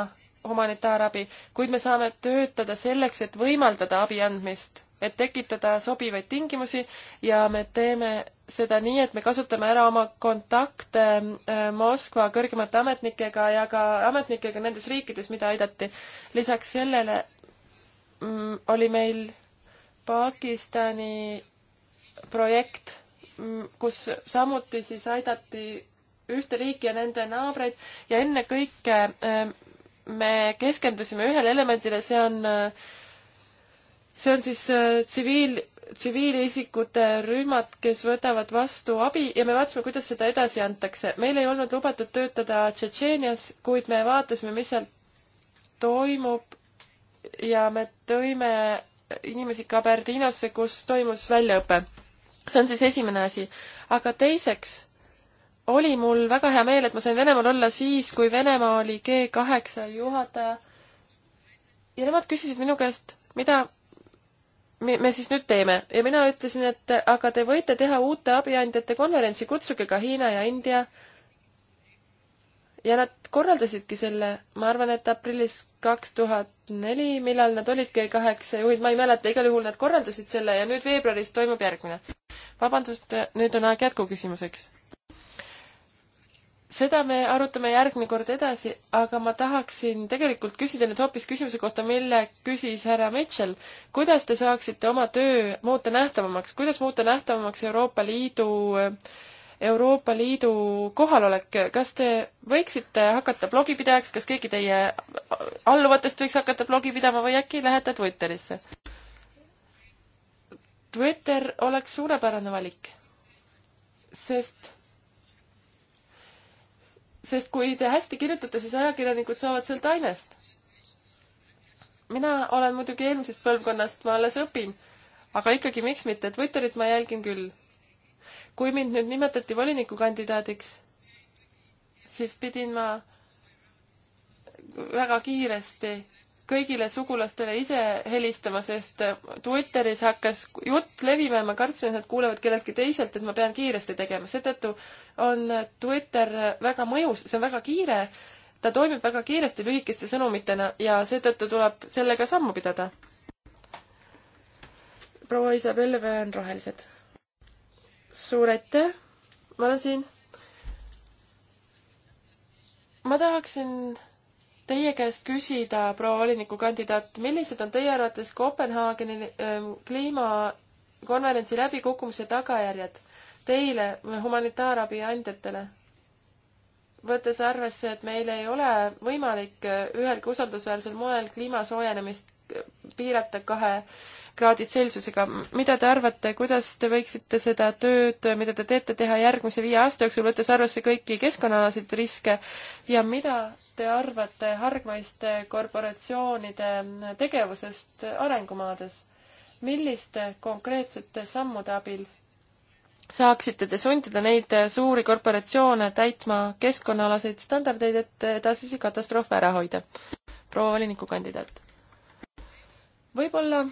humanitaarabi, kuid me saame töötada selleks, et võimaldada abi andmist, et tekitada sobivaid tingimusi ja me teeme seda nii, et me kasutame ära oma kontakte äh, Moskva kõrgemate ametnikega ja ka ametnikega nendes riikides, mida aidati. lisaks sellele mm, oli meil Pakistani projekt, mm, kus samuti siis aidati ühte riiki ja nende naabreid ja ennekõike äh, me keskendusime ühele elemendile, see on, see on siis äh, tsiviil, tsiviilisikute rühmad, kes võtavad vastu abi ja me vaatasime, kuidas seda edasi antakse. meil ei olnud lubatud töötada Tšetšeenias, kuid me vaatasime, mis seal toimub ja me tõime inimesi Kaberdinosse, kus toimus väljaõpe. see on siis esimene asi. aga teiseks oli mul väga hea meel, et ma sain Venemaal olla siis, kui Venemaa oli G kaheksa juhataja. ja nemad küsisid minu käest, mida me siis nüüd teeme ja mina ütlesin, et aga te võite teha uute abiandjate konverentsi, kutsuge ka Hiina ja India. ja nad korraldasidki selle, ma arvan, et aprillis kaks tuhat neli, millal nad olid G kaheksa juhid, ma ei mäleta, igal juhul nad korraldasid selle ja nüüd veebruaris toimub järgmine. vabandust, nüüd on aeg jätkuküsimuseks seda me arutame järgmine kord edasi, aga ma tahaksin tegelikult küsida nüüd hoopis küsimuse kohta, mille küsis härra Mitchell. kuidas te saaksite oma töö muuta nähtavamaks, kuidas muuta nähtavamaks Euroopa Liidu, Euroopa Liidu kohalolek, kas te võiksite hakata blogipidajaks, kas keegi teie alluvatest võiks hakata blogi pidama või äkki lähete Twitterisse? Twitter oleks suurepärane valik, sest sest kui te hästi kirjutate, siis ajakirjanikud saavad sealt ainest. mina olen muidugi eelmisest põlvkonnast, ma alles õpin, aga ikkagi, miks mitte, Twitterit ma jälgin küll. kui mind nüüd nimetati volinikukandidaadiks, siis pidin ma väga kiiresti kõigile sugulastele ise helistama, sest Twitteris hakkas jutt levima ja ma kartsin, et nad kuulevad kelleltki teiselt, et ma pean kiiresti tegema. seetõttu on Twitter väga mõjus, see on väga kiire, ta toimib väga kiiresti lühikeste sõnumitena ja seetõttu tuleb sellega sammu pidada. proua Isabelle Vöön, Rohelised. suur aitäh, ma olen siin. ma tahaksin teie käest küsida, proua volinikukandidaat, millised on teie arvates Kopenhaageni äh, kliimakonverentsi läbikukkumise tagajärjed teile, humanitaarabi andjatele? võttes arvesse, et meil ei ole võimalik äh, ühelgi usaldusväärsel moel kliima soojenemist äh, piirata kahe kraadid seltsusega. mida te arvate, kuidas te võiksite seda tööd, mida te teete, teha järgmise viie aasta jooksul, võttes arvesse kõiki keskkonnaalaseid riske ja mida te arvate hargmaiste korporatsioonide tegevusest arengumaades? milliste konkreetsete sammude abil saaksite te sundida neid suuri korporatsioone täitma keskkonnaalaseid standardeid, et edasisi katastroofe ära hoida? proua volinikukandidaat. võib-olla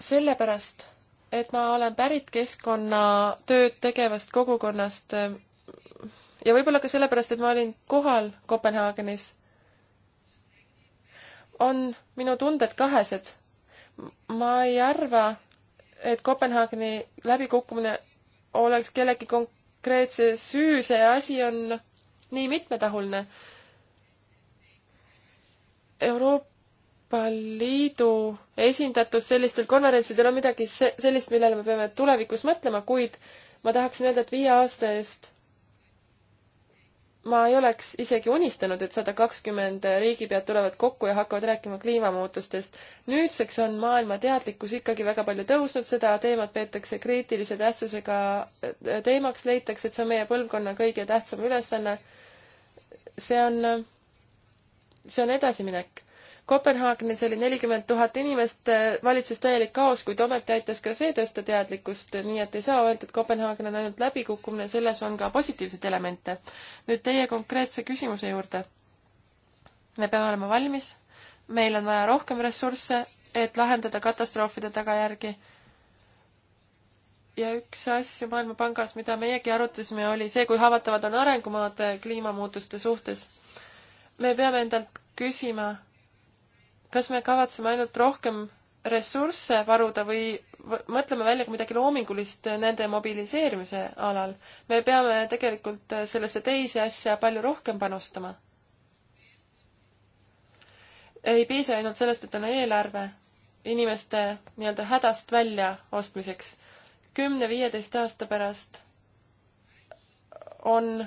sellepärast, et ma olen pärit keskkonnatööd tegevast kogukonnast äh, ja võib-olla ka sellepärast, et ma olin kohal Kopenhaagenis, on minu tunded kahesed. ma ei arva, et Kopenhaageni läbikukkumine oleks kellegi konkreetse süü, see asi on nii mitmetahuline. Euroopa Liidu esindatus sellistel konverentsidel on midagi sellist, millele me peame tulevikus mõtlema, kuid ma tahaksin öelda, et viie aasta eest ma ei oleks isegi unistanud, et sada kakskümmend riigipead tulevad kokku ja hakkavad rääkima kliimamuutustest. nüüdseks on maailma teadlikkus ikkagi väga palju tõusnud, seda teemat peetakse kriitilise tähtsusega äh, teemaks, leitakse, et see on meie põlvkonna kõige tähtsam ülesanne. see on, see on edasiminek Kopenhaagenis oli nelikümmend tuhat inimest, valitses täielik kaos, kuid ometi aitas ka see tõsta teadlikkust, nii et ei saa öelda, et Kopenhaagen on ainult läbikukkumine, selles on ka positiivseid elemente. nüüd teie konkreetse küsimuse juurde. me peame olema valmis, meil on vaja rohkem ressursse, et lahendada katastroofide tagajärgi ja üks asju Maailmapangas, mida meiegi arutasime, oli see, kui haavatavad on arengumaad kliimamuutuste suhtes. me peame endalt küsima, kas me kavatseme ainult rohkem ressursse varuda või mõtleme välja ka midagi loomingulist nende mobiliseerimise alal. me peame tegelikult sellesse teise asja palju rohkem panustama. ei piisa ainult sellest, et on eelarve inimeste nii-öelda hädast välja ostmiseks. kümne-viieteist aasta pärast on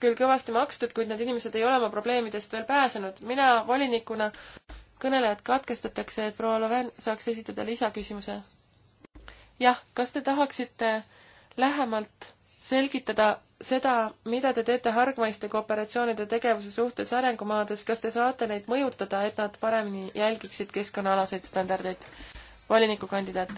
küll kõvasti makstud, kuid need inimesed ei ole oma probleemidest veel pääsenud. mina volinikuna kõnelejad katkestatakse, et proua Loven saaks esitada lisaküsimuse. jah, kas te tahaksite lähemalt selgitada seda, mida te teete hargmaiste kooperatsioonide tegevuse suhtes arengumaades, kas te saate neid mõjutada, et nad paremini jälgiksid keskkonnaalaseid standardeid? volinikukandidaat.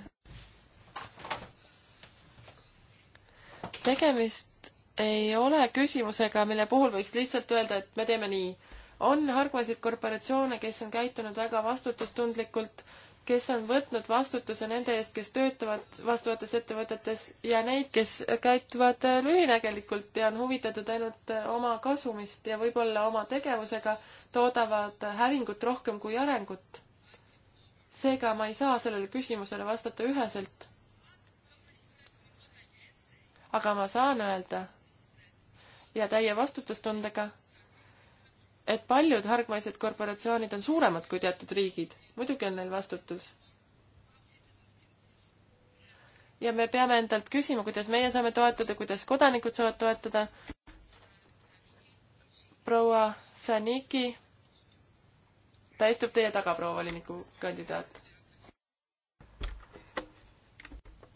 tegemist ei ole küsimusega, mille puhul võiks lihtsalt öelda, et me teeme nii on hargmaiseid korporatsioone, kes on käitunud väga vastutustundlikult, kes on võtnud vastutuse nende eest, kes töötavad vastavates ettevõtetes ja neid, kes käituvad lühinägelikult ja on huvitatud ainult oma kasumist ja võib-olla oma tegevusega toodavad hävingut rohkem kui arengut. seega ma ei saa sellele küsimusele vastata üheselt. aga ma saan öelda ja täie vastutustundega et paljud hargmaised korporatsioonid on suuremad kui teatud riigid. muidugi on neil vastutus. ja me peame endalt küsima, kuidas meie saame toetada, kuidas kodanikud saavad toetada. proua Saniki, ta istub teie taga, proua volinikukandidaat.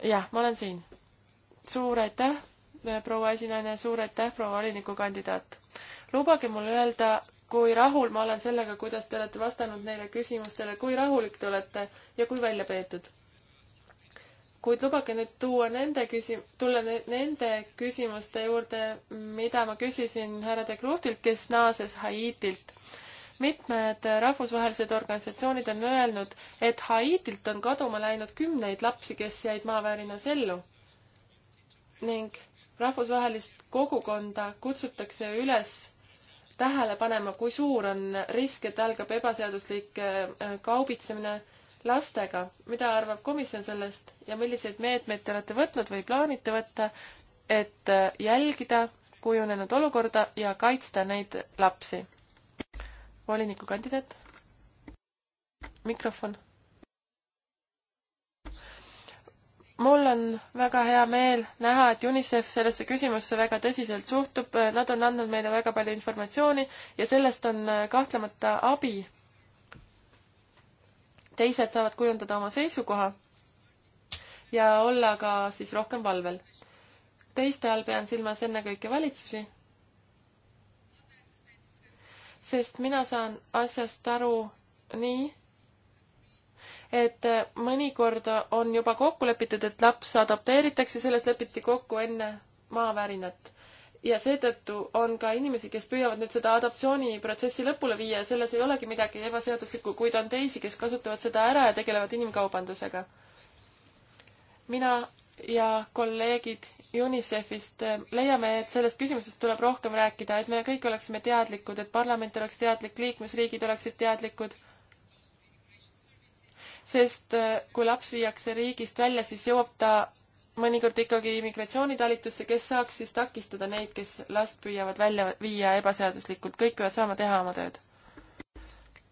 jah, ma olen siin. suur aitäh, proua esinaine, suur aitäh, proua volinikukandidaat lubage mul öelda kui rahul ma olen sellega, kuidas te olete vastanud neile küsimustele, kui rahulik te olete ja kui välja peetud. kuid lubage nüüd tuua nende küsim-, tulla nende küsimuste juurde, mida ma küsisin härra de Kruhtilt, kes naases Haitilt. mitmed rahvusvahelised organisatsioonid on öelnud, et Haitilt on kaduma läinud kümneid lapsi, kes jäid maavärinas ellu ning rahvusvahelist kogukonda kutsutakse üles tähele panema, kui suur on risk, et algab ebaseaduslik äh, kaubitsemine lastega. mida arvab komisjon sellest ja milliseid meetmeid te olete võtnud või plaanite võtta, et äh, jälgida kujunenud olukorda ja kaitsta neid lapsi? volinikukandidaat. mikrofon mul on väga hea meel näha, et UNICEF sellesse küsimusse väga tõsiselt suhtub, nad on andnud meile väga palju informatsiooni ja sellest on äh, kahtlemata abi. teised saavad kujundada oma seisukoha ja olla ka siis rohkem valvel. teiste all pean silmas ennekõike valitsusi, sest mina saan asjast aru nii, et mõnikord on juba kokku lepitud, et laps adopteeritakse, selles lepiti kokku enne maavärinat. ja seetõttu on ka inimesi, kes püüavad nüüd seda adoptsiooniprotsessi lõpule viia ja selles ei olegi midagi ebaseaduslikku, kuid on teisi, kes kasutavad seda ära ja tegelevad inimkaubandusega. mina ja kolleegid UNICEF-ist eh, leiame, et sellest küsimusest tuleb rohkem rääkida, et me kõik oleksime teadlikud, et parlament oleks teadlik, liikmesriigid oleksid teadlikud sest äh, kui laps viiakse riigist välja, siis jõuab ta mõnikord ikkagi immigratsioonitalitusse, kes saaks siis takistada neid, kes last püüavad välja viia ebaseaduslikult, kõik peavad saama teha oma tööd.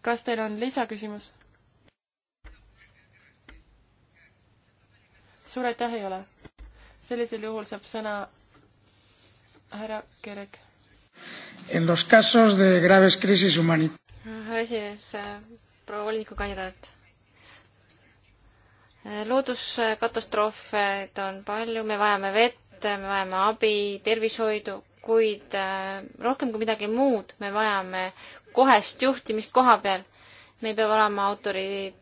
kas teil on lisaküsimus? suur aitäh ei ole. sellisel juhul saab sõna härra Kerek. En los casos de graves crisis humanit-. härra esimees, äh, proua volinikukandidaat looduskatastroofe on palju, me vajame vett, me vajame abi, tervishoidu, kuid äh, rohkem kui midagi muud, me vajame kohest juhtimist koha peal. me peame olema autorid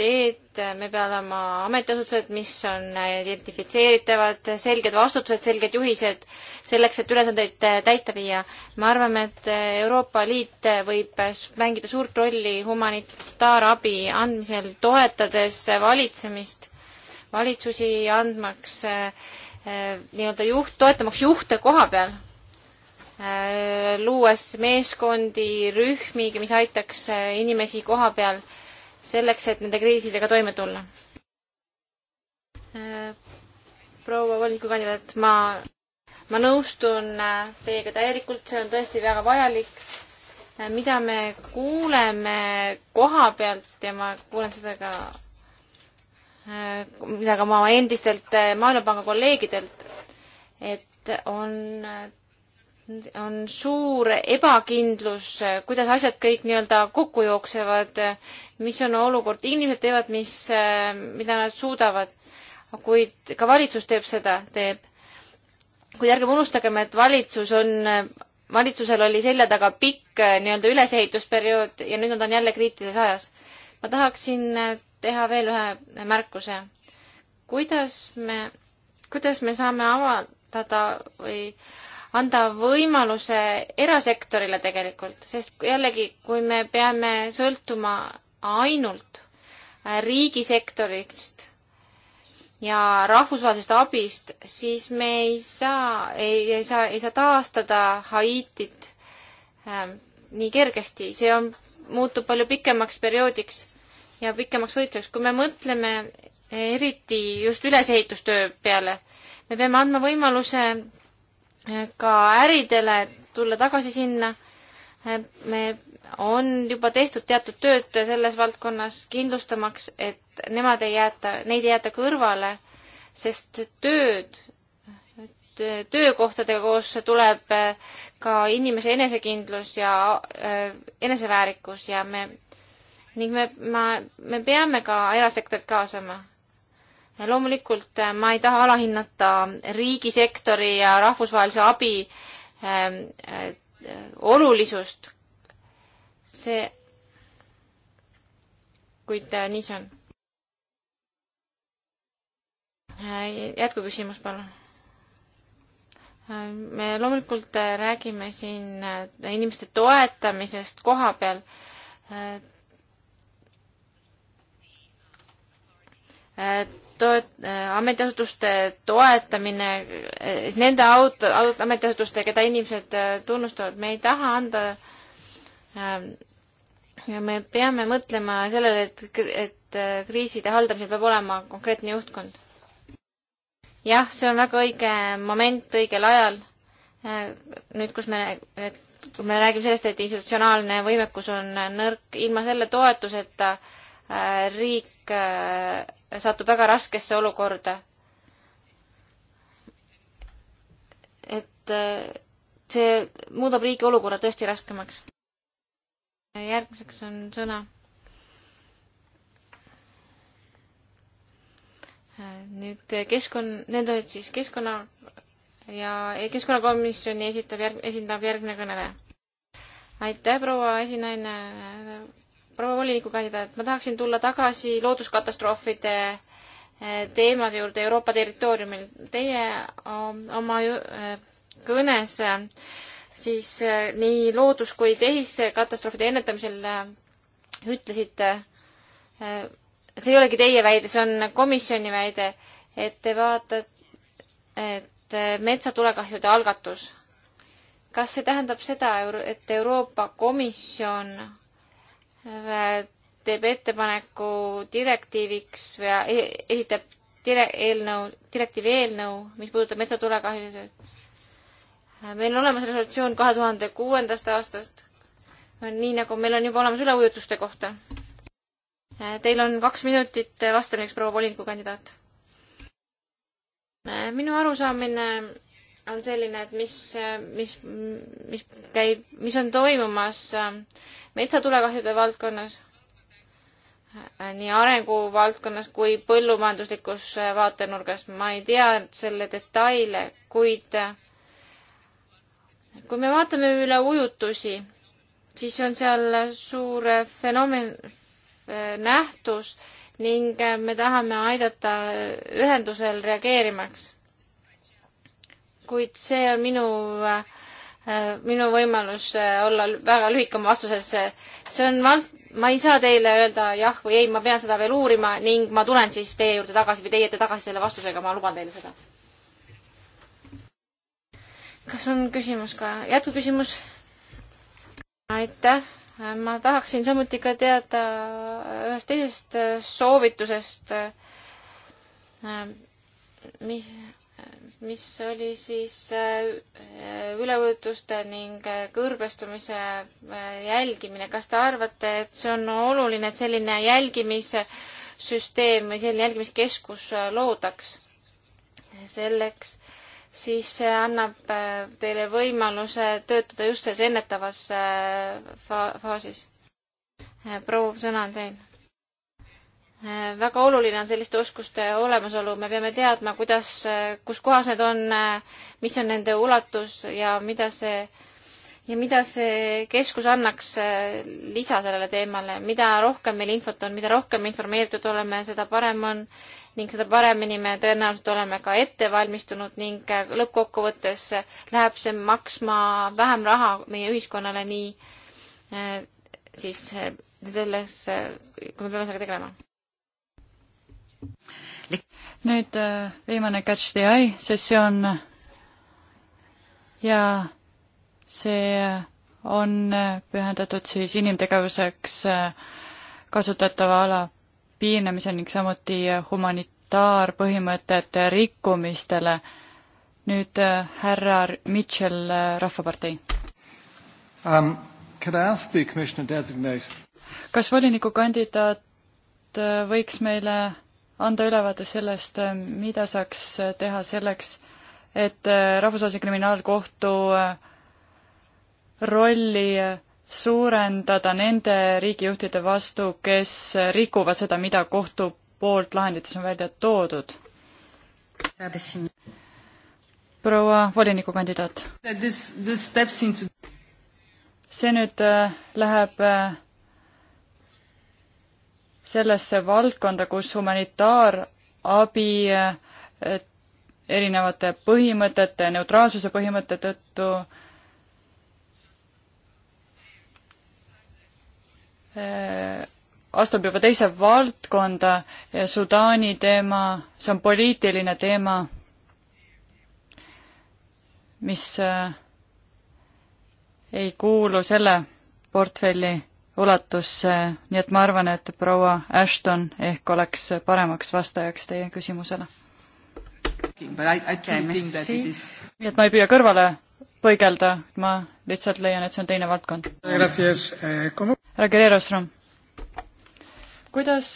prioriteet, me peame olema ametiasutused, mis on identifitseeritavad, selged vastutused, selged juhised selleks, et ülesandeid täita viia. me arvame, et Euroopa Liit võib mängida suurt rolli humanitaarabi andmisel, toetades valitsemist, valitsusi andmaks eh, nii-öelda juht, toetamaks juhte koha peal eh, luues meeskondi, rühmi, mis aitaks eh, inimesi koha peal selleks, et nende kriisidega toime tulla. proua volinikukandidaat, ma, ma nõustun äh, teiega täielikult, see on tõesti väga vajalik. Äh, mida me kuuleme koha pealt ja ma kuulen seda ka, äh, mida ka ma endistelt Maailmapanga kolleegidelt, et on on suur ebakindlus, kuidas asjad kõik nii-öelda kokku jooksevad, mis on olukord, inimesed teevad, mis, mida nad suudavad, kuid ka valitsus teeb seda, teeb. kuid ärgem unustagem, et valitsus on, valitsusel oli selja taga pikk nii-öelda ülesehitusperiood ja nüüd nad on jälle kriitilises ajas. ma tahaksin teha veel ühe märkuse. kuidas me, kuidas me saame avaldada või äh, anda võimaluse erasektorile tegelikult, sest jällegi, kui me peame sõltuma ainult riigisektorist ja rahvusvahelisest abist, siis me ei saa, ei, ei saa, ei saa taastada Haitit ähm, nii kergesti, see on, muutub palju pikemaks perioodiks ja pikemaks võitluseks, kui me mõtleme eriti just ülesehitustöö peale, me peame andma võimaluse ka äridele tulla tagasi sinna. me, on juba tehtud teatud tööd selles valdkonnas, kindlustamaks, et nemad ei jäeta, neid ei jäeta kõrvale, sest tööd, töökohtadega koos tuleb äh, ka inimese enesekindlus ja äh, eneseväärikus ja me ning me, ma, me peame ka erasektorit kaasama loomulikult äh, ma ei taha alahinnata riigisektori ja rahvusvahelise abi äh, äh, olulisust. see, kuid äh, nii see on. Äh, jätkuküsimus, palun. Äh, me loomulikult räägime siin inimeste toetamisest koha peal toet-, äh, ametiasutuste toetamine, nende aut-, aut-, ametiasutuste, keda inimesed äh, tunnustavad, me ei taha anda ähm, ja me peame mõtlema sellele, et, et äh, kriiside haldamisel peab olema konkreetne juhtkond. jah, see on väga õige moment õigel ajal, nüüd, kus me, et kui me räägime sellest, et institutsionaalne võimekus on nõrk, ilma selle toetuseta riik satub väga raskesse olukorda. et äh, see muudab riigi olukorra tõesti raskemaks. järgmiseks on sõna. Äh, nüüd keskkon-, need olid siis keskkonna ja keskkonnakomisjoni esitab järg-, esindab järgmine kõneleja. aitäh, proua esinaine, proua volinikukandidaat, ma tahaksin tulla tagasi looduskatastroofide eh, teemade juurde Euroopa territooriumil. Teie oma eh, kõnes eh, siis nii loodus- kui tehiskatastroofide ennetamisel ütlesite, see ei olegi teie väide, see on komisjoni väide, et te vaatate, et metsatulekahjude algatus. kas see tähendab seda, et Euroopa Komisjon teeb ettepaneku direktiiviks ja e-, esitab dire-, eelnõu, direktiivi eelnõu, mis puudutab metsatulekahjusid. meil on olemas resolutsioon kahe tuhande kuuendast aastast, nii nagu meil on juba olemas üleujutuste kohta. Teil on kaks minutit vastamiseks, proua volinikukandidaat. minu arusaamine on selline, et mis, mis, mis käib, mis on toimumas äh, metsatulekahjude valdkonnas, äh, nii arenguvaldkonnas kui põllumajanduslikus äh, vaatenurgas. ma ei tea selle detaile, kuid kui me vaatame üle ujutusi, siis on seal suur fenomen, nähtus ning me tahame aidata ühendusel reageerimaks kuid see on minu, äh, minu võimalus äh, olla väga lühike oma vastuses. see on val-, ma ei saa teile öelda jah või ei, ma pean seda veel uurima ning ma tulen siis teie juurde tagasi või teie ette tagasi selle vastusega, ma luban teile seda. kas on küsimus ka, jätkuküsimus? aitäh ma tahaksin samuti ka teada äh, ühest teisest soovitusest, mis mis oli siis äh, üleujutuste ning äh, kõrbestumise äh, jälgimine. kas te arvate, et see on oluline, et selline jälgimissüsteem või selline jälgimiskeskus loodaks? selleks siis see annab teile võimaluse töötada just selles ennetavas fa faasis. proua, sõna on teil väga oluline on selliste oskuste olemasolu, me peame teadma, kuidas, kus kohas need on, mis on nende ulatus ja mida see ja mida see keskus annaks lisa sellele teemale, mida rohkem meil infot on, mida rohkem informeeritud oleme, seda parem on ning seda paremini me tõenäoliselt oleme ka ette valmistunud ning lõppkokkuvõttes läheb see maksma vähem raha meie ühiskonnale, nii eh, siis eh, selles, eh, kui me peame sellega tegelema nüüd äh, viimane Catch the Eye sessioon ja see on äh, pühendatud siis inimtegevuseks äh, kasutatava ala piinamise ning samuti humanitaarpõhimõtete rikkumistele. nüüd härra Mitchell, Rahvapartei um,. kas volinikukandidaat võiks meile anda ülevaade sellest, mida saaks teha selleks, et Rahvusvahelise Kriminaalkohtu rolli suurendada nende riigijuhtide vastu, kes rikuvad seda, mida kohtu poolt lahendites on välja toodud. proua volinikukandidaat. see nüüd äh, läheb äh, sellesse valdkonda, kus humanitaarabi eh, erinevate põhimõtete, neutraalsuse põhimõtte tõttu eh, astub juba teise valdkonda ja Sudaani teema, see on poliitiline teema, mis eh, ei kuulu selle portfelli ulatusse, nii et ma arvan, et proua Ashton ehk oleks paremaks vastajaks teie küsimusele. nii et ma ei püüa kõrvale põigelda, ma lihtsalt leian, et see on teine valdkond. Eh, härra Guerrero Strom, kuidas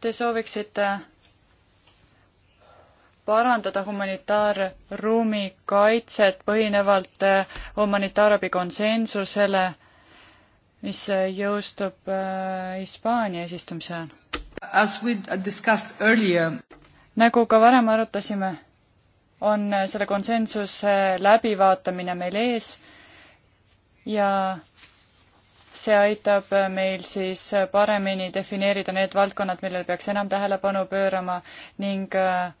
te sooviksite parandada humanitaarruumi kaitset põhinevalt eh, humanitaarabi konsensusele, mis eh, jõustub eh, Hispaania eesistumise ajal. As we discussed earlier. nagu ka varem arutasime, on selle konsensuse läbivaatamine meil ees ja see aitab meil siis paremini defineerida need valdkonnad, millele peaks enam tähelepanu pöörama ning äh,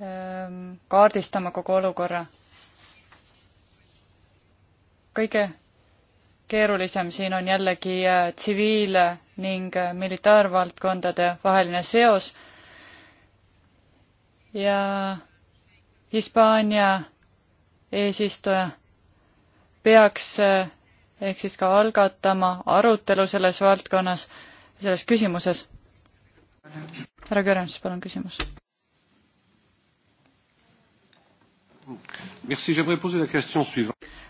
Ehm, kaardistama kogu olukorra. kõige keerulisem siin on jällegi äh, tsiviil- ning äh, militaarvaldkondade vaheline seos ja Hispaania eesistuja peaks äh, ehk siis ka algatama arutelu selles valdkonnas, selles küsimuses. härra Kõrems, palun küsimus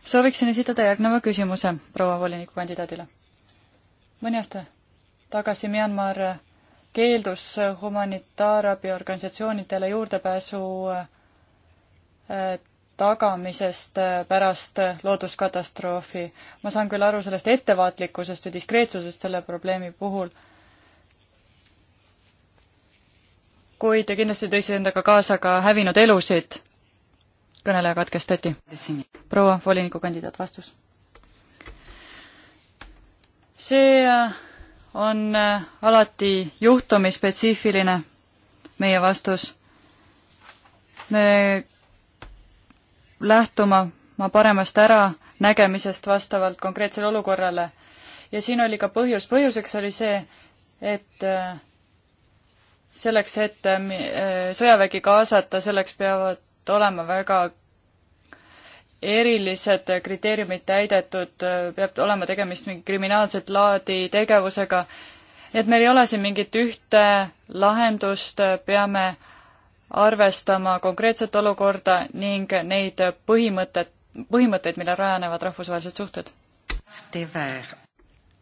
sooviksin esitada järgneva küsimuse proua volinikukandidaadile. mõni aasta tagasi Myanmar keeldus humanitaarabiorganisatsioonidele juurdepääsu äh, tagamisest äh, pärast looduskatastroofi. ma saan küll aru sellest ettevaatlikkusest või diskreetsusest selle probleemi puhul, kuid kindlasti tõi see endaga kaasa ka hävinud elusid kõneleja katkestati. proua volinikukandidaat, vastus. see äh, on äh, alati juhtumispetsiifiline, meie vastus. me lähtuma ma paremast äranägemisest vastavalt konkreetsele olukorrale ja siin oli ka põhjus, põhjuseks oli see, et äh, selleks, et sõjavägi kaasata, selleks peavad olema väga erilised kriteeriumid täidetud, peab olema tegemist mingi kriminaalset laadi tegevusega, et meil ei ole siin mingit ühte lahendust, peame arvestama konkreetset olukorda ning neid põhimõtet, põhimõtteid, millel rajanevad rahvusvahelised suhted.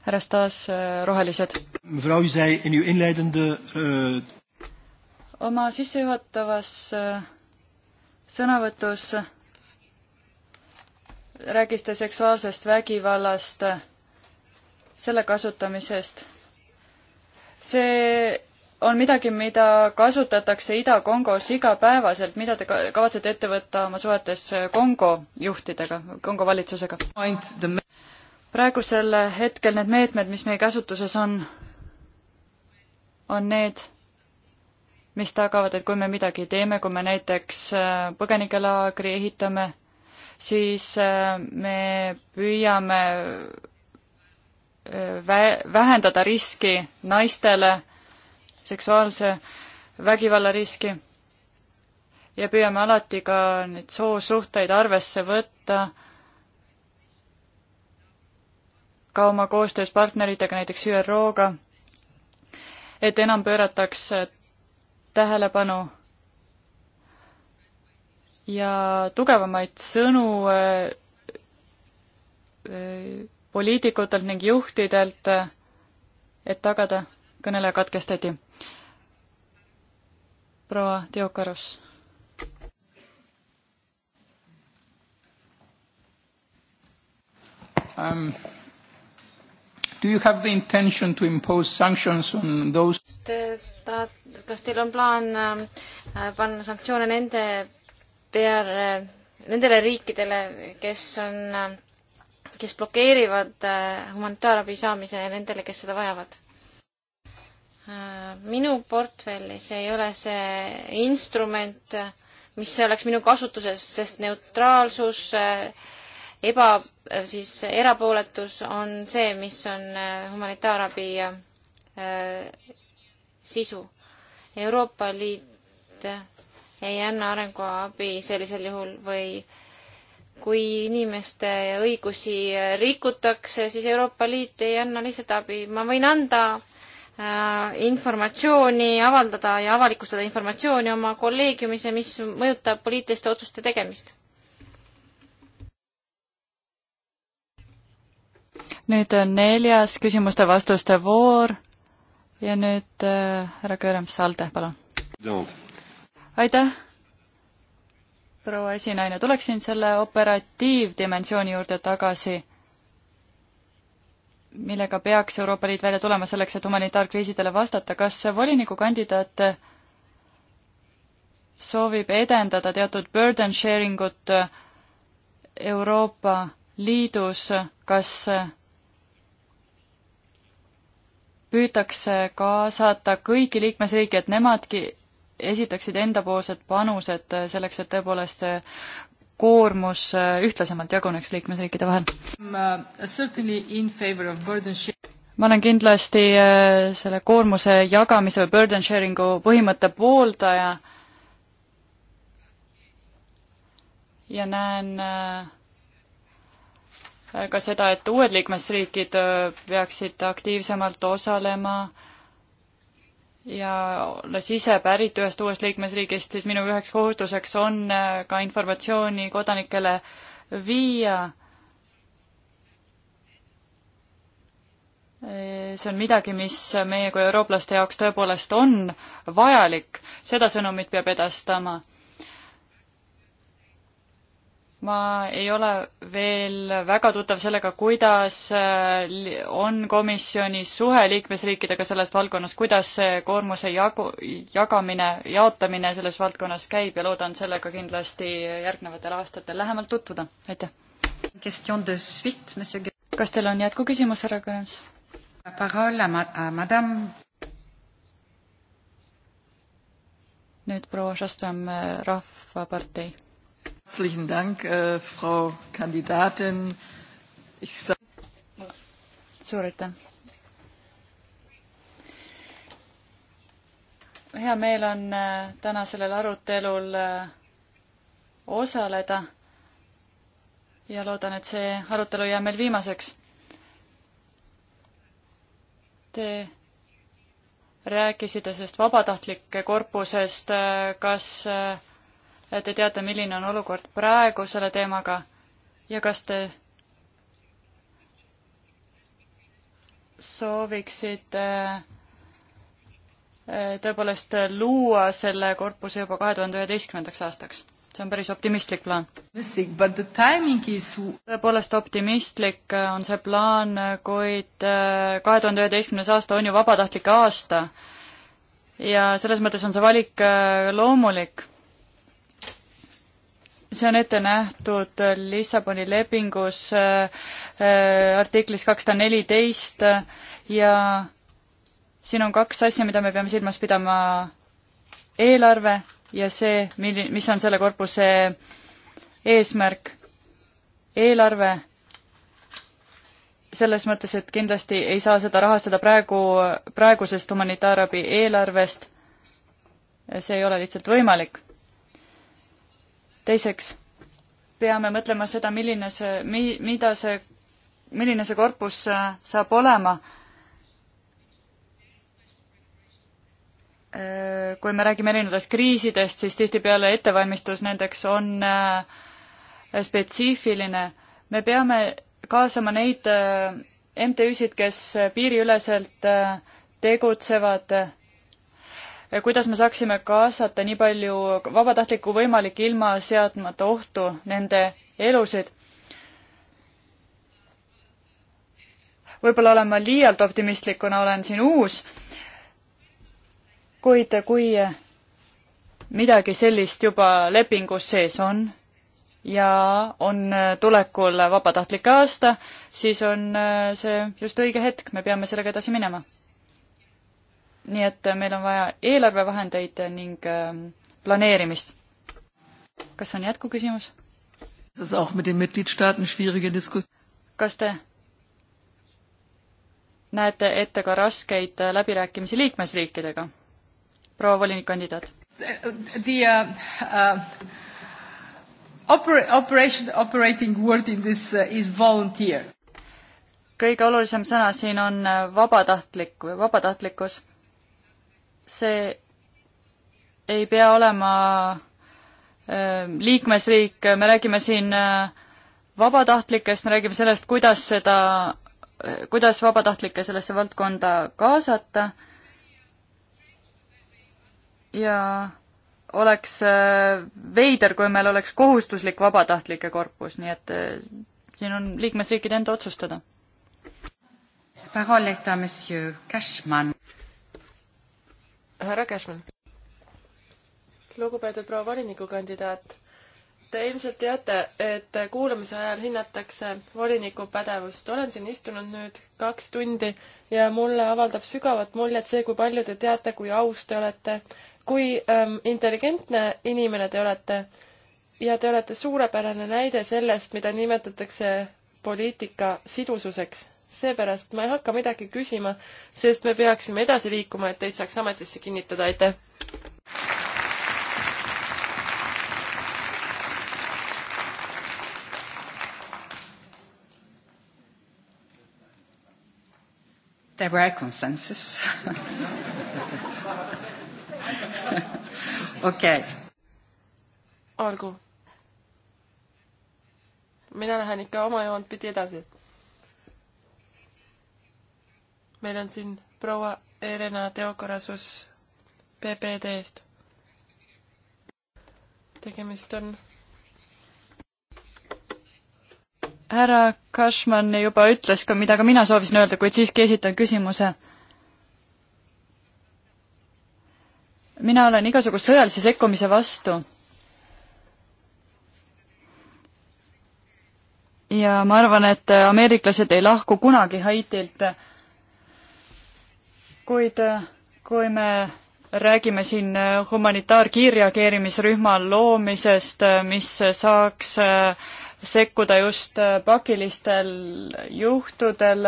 härra Stas, Rohelised. Eh, oma sissejuhatavas eh, sõnavõtus rääkis ta seksuaalsest vägivallast, selle kasutamisest. see on midagi, mida kasutatakse Ida-Kongos igapäevaselt, mida te kavatsete ette võtta oma suhetes Kongo juhtidega, Kongo valitsusega? praegusel hetkel need meetmed, mis meie käsutuses on, on need, mis tagavad, et kui me midagi teeme, kui me näiteks äh, põgenikelaagri ehitame, siis äh, me püüame äh, vä-, vähendada riski naistele, seksuaalse vägivalla riski ja püüame alati ka neid soosuhteid arvesse võtta ka oma koostöös partneritega, näiteks ÜRO-ga, et enam pöörataks tähelepanu ja tugevamaid sõnu äh, äh, poliitikutelt ning juhtidelt, et tagada, kõneleja katkestati. proua Teokarus. Um, do you have the intention to impose sanctions on those? Te tahate kas teil on plaan äh, panna sanktsioone nende peale, nendele riikidele, kes on, äh, kes blokeerivad äh, humanitaarabi saamise ja nendele, kes seda vajavad? minu portfellis ei ole see instrument, mis oleks minu kasutuses, sest neutraalsus, eba, siis erapooletus on see, mis on humanitaarabi sisu. Euroopa Liit ei anna arenguabi sellisel juhul või kui inimeste õigusi rikutakse, siis Euroopa Liit ei anna lihtsalt abi. ma võin anda äh, informatsiooni, avaldada ja avalikustada informatsiooni oma kolleegiumis ja mis mõjutab poliitiliste otsuste tegemist. nüüd neljas küsimuste-vastuste voor ja nüüd äh, härra Kööremps, Alde, palun. aitäh, proua esinaine, tuleksin selle operatiivdimensiooni juurde tagasi, millega peaks Euroopa Liit välja tulema selleks, et humanitaarkriisidele vastata, kas volinikukandidaat soovib edendada teatud burden sharing ut Euroopa Liidus, kas püütakse kaasata kõiki liikmesriike, et nemadki esitaksid endapoolsed panused äh, selleks, et tõepoolest äh, koormus äh, ühtlasemalt jaguneks liikmesriikide vahel? Uh, ma olen kindlasti selle koormuse jagamise või burden sharing'u põhimõtte pooldaja ja näen äh, ka seda, et uued liikmesriigid äh, peaksid aktiivsemalt osalema ja olles ise pärit ühest uuest liikmesriigist, siis minu üheks kohustuseks on äh, ka informatsiooni kodanikele viia. Äh, see on midagi, mis meie kui eurooplaste jaoks tõepoolest on vajalik, seda sõnumit peab edastama ma ei ole veel väga tuttav sellega, kuidas äh, on komisjonis suhe liikmesriikidega selles valdkonnas, kuidas see koormuse jagu, jagamine, jaotamine selles valdkonnas käib ja loodan sellega kindlasti järgnevatel aastatel lähemalt tutvuda, aitäh! kas teil on jätkuküsimus, härra Kõnes? nüüd proua Šastram, äh, Rahvapartei Herzlichen Dank, äh, Frau Kandidatin. Ich sag... suur aitäh. hea meel on äh, täna sellel arutelul äh, osaleda ja loodan, et see arutelu jääb meil viimaseks. Te rääkisite sellest vabatahtlike korpusest, kas äh, te teate, milline on olukord praegu selle teemaga ja kas te sooviksite eh, tõepoolest luua selle korpuse juba kahe tuhande üheteistkümnendaks aastaks? see on päris optimistlik plaan. Is... tõepoolest optimistlik on see plaan, kuid eh, kahe tuhande üheteistkümnes aasta on ju vabatahtlike aasta ja selles mõttes on see valik eh, loomulik see on ette nähtud Lissaboni lepingus äh, äh, artiklis kakssada neliteist ja siin on kaks asja, mida me peame silmas pidama, eelarve ja see, milli-, mis on selle korpuse eesmärk. eelarve selles mõttes, et kindlasti ei saa seda rahastada praegu, praegusest humanitaarabi eelarvest, see ei ole lihtsalt võimalik teiseks peame mõtlema seda, milline see, mi-, mida see, milline see korpus äh, saab olema. Äh, kui me räägime erinevatest kriisidest, siis tihtipeale ettevalmistus nendeks on äh, spetsiifiline. me peame kaasama neid MTÜ-sid, kes piiriüleselt tegutsevad kuidas me saaksime kaasata nii palju vabatahtlikku võimalik ilma seadmata ohtu nende elusid. võib-olla olen ma liialt optimistlik, kuna olen siin uus, kuid kui midagi sellist juba lepingus sees on ja on tulekul vabatahtlike aasta, siis on äh, see just õige hetk, me peame sellega edasi minema nii et äh, meil on vaja eelarvevahendeid äh, ning ähm, planeerimist. kas on jätkuküsimus? kas te näete ette ka raskeid äh, läbirääkimisi liikmesriikidega? proua volinikkandidaat. The uh, uh, opera, operation, operating word in this uh, is volunteer. kõige olulisem sõna siin on vabatahtlik või vabatahtlikkus see ei pea olema ähm, liikmesriik, me räägime siin äh, vabatahtlikest, me räägime sellest, kuidas seda, äh, kuidas vabatahtlikke sellesse valdkonda kaasata ja oleks äh, veider, kui meil oleks kohustuslik vabatahtlike korpus, nii et siin on liikmesriikide enda otsustada härra Cashman. lugupeetud proua volinikukandidaat, te ilmselt teate, et kuulamise ajal hinnatakse voliniku pädevust. olen siin istunud nüüd kaks tundi ja mulle avaldab sügavat muljet see, kui palju te teate, kui aus te olete, kui ähm, intelligentne inimene te olete ja te olete suurepärane näide sellest, mida nimetatakse poliitika sidususeks seepärast ma ei hakka midagi küsima, sest me peaksime edasi liikuma, et teid saaks ametisse kinnitada, aitäh! There were consensus okei okay.. olgu. mina lähen ikka oma joont pidi edasi meil on siin proua Elena Teokorasus PPD-st. tegemist on härra Cashman juba ütles ka, mida ka mina soovisin öelda, kuid siiski esitan küsimuse. mina olen igasuguse sõjalise sekkumise vastu. ja ma arvan, et ameeriklased ei lahku kunagi Haitilt kuid äh, kui me räägime siin äh, humanitaarkiirreageerimisrühma loomisest, äh, mis saaks sekkuda just pakilistel juhtudel.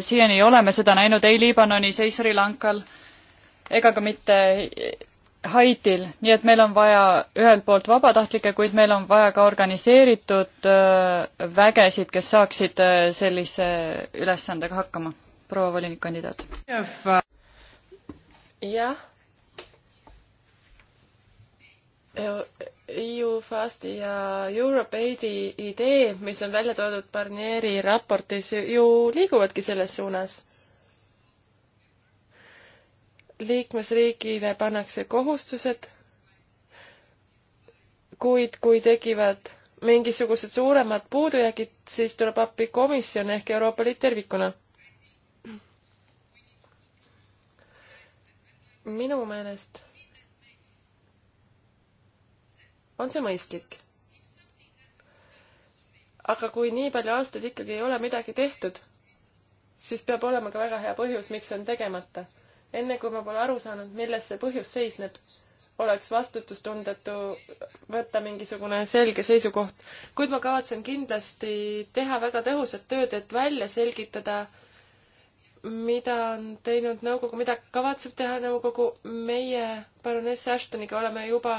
siiani ei ole me seda näinud ei Liibanonis, ei Sri Lankal ega ka mitte Haitil, nii et meil on vaja ühelt poolt vabatahtlikke, kuid meil on vaja ka organiseeritud vägesid, kes saaksid sellise ülesandega hakkama proua volinikkandidaat. jah. EU e Fast ja Europe Aidi idee, mis on välja toodud Barnieri raportis, ju liiguvadki selles suunas. liikmesriigile pannakse kohustused, kuid kui tekivad mingisugused suuremad puudujäägid, siis tuleb appi komisjon ehk Euroopa Liit tervikuna. minu meelest on see mõistlik. aga kui nii palju aastaid ikkagi ei ole midagi tehtud, siis peab olema ka väga hea põhjus, miks see on tegemata. enne kui ma pole aru saanud, milles see põhjus seisneb, oleks vastutustundetu võtta mingisugune selge seisukoht. kuid ma kavatsen kindlasti teha väga tõhusat tööd, et välja selgitada äh, mida on teinud nõukogu, mida kavatseb teha nõukogu, meie baroness Ashtoniga oleme juba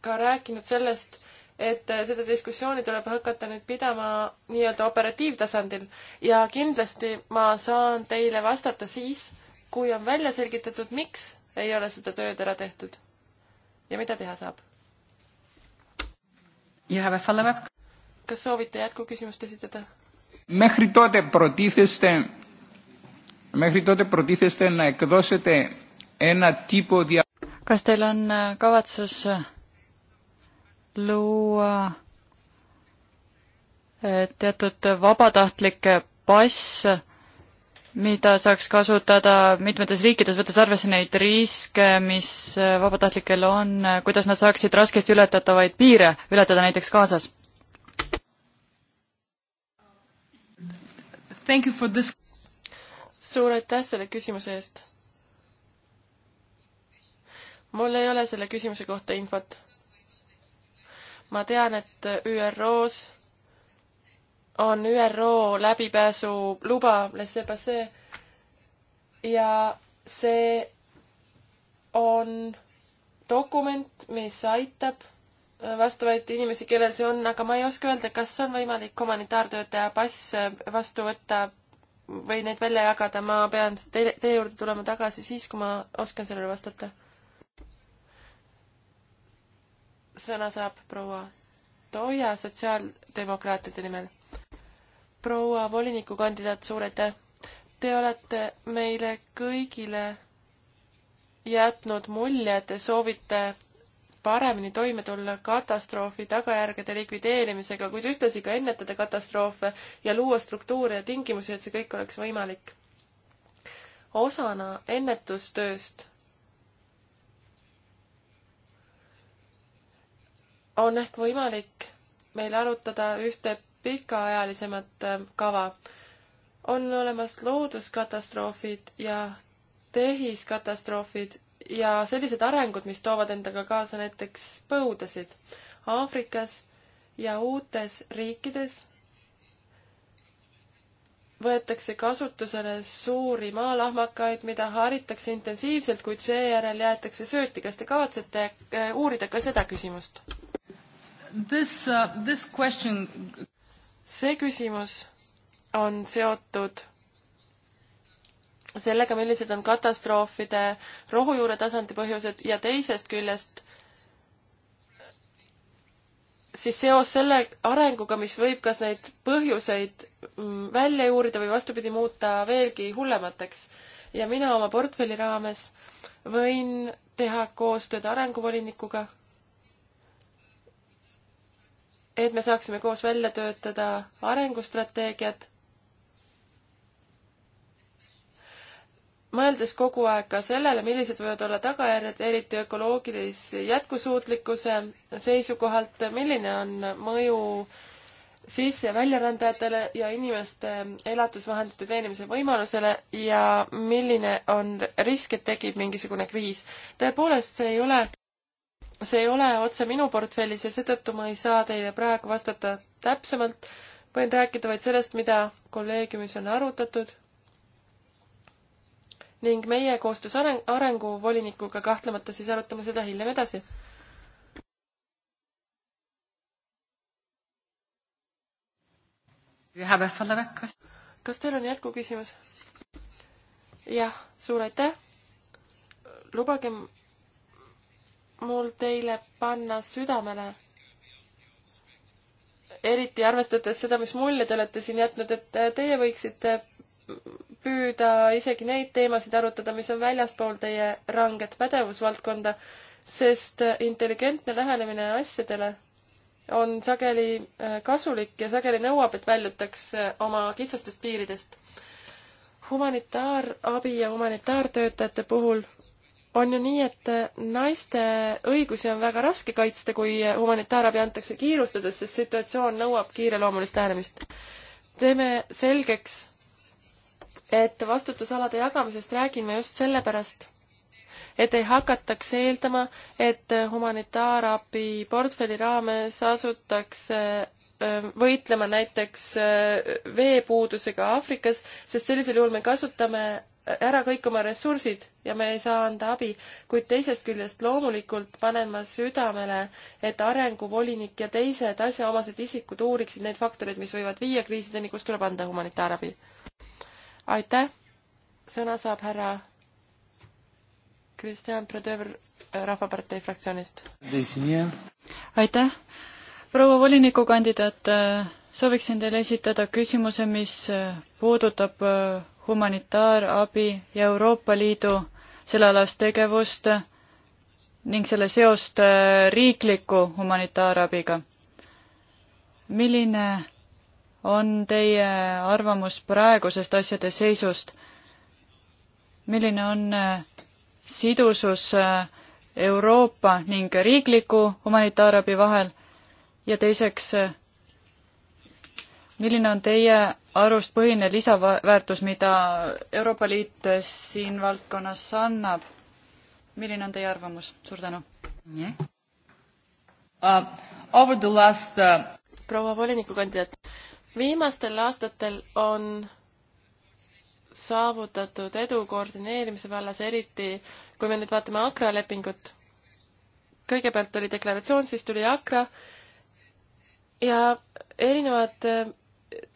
ka rääkinud sellest, et seda diskussiooni tuleb hakata nüüd pidama nii-öelda operatiivtasandil ja kindlasti ma saan teile vastata siis, kui on välja selgitatud, miks ei ole seda tööd ära tehtud ja mida teha saab. kas soovite jätkuküsimust esitada? Μέχρι τότε προτίθεστε να εκδώσετε ένα τύπο δια... Kas teil on kavatsus luua teatud vabatahtlik pass, mida saaks kasutada mitmetes riikides, võttes arvesse neid riske, mis äh, vabatahtlikel on, äh, kuidas nad saaksid raskesti ületatavaid piire ületada näiteks Gazas? Thank you for this suur aitäh selle küsimuse eest. mul ei ole selle küsimuse kohta infot. ma tean, et ÜRO-s on ÜRO läbipääsu luba, ja see on dokument, mis aitab vastavaid inimesi, kellel see on, aga ma ei oska öelda, kas on võimalik humanitaartöötaja pass vastu võtta või neid välja jagada, ma pean teile, teie juurde tulema tagasi siis, kui ma oskan sellele vastata. sõna saab proua Toia sotsiaaldemokraatide nimel. proua volinikukandidaat, suur aitäh! Te olete meile kõigile jätnud mulje, et te soovite paremini toime tulla katastroofi tagajärgede likvideerimisega, kuid ühtlasi ka ennetada katastroofe ja luua struktuure ja tingimusi, et see kõik oleks võimalik. osana ennetustööst on ehk võimalik meil arutada ühte pikaajalisemat äh, kava. on olemas looduskatastroofid ja tehiskatastroofid ja sellised arengud, mis toovad endaga kaasa näiteks põudasid Aafrikas ja uutes riikides võetakse kasutusele suuri maalahmakaid, mida haritakse intensiivselt, kuid seejärel jäetakse sööti. kas te kavatsete äh, uurida ka seda küsimust? This uh,, this question see küsimus on seotud sellega, millised on katastroofide rohujuure tasandi põhjused ja teisest küljest siis seos selle arenguga, mis võib kas neid põhjuseid mm, välja juurida või vastupidi, muuta veelgi hullemateks. ja mina oma portfelli raames võin teha koostööd arenguvolinikuga, et me saaksime koos välja töötada arengustrateegiat mõeldes kogu aeg ka sellele, millised võivad olla tagajärjed, eriti ökoloogilise jätkusuutlikkuse seisukohalt, milline on mõju sisse- ja väljarändajatele ja inimeste elatusvahendite teenimise võimalusele ja milline on risk, et tekib mingisugune kriis. tõepoolest, see ei ole, see ei ole otse minu portfellis ja seetõttu ma ei saa teile praegu vastata täpsemalt, võin rääkida vaid sellest, mida kolleegiumis on arutatud ning meie koostöös areng, arenguvolinikuga kahtlemata siis arutame seda hiljem edasi. kas teil on jätkuküsimus? jah, suur aitäh. lubage mul teile panna südamele, eriti arvestades seda, mis mulje te olete siin jätnud, et teie võiksite püüda isegi neid teemasid arutada, mis on väljaspool teie ranget pädevusvaldkonda, sest intelligentne lähenemine asjadele on sageli äh, kasulik ja sageli nõuab, et väljutaks äh, oma kitsastest piiridest. humanitaarabi ja humanitaartöötajate puhul on ju nii, et äh, naiste õigusi on väga raske kaitsta, kui humanitaarabi antakse kiirustades, sest situatsioon nõuab kiireloomulist lähenemist. teeme selgeks et vastutusalade jagamisest räägin ma just sellepärast, et ei hakataks eeldama, et humanitaarabi portfelli raames asutakse võitlema näiteks veepuudusega Aafrikas, sest sellisel juhul me kasutame ära kõik oma ressursid ja me ei saa anda abi, kuid teisest küljest loomulikult panen ma südamele, et arenguvolinik ja teised asjaomased isikud uuriksid neid faktoreid, mis võivad viia kriisideni, kus tuleb anda humanitaarabi aitäh, sõna saab härra Kristjan Predõver äh, Rahvapartei fraktsioonist. aitäh, proua volinikukandidaat, äh, sooviksin teile esitada küsimuse, mis äh, puudutab humanitaarabi ja Euroopa Liidu sellealast tegevust ning selle seost riikliku humanitaarabiga. milline on teie arvamus praegusest asjade seisust? milline on eh, sidusus eh, Euroopa ning riikliku humanitaarabi vahel ja teiseks, eh, milline on teie arust põhiline lisaväärtus, mida Euroopa Liit siin valdkonnas annab? milline on teie arvamus? suur tänu yeah.. Uh, over the last uh... proua volinikukandidaat, viimastel aastatel on saavutatud edu koordineerimise vallas, eriti kui me nüüd vaatame Akra lepingut. kõigepealt oli deklaratsioon, siis tuli Akra ja erinevad eh,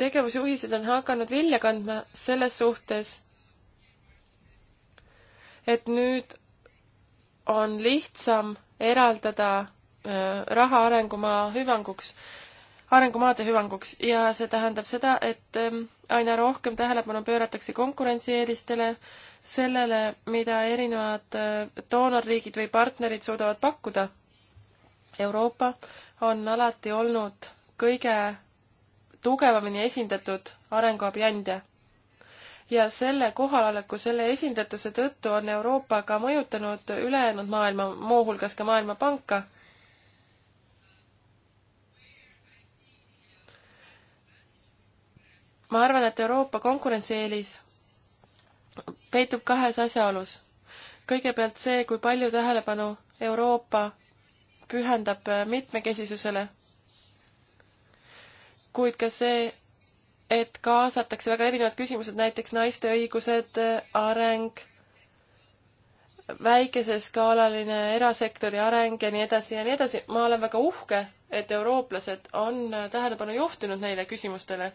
tegevusjuhised on hakanud vilja kandma selles suhtes, et nüüd on lihtsam eraldada eh, raha arengumaa hüvanguks arengumaade hüvanguks ja see tähendab seda, et ähm, aina rohkem tähelepanu pööratakse konkurentsieelistele, sellele, mida erinevad äh, doonorriigid või partnerid suudavad pakkuda. Euroopa on alati olnud kõige tugevamini esindatud arenguabi andja ja selle kohaloleku, selle esindatuse tõttu on Euroopa ka mõjutanud ülejäänud maailma, muuhulgas ka Maailmapanka ma arvan, et Euroopa konkurentsieelis peitub kahes asjaolus. kõigepealt see, kui palju tähelepanu Euroopa pühendab mitmekesisusele, kuid ka see, et kaasatakse väga erinevad küsimused, näiteks naiste õigused, areng, väikeseskaalaline erasektori areng ja nii edasi ja nii edasi. ma olen väga uhke, et eurooplased on tähelepanu juhtinud neile küsimustele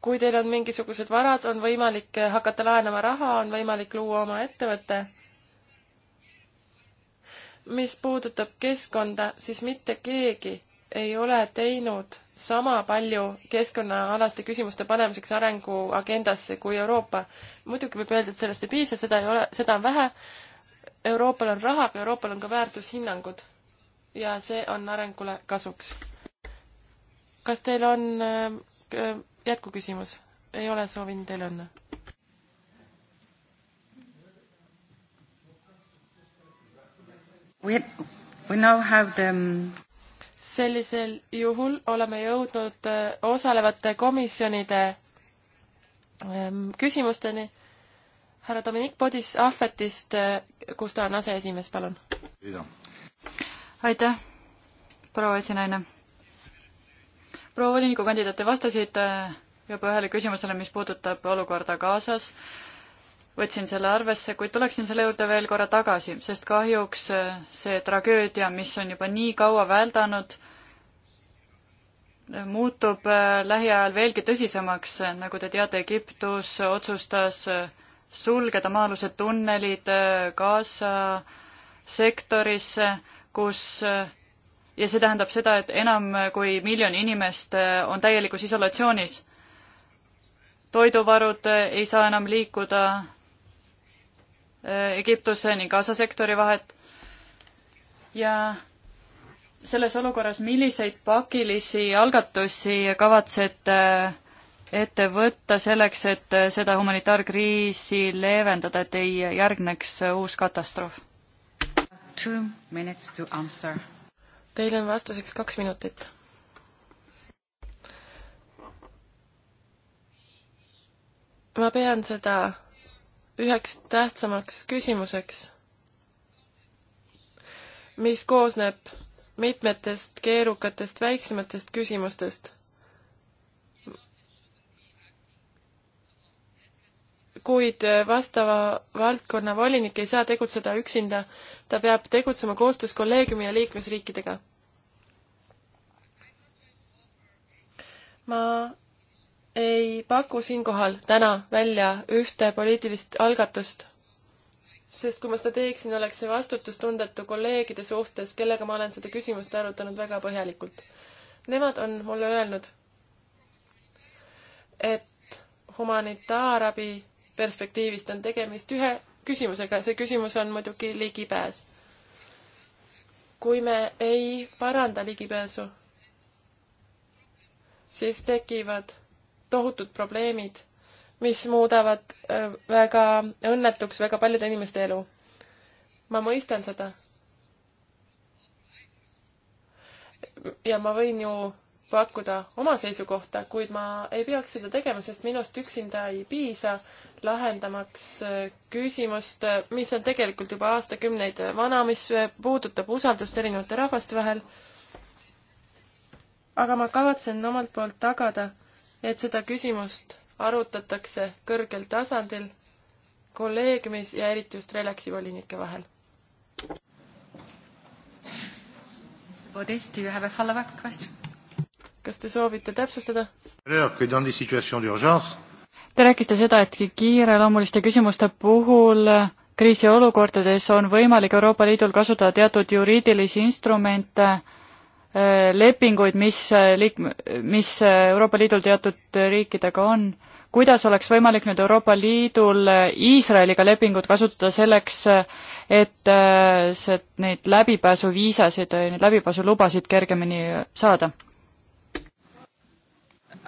kui teil on mingisugused varad, on võimalik hakata laenama raha, on võimalik luua oma ettevõte. mis puudutab keskkonda, siis mitte keegi ei ole teinud sama palju keskkonnaalaste küsimuste panemiseks arenguagendasse kui Euroopa. muidugi võib öelda, et sellest ei piisa, seda ei ole, seda on vähe. Euroopal on raha, aga Euroopal on ka väärtushinnangud ja see on arengule kasuks. kas teil on äh, Äh, jätkuküsimus. ei ole soovinud teile õnne. We, we now have the um, sellisel juhul oleme jõudnud äh, osalevate komisjonide ähm, küsimusteni. härra Dominik Podis Ahvetist, äh, kus ta on aseesimees, palun. aitäh, proua esinaine proua volinikukandidaat, te vastasite äh, juba ühele küsimusele, mis puudutab olukorda Gazas. võtsin selle arvesse, kuid tuleksin selle juurde veel korra tagasi, sest kahjuks äh, see tragöödia, mis on juba nii kaua väldanud, äh, muutub lähiajal veelgi tõsisemaks, nagu te teate, Egiptus otsustas sulgeda maa-alused tunnelid Gaza sektorisse, kus ja see tähendab seda, et enam kui miljon inimest äh, on täielikus isolatsioonis. toiduvarud äh, ei saa enam liikuda äh, Egiptuse ning Gaza sektori vahet ja selles olukorras, milliseid pakilisi algatusi kavatsete ette võtta selleks, et seda humanitaarkriisi leevendada, et ei järgneks uus katastroof? Two minutes to answer Teil on vastuseks kaks minutit. ma pean seda üheks tähtsamaks küsimuseks, mis koosneb mitmetest keerukatest väiksematest küsimustest kuid äh, vastava valdkonna volinik ei saa tegutseda üksinda, ta peab tegutsema koostöös kolleegiumi ja liikmesriikidega. ma ei paku siinkohal täna välja ühte poliitilist algatust, sest kui ma seda teeksin, oleks see vastutustundetu kolleegide suhtes, kellega ma olen seda küsimust arutanud väga põhjalikult. Nemad on mulle öelnud, et humanitaarabi perspektiivist on tegemist ühe küsimusega, see küsimus on muidugi ligipääs. kui me ei paranda ligipääsu, siis tekivad tohutud probleemid, mis muudavad äh, väga õnnetuks väga paljude inimeste elu. ma mõistan seda. ja ma võin ju pakkuda oma seisukohta, kuid ma ei peaks seda tegema, sest minust üksinda ei piisa lahendamaks äh, küsimust, äh, mis on tegelikult juba aastakümneid vana, mis äh, puudutab usaldust erinevate rahvaste vahel. aga ma kavatsen omalt poolt tagada, et seda küsimust arutatakse kõrgel tasandil kolleegiumis ja eriti just Relaxi volinike vahel. Odess, do you have a follow-up question? kas te soovite täpsustada? Te rääkisite seda, et kiireloomuliste küsimuste puhul kriisiolukordades on võimalik Euroopa Liidul kasutada teatud juriidilisi instrumente, eh, lepinguid, mis eh, liik-, mis eh, Euroopa Liidul teatud riikidega on. kuidas oleks võimalik nüüd Euroopa Liidul Iisraeliga lepingut kasutada selleks, et see, neid läbipääsuviisasid, neid läbipääsulubasid kergemini saada?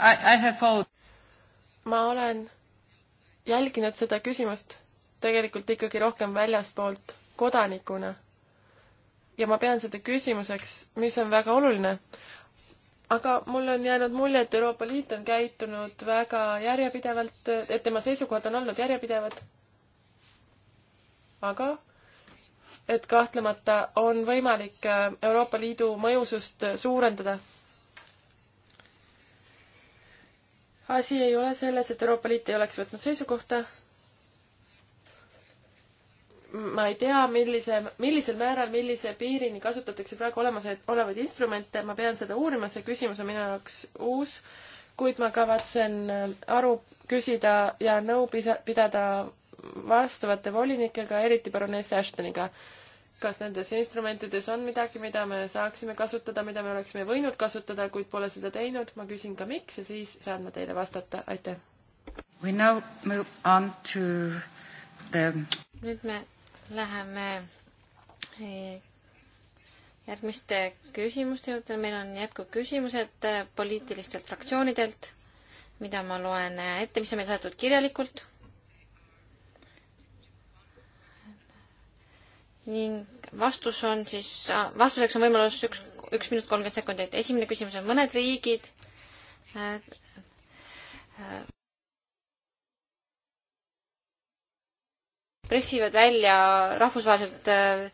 I, I have all... ma olen jälginud seda küsimust tegelikult ikkagi rohkem väljaspoolt kodanikuna. ja ma pean seda küsimuseks, mis on väga oluline. aga mul on jäänud mulje, et Euroopa Liit on käitunud väga järjepidevalt, et tema seisukohad on olnud järjepidevad. aga et kahtlemata on võimalik Euroopa Liidu mõjusust suurendada asi ei ole selles, et Euroopa Liit ei oleks võtnud seisukohta. ma ei tea, millise, millisel määral, millise piirini kasutatakse praegu olemasolevaid instrumente, ma pean seda uurima, see küsimus on minu jaoks uus, kuid ma kavatsen äh, aru küsida ja nõu pidada vastavate volinikega, eriti baroness Ashtoniga kas nendes instrumentides on midagi, mida me saaksime kasutada, mida me oleksime võinud kasutada, kuid pole seda teinud, ma küsin ka miks ja siis saan ma teile vastata, aitäh. We now move on to the nüüd me läheme eh, järgmiste küsimuste juurde, meil on jätkuküsimused eh, poliitilistelt fraktsioonidelt, mida ma loen eh, ette, mis on meil saadetud kirjalikult ning vastus on siis, vastuseks on võimalus üks, üks minut kolmkümmend sekundit. esimene küsimus on mõned riigid äh, äh, pressivad välja rahvusvaheliselt äh,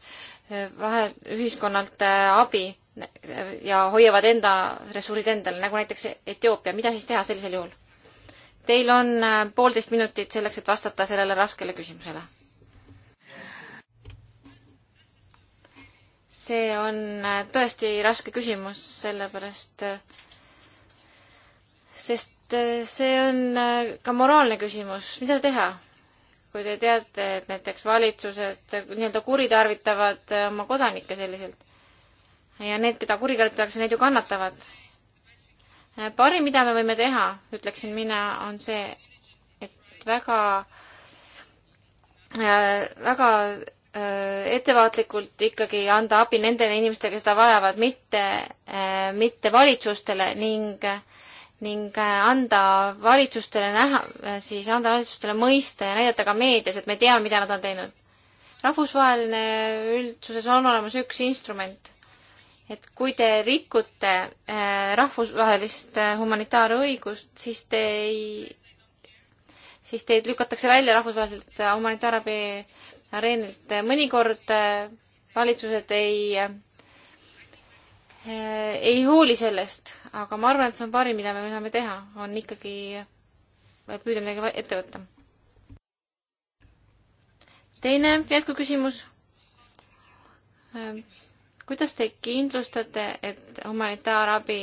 vahel ühiskonnalt äh, abi ja hoiavad enda ressursid endale, nagu näiteks Etioopia. mida siis teha sellisel juhul? Teil on äh, poolteist minutit selleks, et vastata sellele raskele küsimusele see on äh, tõesti raske küsimus, sellepärast, äh, sest äh, see on ka moraalne küsimus, mida teha? kui te teate, et näiteks valitsused nii-öelda kuritarvitavad oma kodanikke selliselt ja need, keda kuritarvitatakse, need ju kannatavad. parim, mida me võime teha, ütleksin mina, on see, et väga, väga Äh, ettevaatlikult ikkagi anda abi nendele inimestele, kes seda vajavad, mitte, äh, mitte valitsustele ning, ning äh, anda valitsustele näha, siis anda valitsustele mõista ja näidata ka meedias, et me teame, mida nad on teinud. rahvusvaheline üldsuses on olemas üks instrument. et kui te rikute rahvusvahelist humanitaarõigust, siis te ei, siis teid lükatakse välja rahvusvaheliselt humanitaarabi areenilt. Äh, mõnikord äh, valitsused ei, äh, ei hooli sellest, aga ma arvan, et see on parim, mida me saame teha, on ikkagi püüda midagi ette võtta. teine jätkuküsimus. kuidas te kindlustate, et humanitaarabi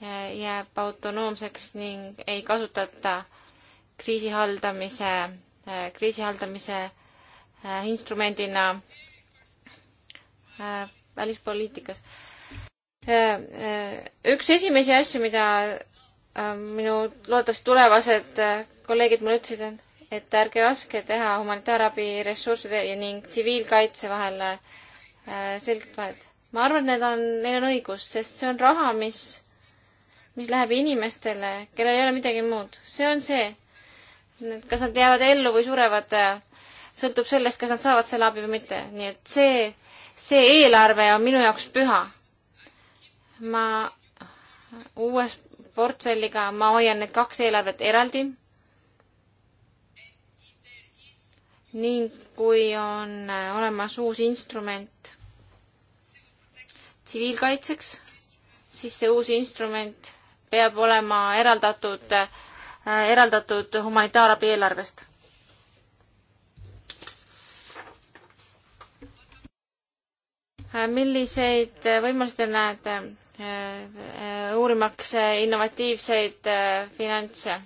jääb autonoomseks ning ei kasutata kriisi haldamise, kriisi haldamise Äh, instrumendina äh, välispoliitikas. Äh, üks esimesi asju, mida minu loodetavasti tulevased kolleegid mulle ütlesid, on, et ärge laske teha humanitaarabi ressursside ning tsiviilkaitse vahel selget vahet. ma arvan, et need on, neil on õigus, sest see on raha, mis, mis läheb inimestele, kellel ei ole midagi muud. see on see, kas nad jäävad ellu või surevad äh, sõltub sellest, kas nad saavad selle abi või mitte, nii et see, see eelarve on minu jaoks püha. ma uues portfelliga, ma hoian need kaks eelarvet eraldi. ning kui on olemas uus instrument tsiviilkaitseks, siis see uus instrument peab olema eraldatud, eraldatud humanitaarabi eelarvest Äh, milliseid äh, võimalusi te näete äh, uurimaks innovatiivseid finantse?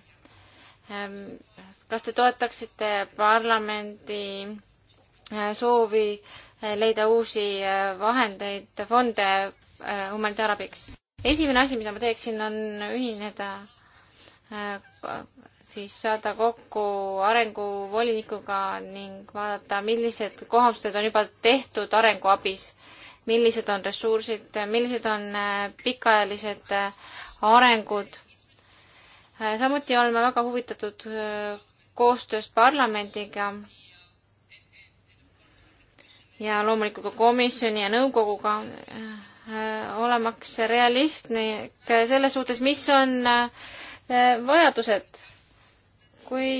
Ähm, kas te toetaksite parlamendi soovi leida uusi vahendeid, fonde humanitaarabiks? esimene asi, mida ma teeksin, on ühineda, siis saada kokku arenguvolinikuga ning vaadata, millised kohandused on juba tehtud arenguabis millised on ressursid, millised on äh, pikaajalised äh, arengud. Äh, samuti oleme väga huvitatud koostööst parlamendiga ja loomulikult ka komisjoni ja nõukoguga, olemaks realistlik selles suhtes, mis on vajadused. kui,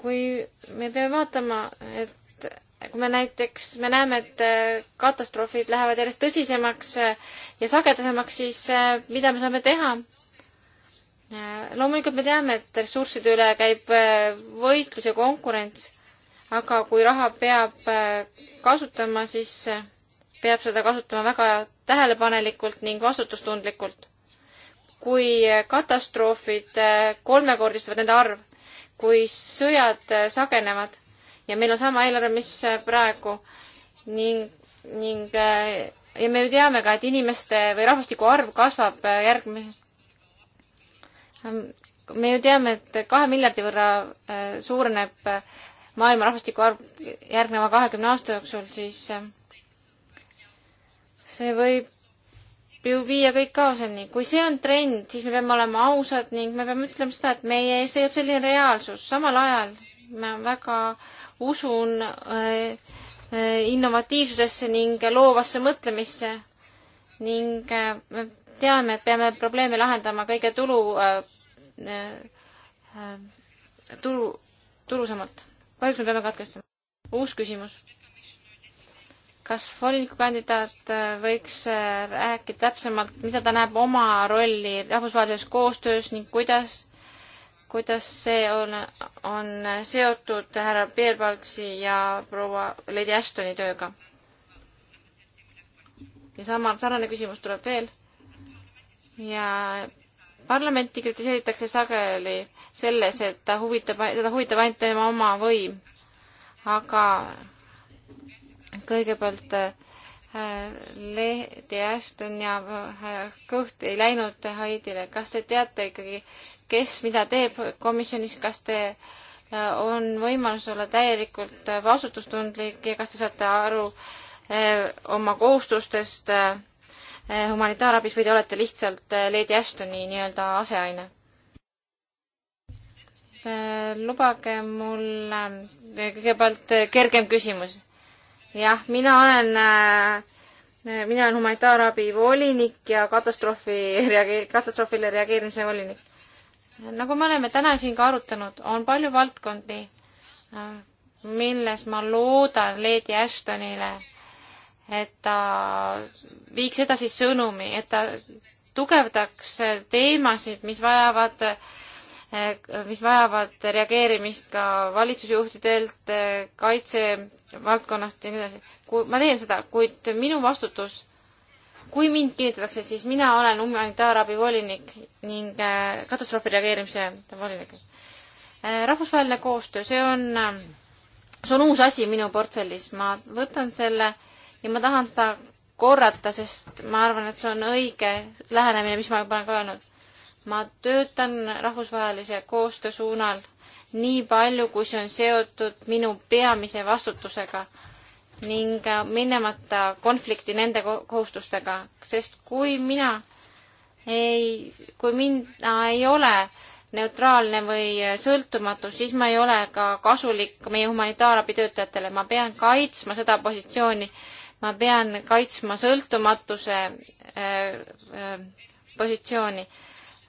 kui me peame vaatama, et kui me näiteks, me näeme, et äh, katastroofid lähevad järjest tõsisemaks äh, ja sagedasemaks, siis äh, mida me saame teha? loomulikult me teame, et ressursside üle käib võitlus ja konkurents, aga kui raha peab kasutama, siis peab seda kasutama väga tähelepanelikult ning vastutustundlikult. kui katastroofid kolmekordistuvad, nende arv, kui sõjad sagenevad, ja meil on sama eelarve, mis äh, praegu ning, ning äh, ja me ju teame ka, et inimeste või rahvastiku arv kasvab äh, järgmine. Ähm, me ju teame, et kahe miljardi võrra suureneb maailma rahvastiku arv järgneva kahekümne aasta jooksul, siis see võib ju viia kõik kaoseni. kui see on trend, siis me peame olema ausad ning me peame ütlema seda, et meie ees seisab selline reaalsus. samal ajal ma väga usun äh, äh, innovatiivsusesse ning loovasse mõtlemisse ning me äh, teame, et peame probleeme lahendama kõige tulu, tulu, tulusamalt. kahjuks me peame katkestama. uus küsimus. kas volinikukandidaat võiks rääkida täpsemalt, mida ta näeb oma rolli rahvusvahelises koostöös ning kuidas kuidas see on, on seotud härra Pierbalksi ja proua Lady Ashtoni tööga? ja sama, sarnane küsimus tuleb veel. ja parlamenti kritiseeritakse sageli selles, et ta huvitab, teda huvitab ainult tema oma võim. aga kõigepealt äh, Lady Ashton ja härra äh, Kõht ei läinud Haidile. kas te teate ikkagi, kes mida teeb komisjonis, kas te äh, on võimalus olla täielikult äh, vastutustundlik ja kas te saate aru äh, oma kohustustest humanitaarabis või te olete lihtsalt Lady Ashtoni nii-öelda aseaine? lubage mul kõigepealt kergem küsimus. jah, mina olen, mina olen humanitaarabi volinik ja katastroofi reageer-, katastroofile reageerimise volinik nagu me oleme täna siin ka arutanud, on palju valdkondi, milles ma loodan Lady Ashtonile, et ta viiks edasi sõnumi, et ta tugevdaks teemasid, mis vajavad, mis vajavad reageerimist ka valitsusjuhtidelt, kaitsevaldkonnast ja nii edasi. kui ma teen seda, kuid minu vastutus kui mind kinnitatakse, siis mina olen humanitaarabi volinik ning äh, katastroofi reageerimise volinik. Äh, rahvusvaheline koostöö, see on, äh, see on uus asi minu portfellis, ma võtan selle ja ma tahan seda korrata, sest ma arvan, et see on õige lähenemine, mis ma juba olen ka öelnud. ma töötan rahvusvahelise koostöö suunal nii palju, kui see on seotud minu peamise vastutusega ning minemata konflikti nende kohustustega, sest kui mina ei, kui mina ei ole neutraalne või sõltumatu, siis ma ei ole ka kasulik meie humanitaarabitöötajatele, ma pean kaitsma seda positsiooni, ma pean kaitsma sõltumatuse äh, äh, positsiooni,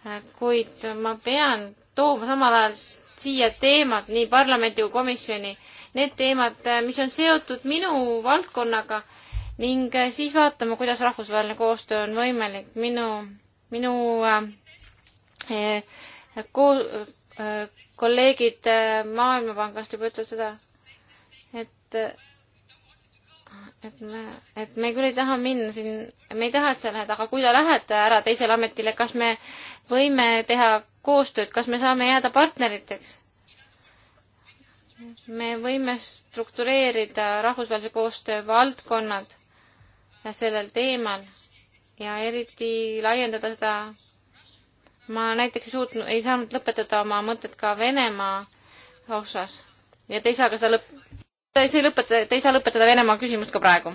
äh, kuid ma pean tooma samal ajal siia teemat nii parlamendi kui komisjoni need teemad, mis on seotud minu valdkonnaga ning eh, siis vaatame, kuidas rahvusvaheline koostöö on võimalik. minu, minu äh, eh, ko- äh,, kolleegid äh, Maailmapangast juba ütlevad seda, et et me, et me küll ei taha minna siin, me ei taha, et sa lähed, aga kui te lähete ära teisele ametile, kas me võime teha koostööd, kas me saame jääda partneriteks? me võime struktureerida rahvusvahelise koostöö valdkonnad sellel teemal ja eriti laiendada seda. ma näiteks ei suutnud, ei saanud lõpetada oma mõtet ka Venemaa osas ja te ei saa ka seda lõpp, te ei saa lõpetada, te ei saa lõpetada Venemaa küsimust ka praegu.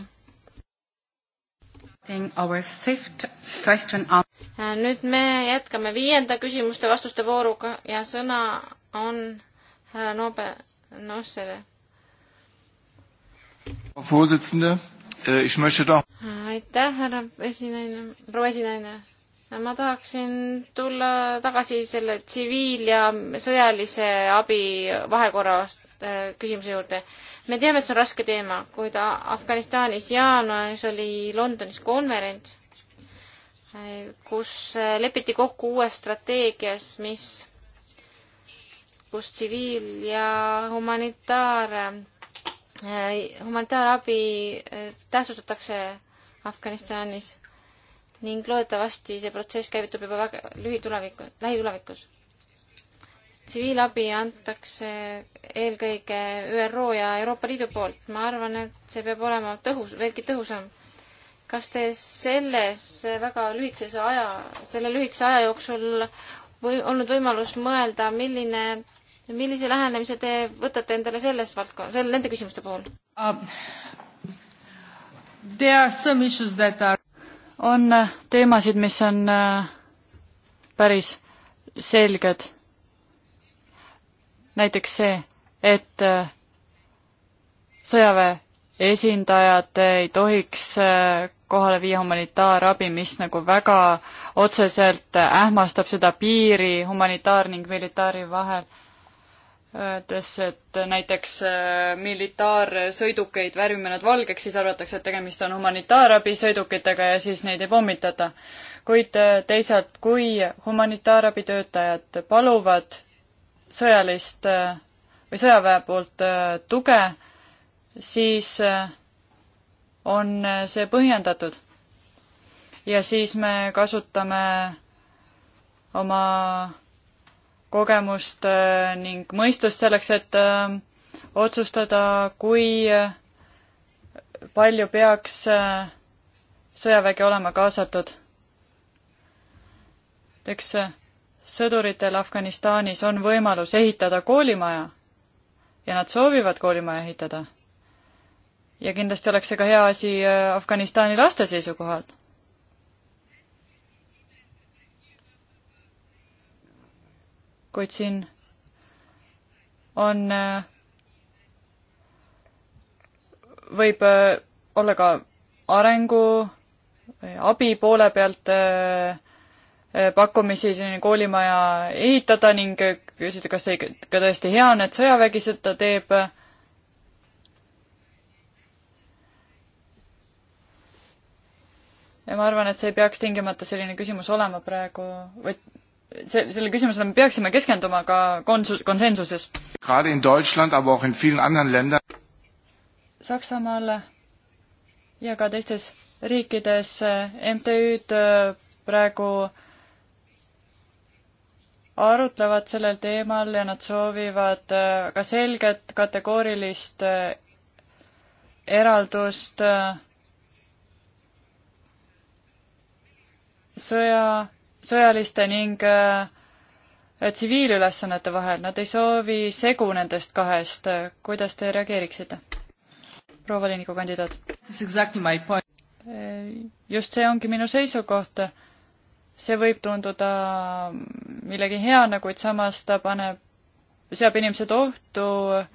Äh, nüüd me jätkame viienda küsimuste-vastuste vooruga ja sõna on härra Nobel Nossele. Äh, aitäh, härra esinaine, proua esinaine. ma tahaksin tulla tagasi selle tsiviil- ja sõjalise abi vahekorrast äh, küsimuse juurde. me teame, et see on raske teema, kuid Afganistanis jaanuaris oli Londonis konverents, äh, kus lepiti kokku uues strateegias, mis õppus tsiviil- ja humanitaar, eh, humanitaarabi eh, tähtsustatakse Afganistanis ning loodetavasti see protsess käivitub juba väga lühituleviku, lähitulevikus. tsiviilabi antakse eelkõige ÜRO ja Euroopa Liidu poolt, ma arvan, et see peab olema tõhus, veelgi tõhusam kas te selles väga lühikeses aja, selle lühikese aja jooksul või olnud võimalus mõelda, milline, millise lähenemise te võtate endale selles valdkonnas, selle, nende küsimuste puhul uh,? Are... on äh, teemasid, mis on uh, päris selged. näiteks see, et uh, sõjaväe esindajad ei tohiks uh, kohale viia humanitaarabi, mis nagu väga otseselt ähmastab seda piiri humanitaar- ning militaari vahel. Öeldes, et näiteks äh, militaarsõidukeid värvime nad valgeks, siis arvatakse, et tegemist on humanitaarabi sõidukitega ja siis neid ei pommitata. kuid äh, teisalt, kui humanitaarabitöötajad paluvad sõjalist äh, või sõjaväe poolt tuge, siis äh, on see põhjendatud. ja siis me kasutame oma kogemust äh, ning mõistust selleks, et äh, otsustada, kui äh, palju peaks sõjavägi olema kaasatud. eks sõduritel Afganistanis on võimalus ehitada koolimaja ja nad soovivad koolimaja ehitada ja kindlasti oleks see ka hea asi äh, Afganistani laste seisukohalt. kuid siin on, äh, võib äh, olla ka arengu või abi poole pealt pakkumisi selline koolimaja ehitada ning küsida, kas see ikka tõesti hea on, et sõjavägi seda teeb ja ma arvan, et see ei peaks tingimata selline küsimus olema praegu, vaid see, sellele küsimusele me peaksime keskenduma ka konsu-, konsensuses. Saksamaal ja ka teistes riikides eh, MTÜ-d eh, praegu arutlevad sellel teemal ja nad soovivad eh, ka selget kategoorilist eraldust äh, sõja, sõjaliste ning äh, tsiviilülesannete vahel, nad ei soovi segu nendest kahest, kuidas te reageeriksite? proua volinikukandidaat. Äh, just see ongi minu seisukoht. see võib tunduda millegi heana, kuid samas ta paneb, seab inimesed ohtu äh,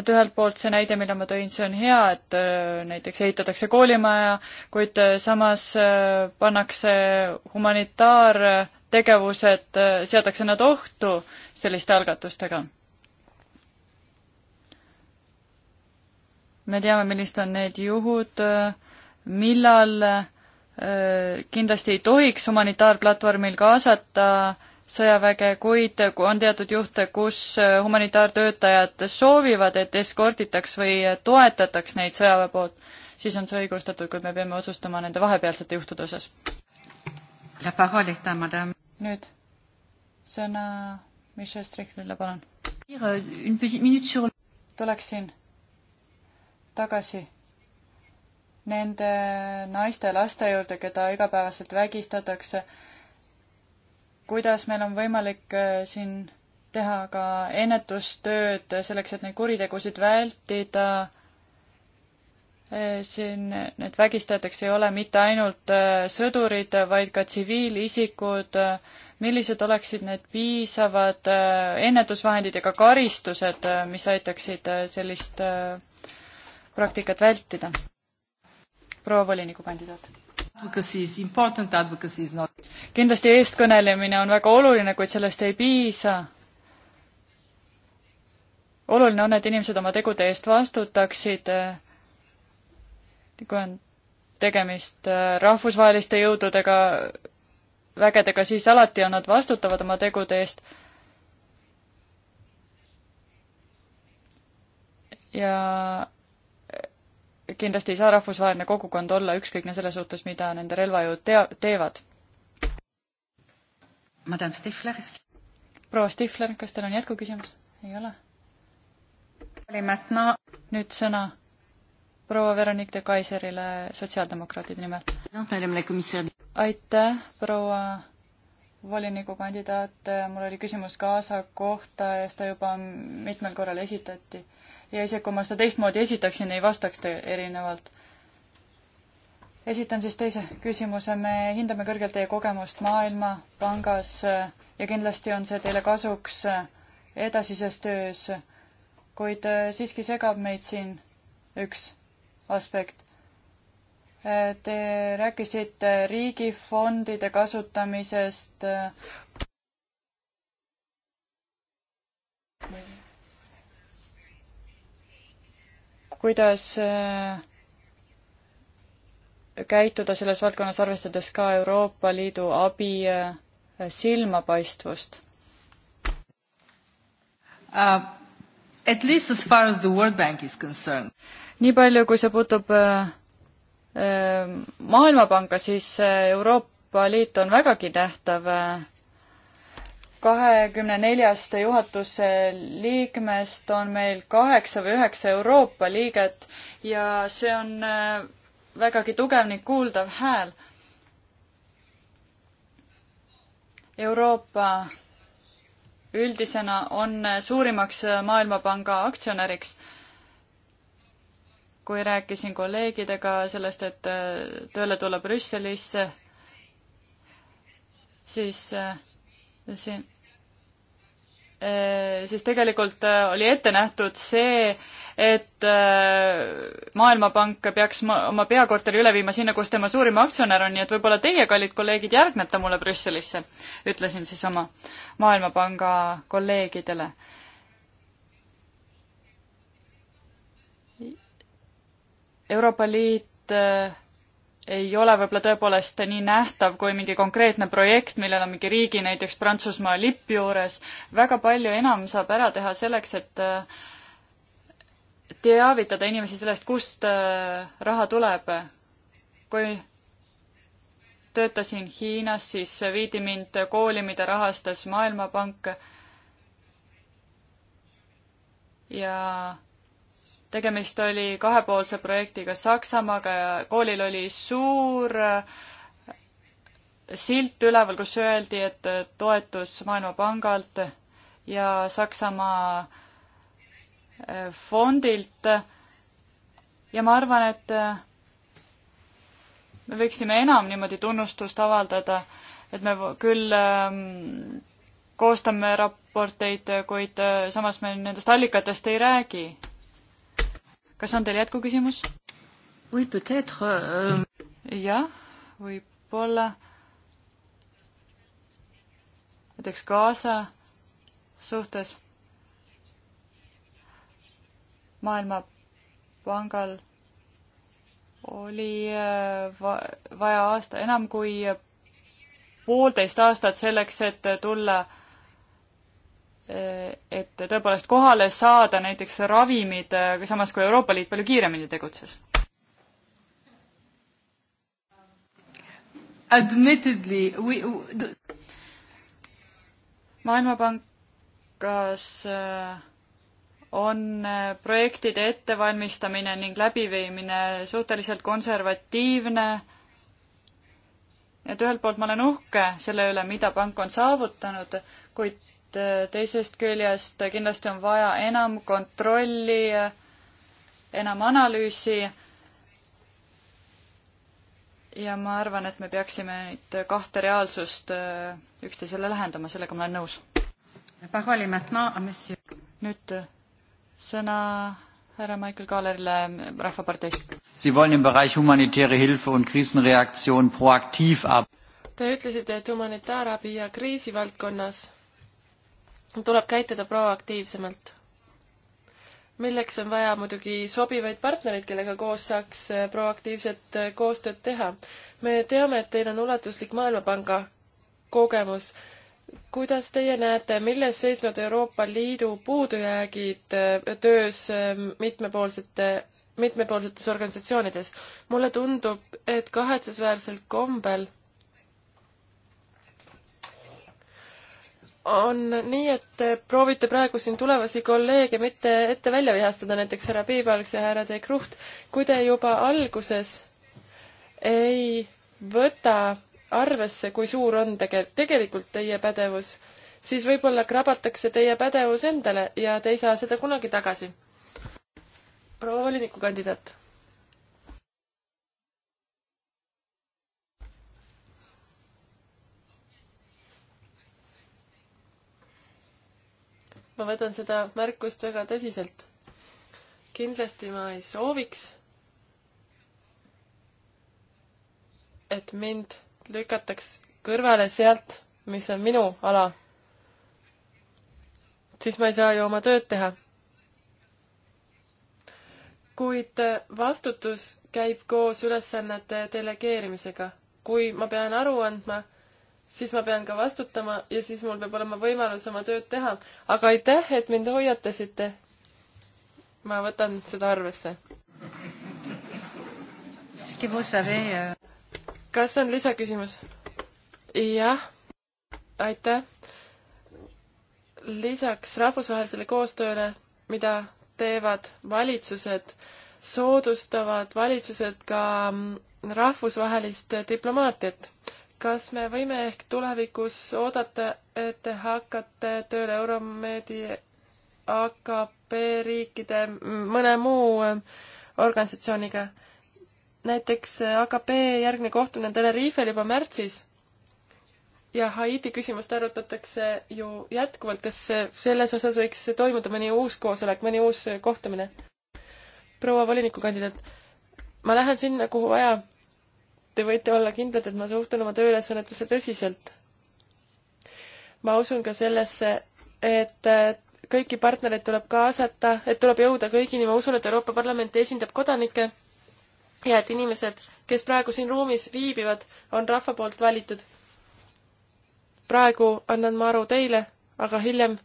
et ühelt poolt see näide, mille ma tõin, see on hea, et äh, näiteks ehitatakse koolimaja, kuid äh, samas äh, pannakse humanitaartegevused, seatakse nad ohtu selliste algatustega. me teame, millised on need juhud, millal kindlasti ei tohiks humanitaarplatvormil kaasata äh, sõjaväge, kuid on teatud juhte, kus äh, humanitaartöötajad soovivad, et eskorditaks või toetataks neid sõjaväe poolt, siis on see õigustatud, kuid me peame otsustama nende vahepealsete juhtude osas. nüüd sõna Michel Strichlile, palun. Euh, tuleksin tagasi nende naiste ja laste juurde, keda igapäevaselt vägistatakse kuidas meil on võimalik äh, siin teha ka ennetustööd selleks, et neid kuritegusid vältida. Äh, siin need vägistajateks ei ole mitte ainult äh, sõdurid, vaid ka tsiviilisikud. millised oleksid need piisavad ennetusvahendid ja ka karistused, mis aitaksid sellist praktikat vältida? proua volinikukandidaat kindlasti eestkõnelemine on väga oluline, kuid sellest ei piisa. oluline on, et inimesed oma tegude eest vastutaksid. kui on tegemist äh, rahvusvaheliste jõududega, vägedega, siis alati on nad vastutavad oma tegude eest. ja kindlasti ei saa rahvusvaheline kogukond olla ükskõikne selle suhtes, mida nende relvajõud tea-, teevad. Madame Stifler. proua Stifler, kas teil on jätkuküsimus? ei ole? nüüd sõna proua Veronique de Kaiserile sotsiaaldemokraatide nimel. aitäh, proua volinikukandidaat, mul oli küsimus Gaza kohta ja seda juba mitmel korral esitati ja isegi kui ma seda teistmoodi esitaksin, ei vastaks te erinevalt. esitan siis teise küsimuse, me hindame kõrgelt teie kogemust Maailmapangas ja kindlasti on see teile kasuks edasises töös, kuid äh, siiski segab meid siin üks aspekt. Äh, te rääkisite riigifondide kasutamisest äh, kuidas äh, käituda selles valdkonnas, arvestades ka Euroopa Liidu abi äh, silmapaistvust uh,? At least as far as the World Bank is concerned. nii palju, kui see puutub uh, Maailmapanka, siis Euroopa Liit on vägagi nähtav uh, kahekümne neljast juhatuse liikmest on meil kaheksa või üheksa Euroopa liiget ja see on äh, vägagi tugev ning kuuldav hääl. Euroopa üldisena on äh, suurimaks äh, Maailmapanga aktsionäriks. kui rääkisin kolleegidega sellest, et tööle tulla Brüsselisse, siis siin Äh, siis tegelikult äh, oli ette nähtud see, et äh, Maailmapank peaks oma peakorteri üle viima sinna, kus tema suurim aktsionär on, nii et võib-olla teie, kallid kolleegid, järgnete mulle Brüsselisse, ütlesin siis oma Maailmapanga kolleegidele. Euroopa Liit ei ole võib-olla tõepoolest nii nähtav kui mingi konkreetne projekt, millel on mingi riigi, näiteks Prantsusmaa lipp juures. väga palju enam saab ära teha selleks, et äh, teavitada inimesi sellest, kust äh, raha tuleb. kui töötasin Hiinas, siis viidi mind kooli, mida rahastas Maailmapank. ja tegemist oli kahepoolse projektiga Saksamaaga ja koolil oli suur äh, silt üleval, kus öeldi, et äh, toetus Maailmapangalt ja Saksamaa äh, fondilt. ja ma arvan, et me võiksime enam niimoodi tunnustust avaldada, et me küll ähm, koostame raporteid, kuid samas me nendest allikatest ei räägi kas on teil jätkuküsimus? Euh, jah, võib-olla näiteks Gaza suhtes Maailmapangal oli äh, va vaja aasta, enam kui poolteist aastat selleks, et tulla äh, et tõepoolest kohale saada näiteks ravimid, samas kui Euroopa Liit palju kiiremini tegutses? Admittedly we, we... maailmapankas äh, on äh, projektide ettevalmistamine ning läbiviimine suhteliselt konservatiivne. et ühelt poolt ma olen uhke selle üle, mida pank on saavutanud, kuid Äh, teisest küljest kindlasti on vaja enam kontrolli, enam analüüsi. ja ma arvan, et me peaksime neid kahte reaalsust äh, üksteisele lähendama, sellega ma olen nõus. nüüd äh, sõna härra Michael Kaalerile Rahvaparteist. Sie wollen im Bereich humanitäre Hilfe und Krisenreaktion proaktiv ab-. Te ütlesite, et humanitaarabi ja kriisivaldkonnas tuleb käituda proaktiivsemalt. milleks on vaja muidugi sobivaid partnereid, kellega koos saaks äh, proaktiivset äh, koostööd teha. me teame, et teil on ulatuslik Maailmapanga kogemus. kuidas teie näete, milles seisnud Euroopa Liidu puudujäägid äh, töös mitmepoolsete mitmepoolsetes organisatsioonides. mulle tundub, et kahetsusväärselt kombel on nii, et te proovite praegu siin tulevasi kolleege mitte ette välja vihastada, näiteks härra Piibalgs ja härra De Kruht, kui te juba alguses ei võta arvesse, kui suur on tege-, tegelikult teie pädevus, siis võib-olla krabatakse teie pädevus endale ja te ei saa seda kunagi tagasi. proua volinikukandidaat ma võtan seda märkust väga tõsiselt. kindlasti ma ei sooviks, et mind lükataks kõrvale sealt, mis on minu ala. siis ma ei saa ju oma tööd teha. kuid vastutus käib koos ülesannete delegeerimisega. kui ma pean aru andma, siis ma pean ka vastutama ja siis mul peab olema võimalus oma tööd teha. aga aitäh, et mind hoiatasite. ma võtan seda arvesse. Euh, kas on lisaküsimus? jah, aitäh. lisaks rahvusvahelisele koostööle, mida teevad valitsused, soodustavad valitsused ka mm, rahvusvahelist diplomaatiat kas me võime ehk tulevikus oodata, et te hakkate tööle Euromeedi AKP riikide mõne muu ähm, organisatsiooniga? näiteks äh, AKP järgne kohtumine on Tenerifel juba märtsis ja Haiti küsimust arutatakse ju jätkuvalt, kas äh, selles osas võiks toimuda mõni uus koosolek, mõni uus äh, kohtumine? proua volinikukandidaat, ma lähen sinna, kuhu vaja, Te võite olla kindlad, et ma suhtun oma tööülesannetesse tõsiselt. ma usun ka sellesse, et äh, kõiki partnereid tuleb kaasata, et tuleb jõuda kõigini, ma usun, et Euroopa Parlament esindab kodanikke ja et inimesed, kes praegu siin ruumis viibivad, on rahva poolt valitud. praegu annan ma aru teile, aga hiljem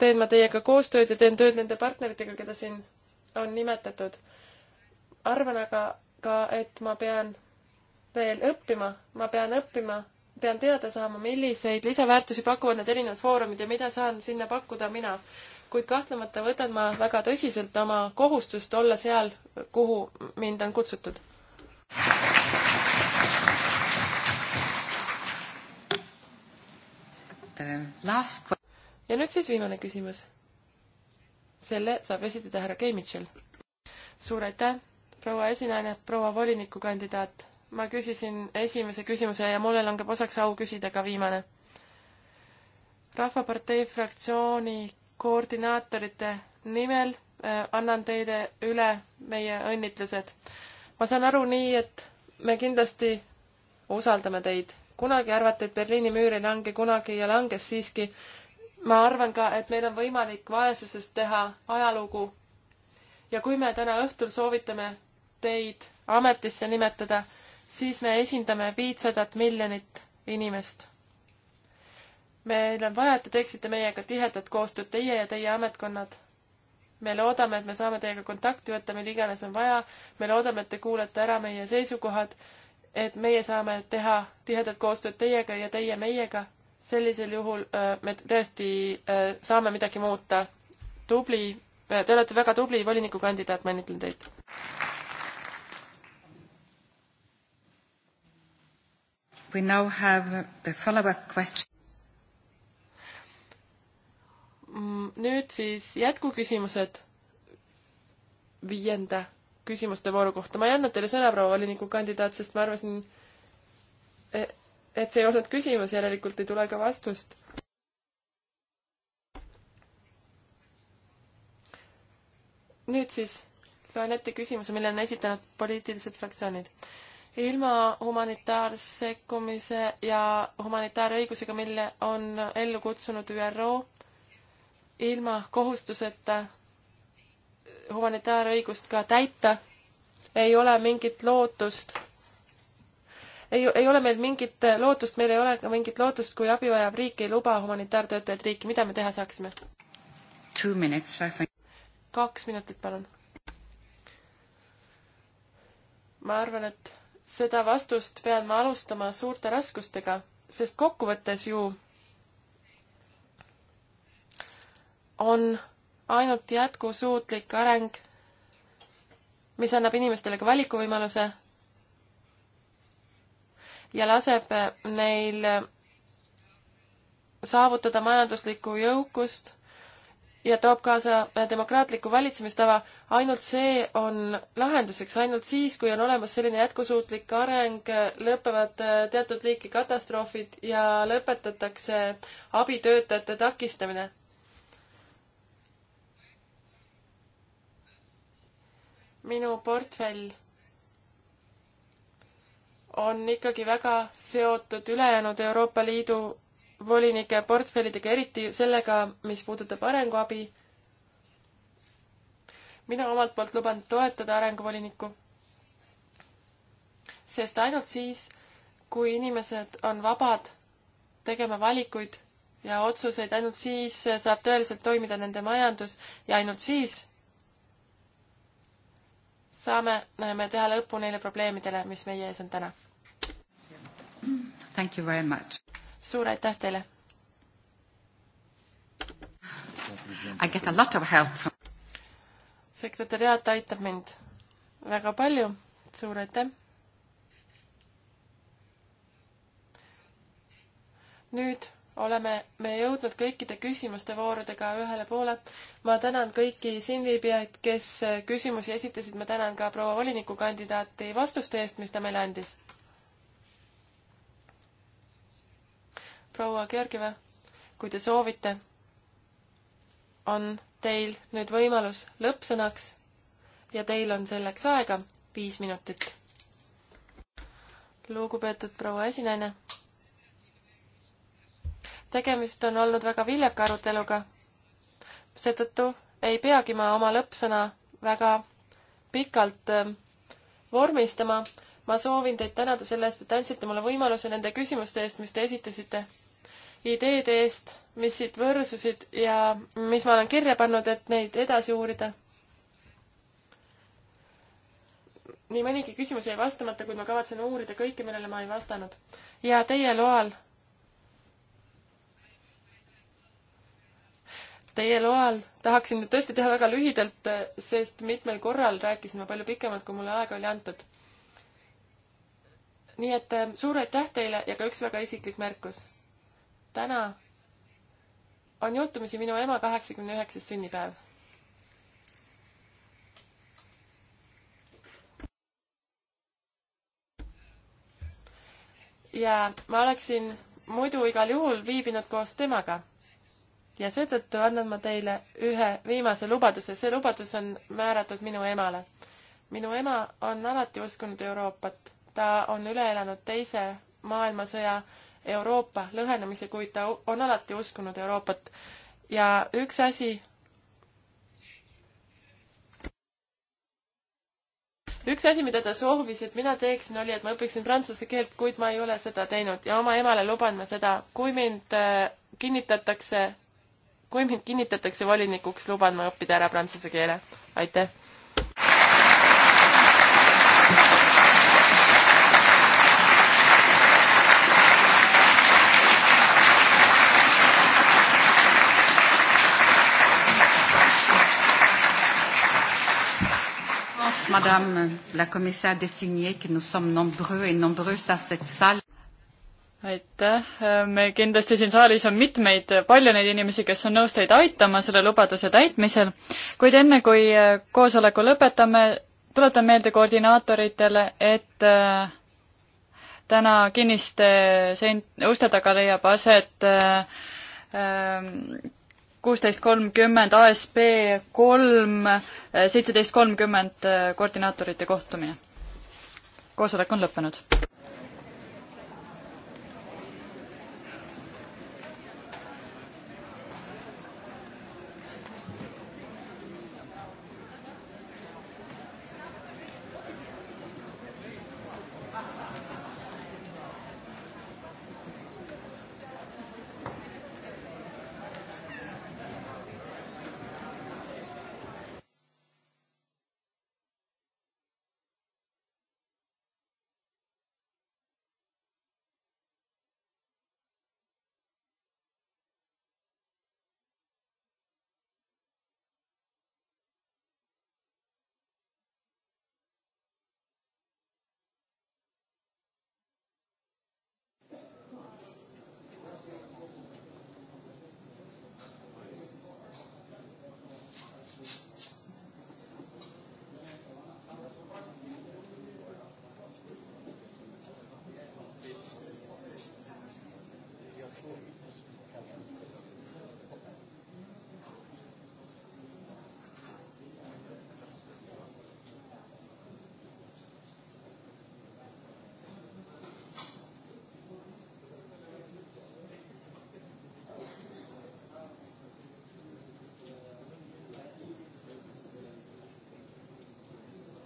teen ma teiega koostööd ja teen tööd nende partneritega, keda siin on nimetatud. arvan aga ka, et ma pean veel õppima, ma pean õppima, pean teada saama, milliseid lisaväärtusi pakuvad need erinevad foorumid ja mida saan sinna pakkuda mina. kuid kahtlemata võtan ma väga tõsiselt oma kohustust olla seal, kuhu mind on kutsutud. ja nüüd siis viimane küsimus. selle saab esitada härra Keimitšel. suur aitäh, proua esinaine, proua volinikukandidaat ma küsisin esimese küsimuse ja mulle langeb osaks au küsida ka viimane. rahvapartei fraktsiooni koordinaatorite nimel äh, annan teile üle meie õnnitlused. ma saan aru nii, et me kindlasti usaldame teid. kunagi arvati, et Berliini müür ei lange kunagi ja langes siiski. ma arvan ka, et meil on võimalik vaesusest teha ajalugu. ja kui me täna õhtul soovitame teid ametisse nimetada, siis me esindame viitsadat miljonit inimest. meil on vaja, et te teeksite meiega tihedat koostööd, teie ja teie ametkonnad. me loodame, et me saame teiega kontakti võtta, mil iganes on vaja. me loodame, et te kuulate ära meie seisukohad, et meie saame teha tihedat koostööd teiega ja teie meiega. sellisel juhul äh, me tõesti äh, saame midagi muuta. tubli äh,, te olete väga tubli volinikukandidaat, ma õnnitlen teid. We now have the follow-up question. Mm, nüüd siis jätkuküsimused viienda küsimuste vooru kohta. ma ei andnud teile sõna, proua volinikukandidaat, sest ma arvasin, e, et see ei olnud küsimus, järelikult ei tule ka vastust. nüüd siis loen ette küsimuse, mille on esitanud poliitilised fraktsioonid ilma humanitaarsekkumise ja humanitaarõigusega, mille on ellu kutsunud ÜRO, ilma kohustuseta humanitaarõigust ka täita, ei ole mingit lootust. ei, ei ole meil mingit lootust, meil ei ole ka mingit lootust, kui abi vajav riik ei luba humanitaartöötajat riiki, mida me teha saaksime? kaks minutit, palun. ma arvan, et seda vastust pean ma alustama suurte raskustega, sest kokkuvõttes ju on ainult jätkusuutlik areng, mis annab inimestele ka valikuvõimaluse ja laseb neil saavutada majanduslikku jõukust ja toob kaasa äh, demokraatliku valitsemistava, ainult see on lahenduseks, ainult siis, kui on olemas selline jätkusuutlik areng, lõpevad äh, teatud liiki katastroofid ja lõpetatakse abitöötajate takistamine. minu portfell on ikkagi väga seotud ülejäänud Euroopa Liidu volinike portfellidega, eriti sellega, mis puudutab arenguabi. mina omalt poolt luban toetada arenguvolinikku, sest ainult siis, kui inimesed on vabad tegema valikuid ja otsuseid, ainult siis saab tõeliselt toimida nende majandus ja ainult siis saame me teha lõpu neile probleemidele, mis meie ees on täna. Thank you very much suur aitäh teile! I get a lot of help from sekretäriaat aitab mind väga palju, suur aitäh! nüüd oleme me jõudnud kõikide küsimuste voorudega ühele poole. ma tänan kõiki siinviibijaid, kes küsimusi esitasid, ma tänan ka proua volinikukandidaati vastuste eest, mis ta meile andis. proua Georgieva, kui te soovite, on teil nüüd võimalus lõppsõnaks ja teil on selleks aega viis minutit. lugupeetud proua esinaine, tegemist on olnud väga viljaka aruteluga, seetõttu ei peagi ma oma lõppsõna väga pikalt ähm, vormistama. ma soovin teid tänada selle eest, et andsite mulle võimaluse nende küsimuste eest, mis te esitasite ideede eest, mis siit võrsusid ja mis ma olen kirja pannud, et neid edasi uurida. nii mõnigi küsimus jäi vastamata, kuid ma kavatsen uurida kõike, millele ma ei vastanud. ja teie loal teie loal tahaksin nüüd tõesti teha väga lühidalt, sest mitmel korral rääkisin ma palju pikemalt, kui mulle aega oli antud. nii et suur aitäh teile ja ka üks väga isiklik märkus täna on juhtumisi minu ema kaheksakümne üheksas sünnipäev. ja ma oleksin muidu igal juhul viibinud koos temaga. ja seetõttu annan ma teile ühe viimase lubaduse, see lubadus on määratud minu emale. minu ema on alati uskunud Euroopat, ta on üle elanud teise maailmasõja Euroopa lõhenemisi, kuid ta on alati uskunud Euroopat. ja üks asi, üks asi, mida ta soovis, et mina teeksin, oli, et ma õpiksin prantsuse keelt, kuid ma ei ole seda teinud ja oma emale luban ma seda, kui mind äh, kinnitatakse, kui mind kinnitatakse volinikuks, luban ma õppida ära prantsuse keele. aitäh! Madame la commissaire désignée, que nous sommes nombreux et nombreuses dans cette salle. aitäh, me kindlasti siin saalis on mitmeid, palju neid inimesi, kes on nõus teid aitama selle lubaduse täitmisel, kuid enne, kui äh, koosoleku lõpetame, tuletan meelde koordinaatoritele, et äh, täna kinniste sein-, uste taga leiab aset äh, äh, kuusteist kolmkümmend ASB kolm, seitseteist kolmkümmend koordinaatorite kohtumine. koosolek on lõppenud.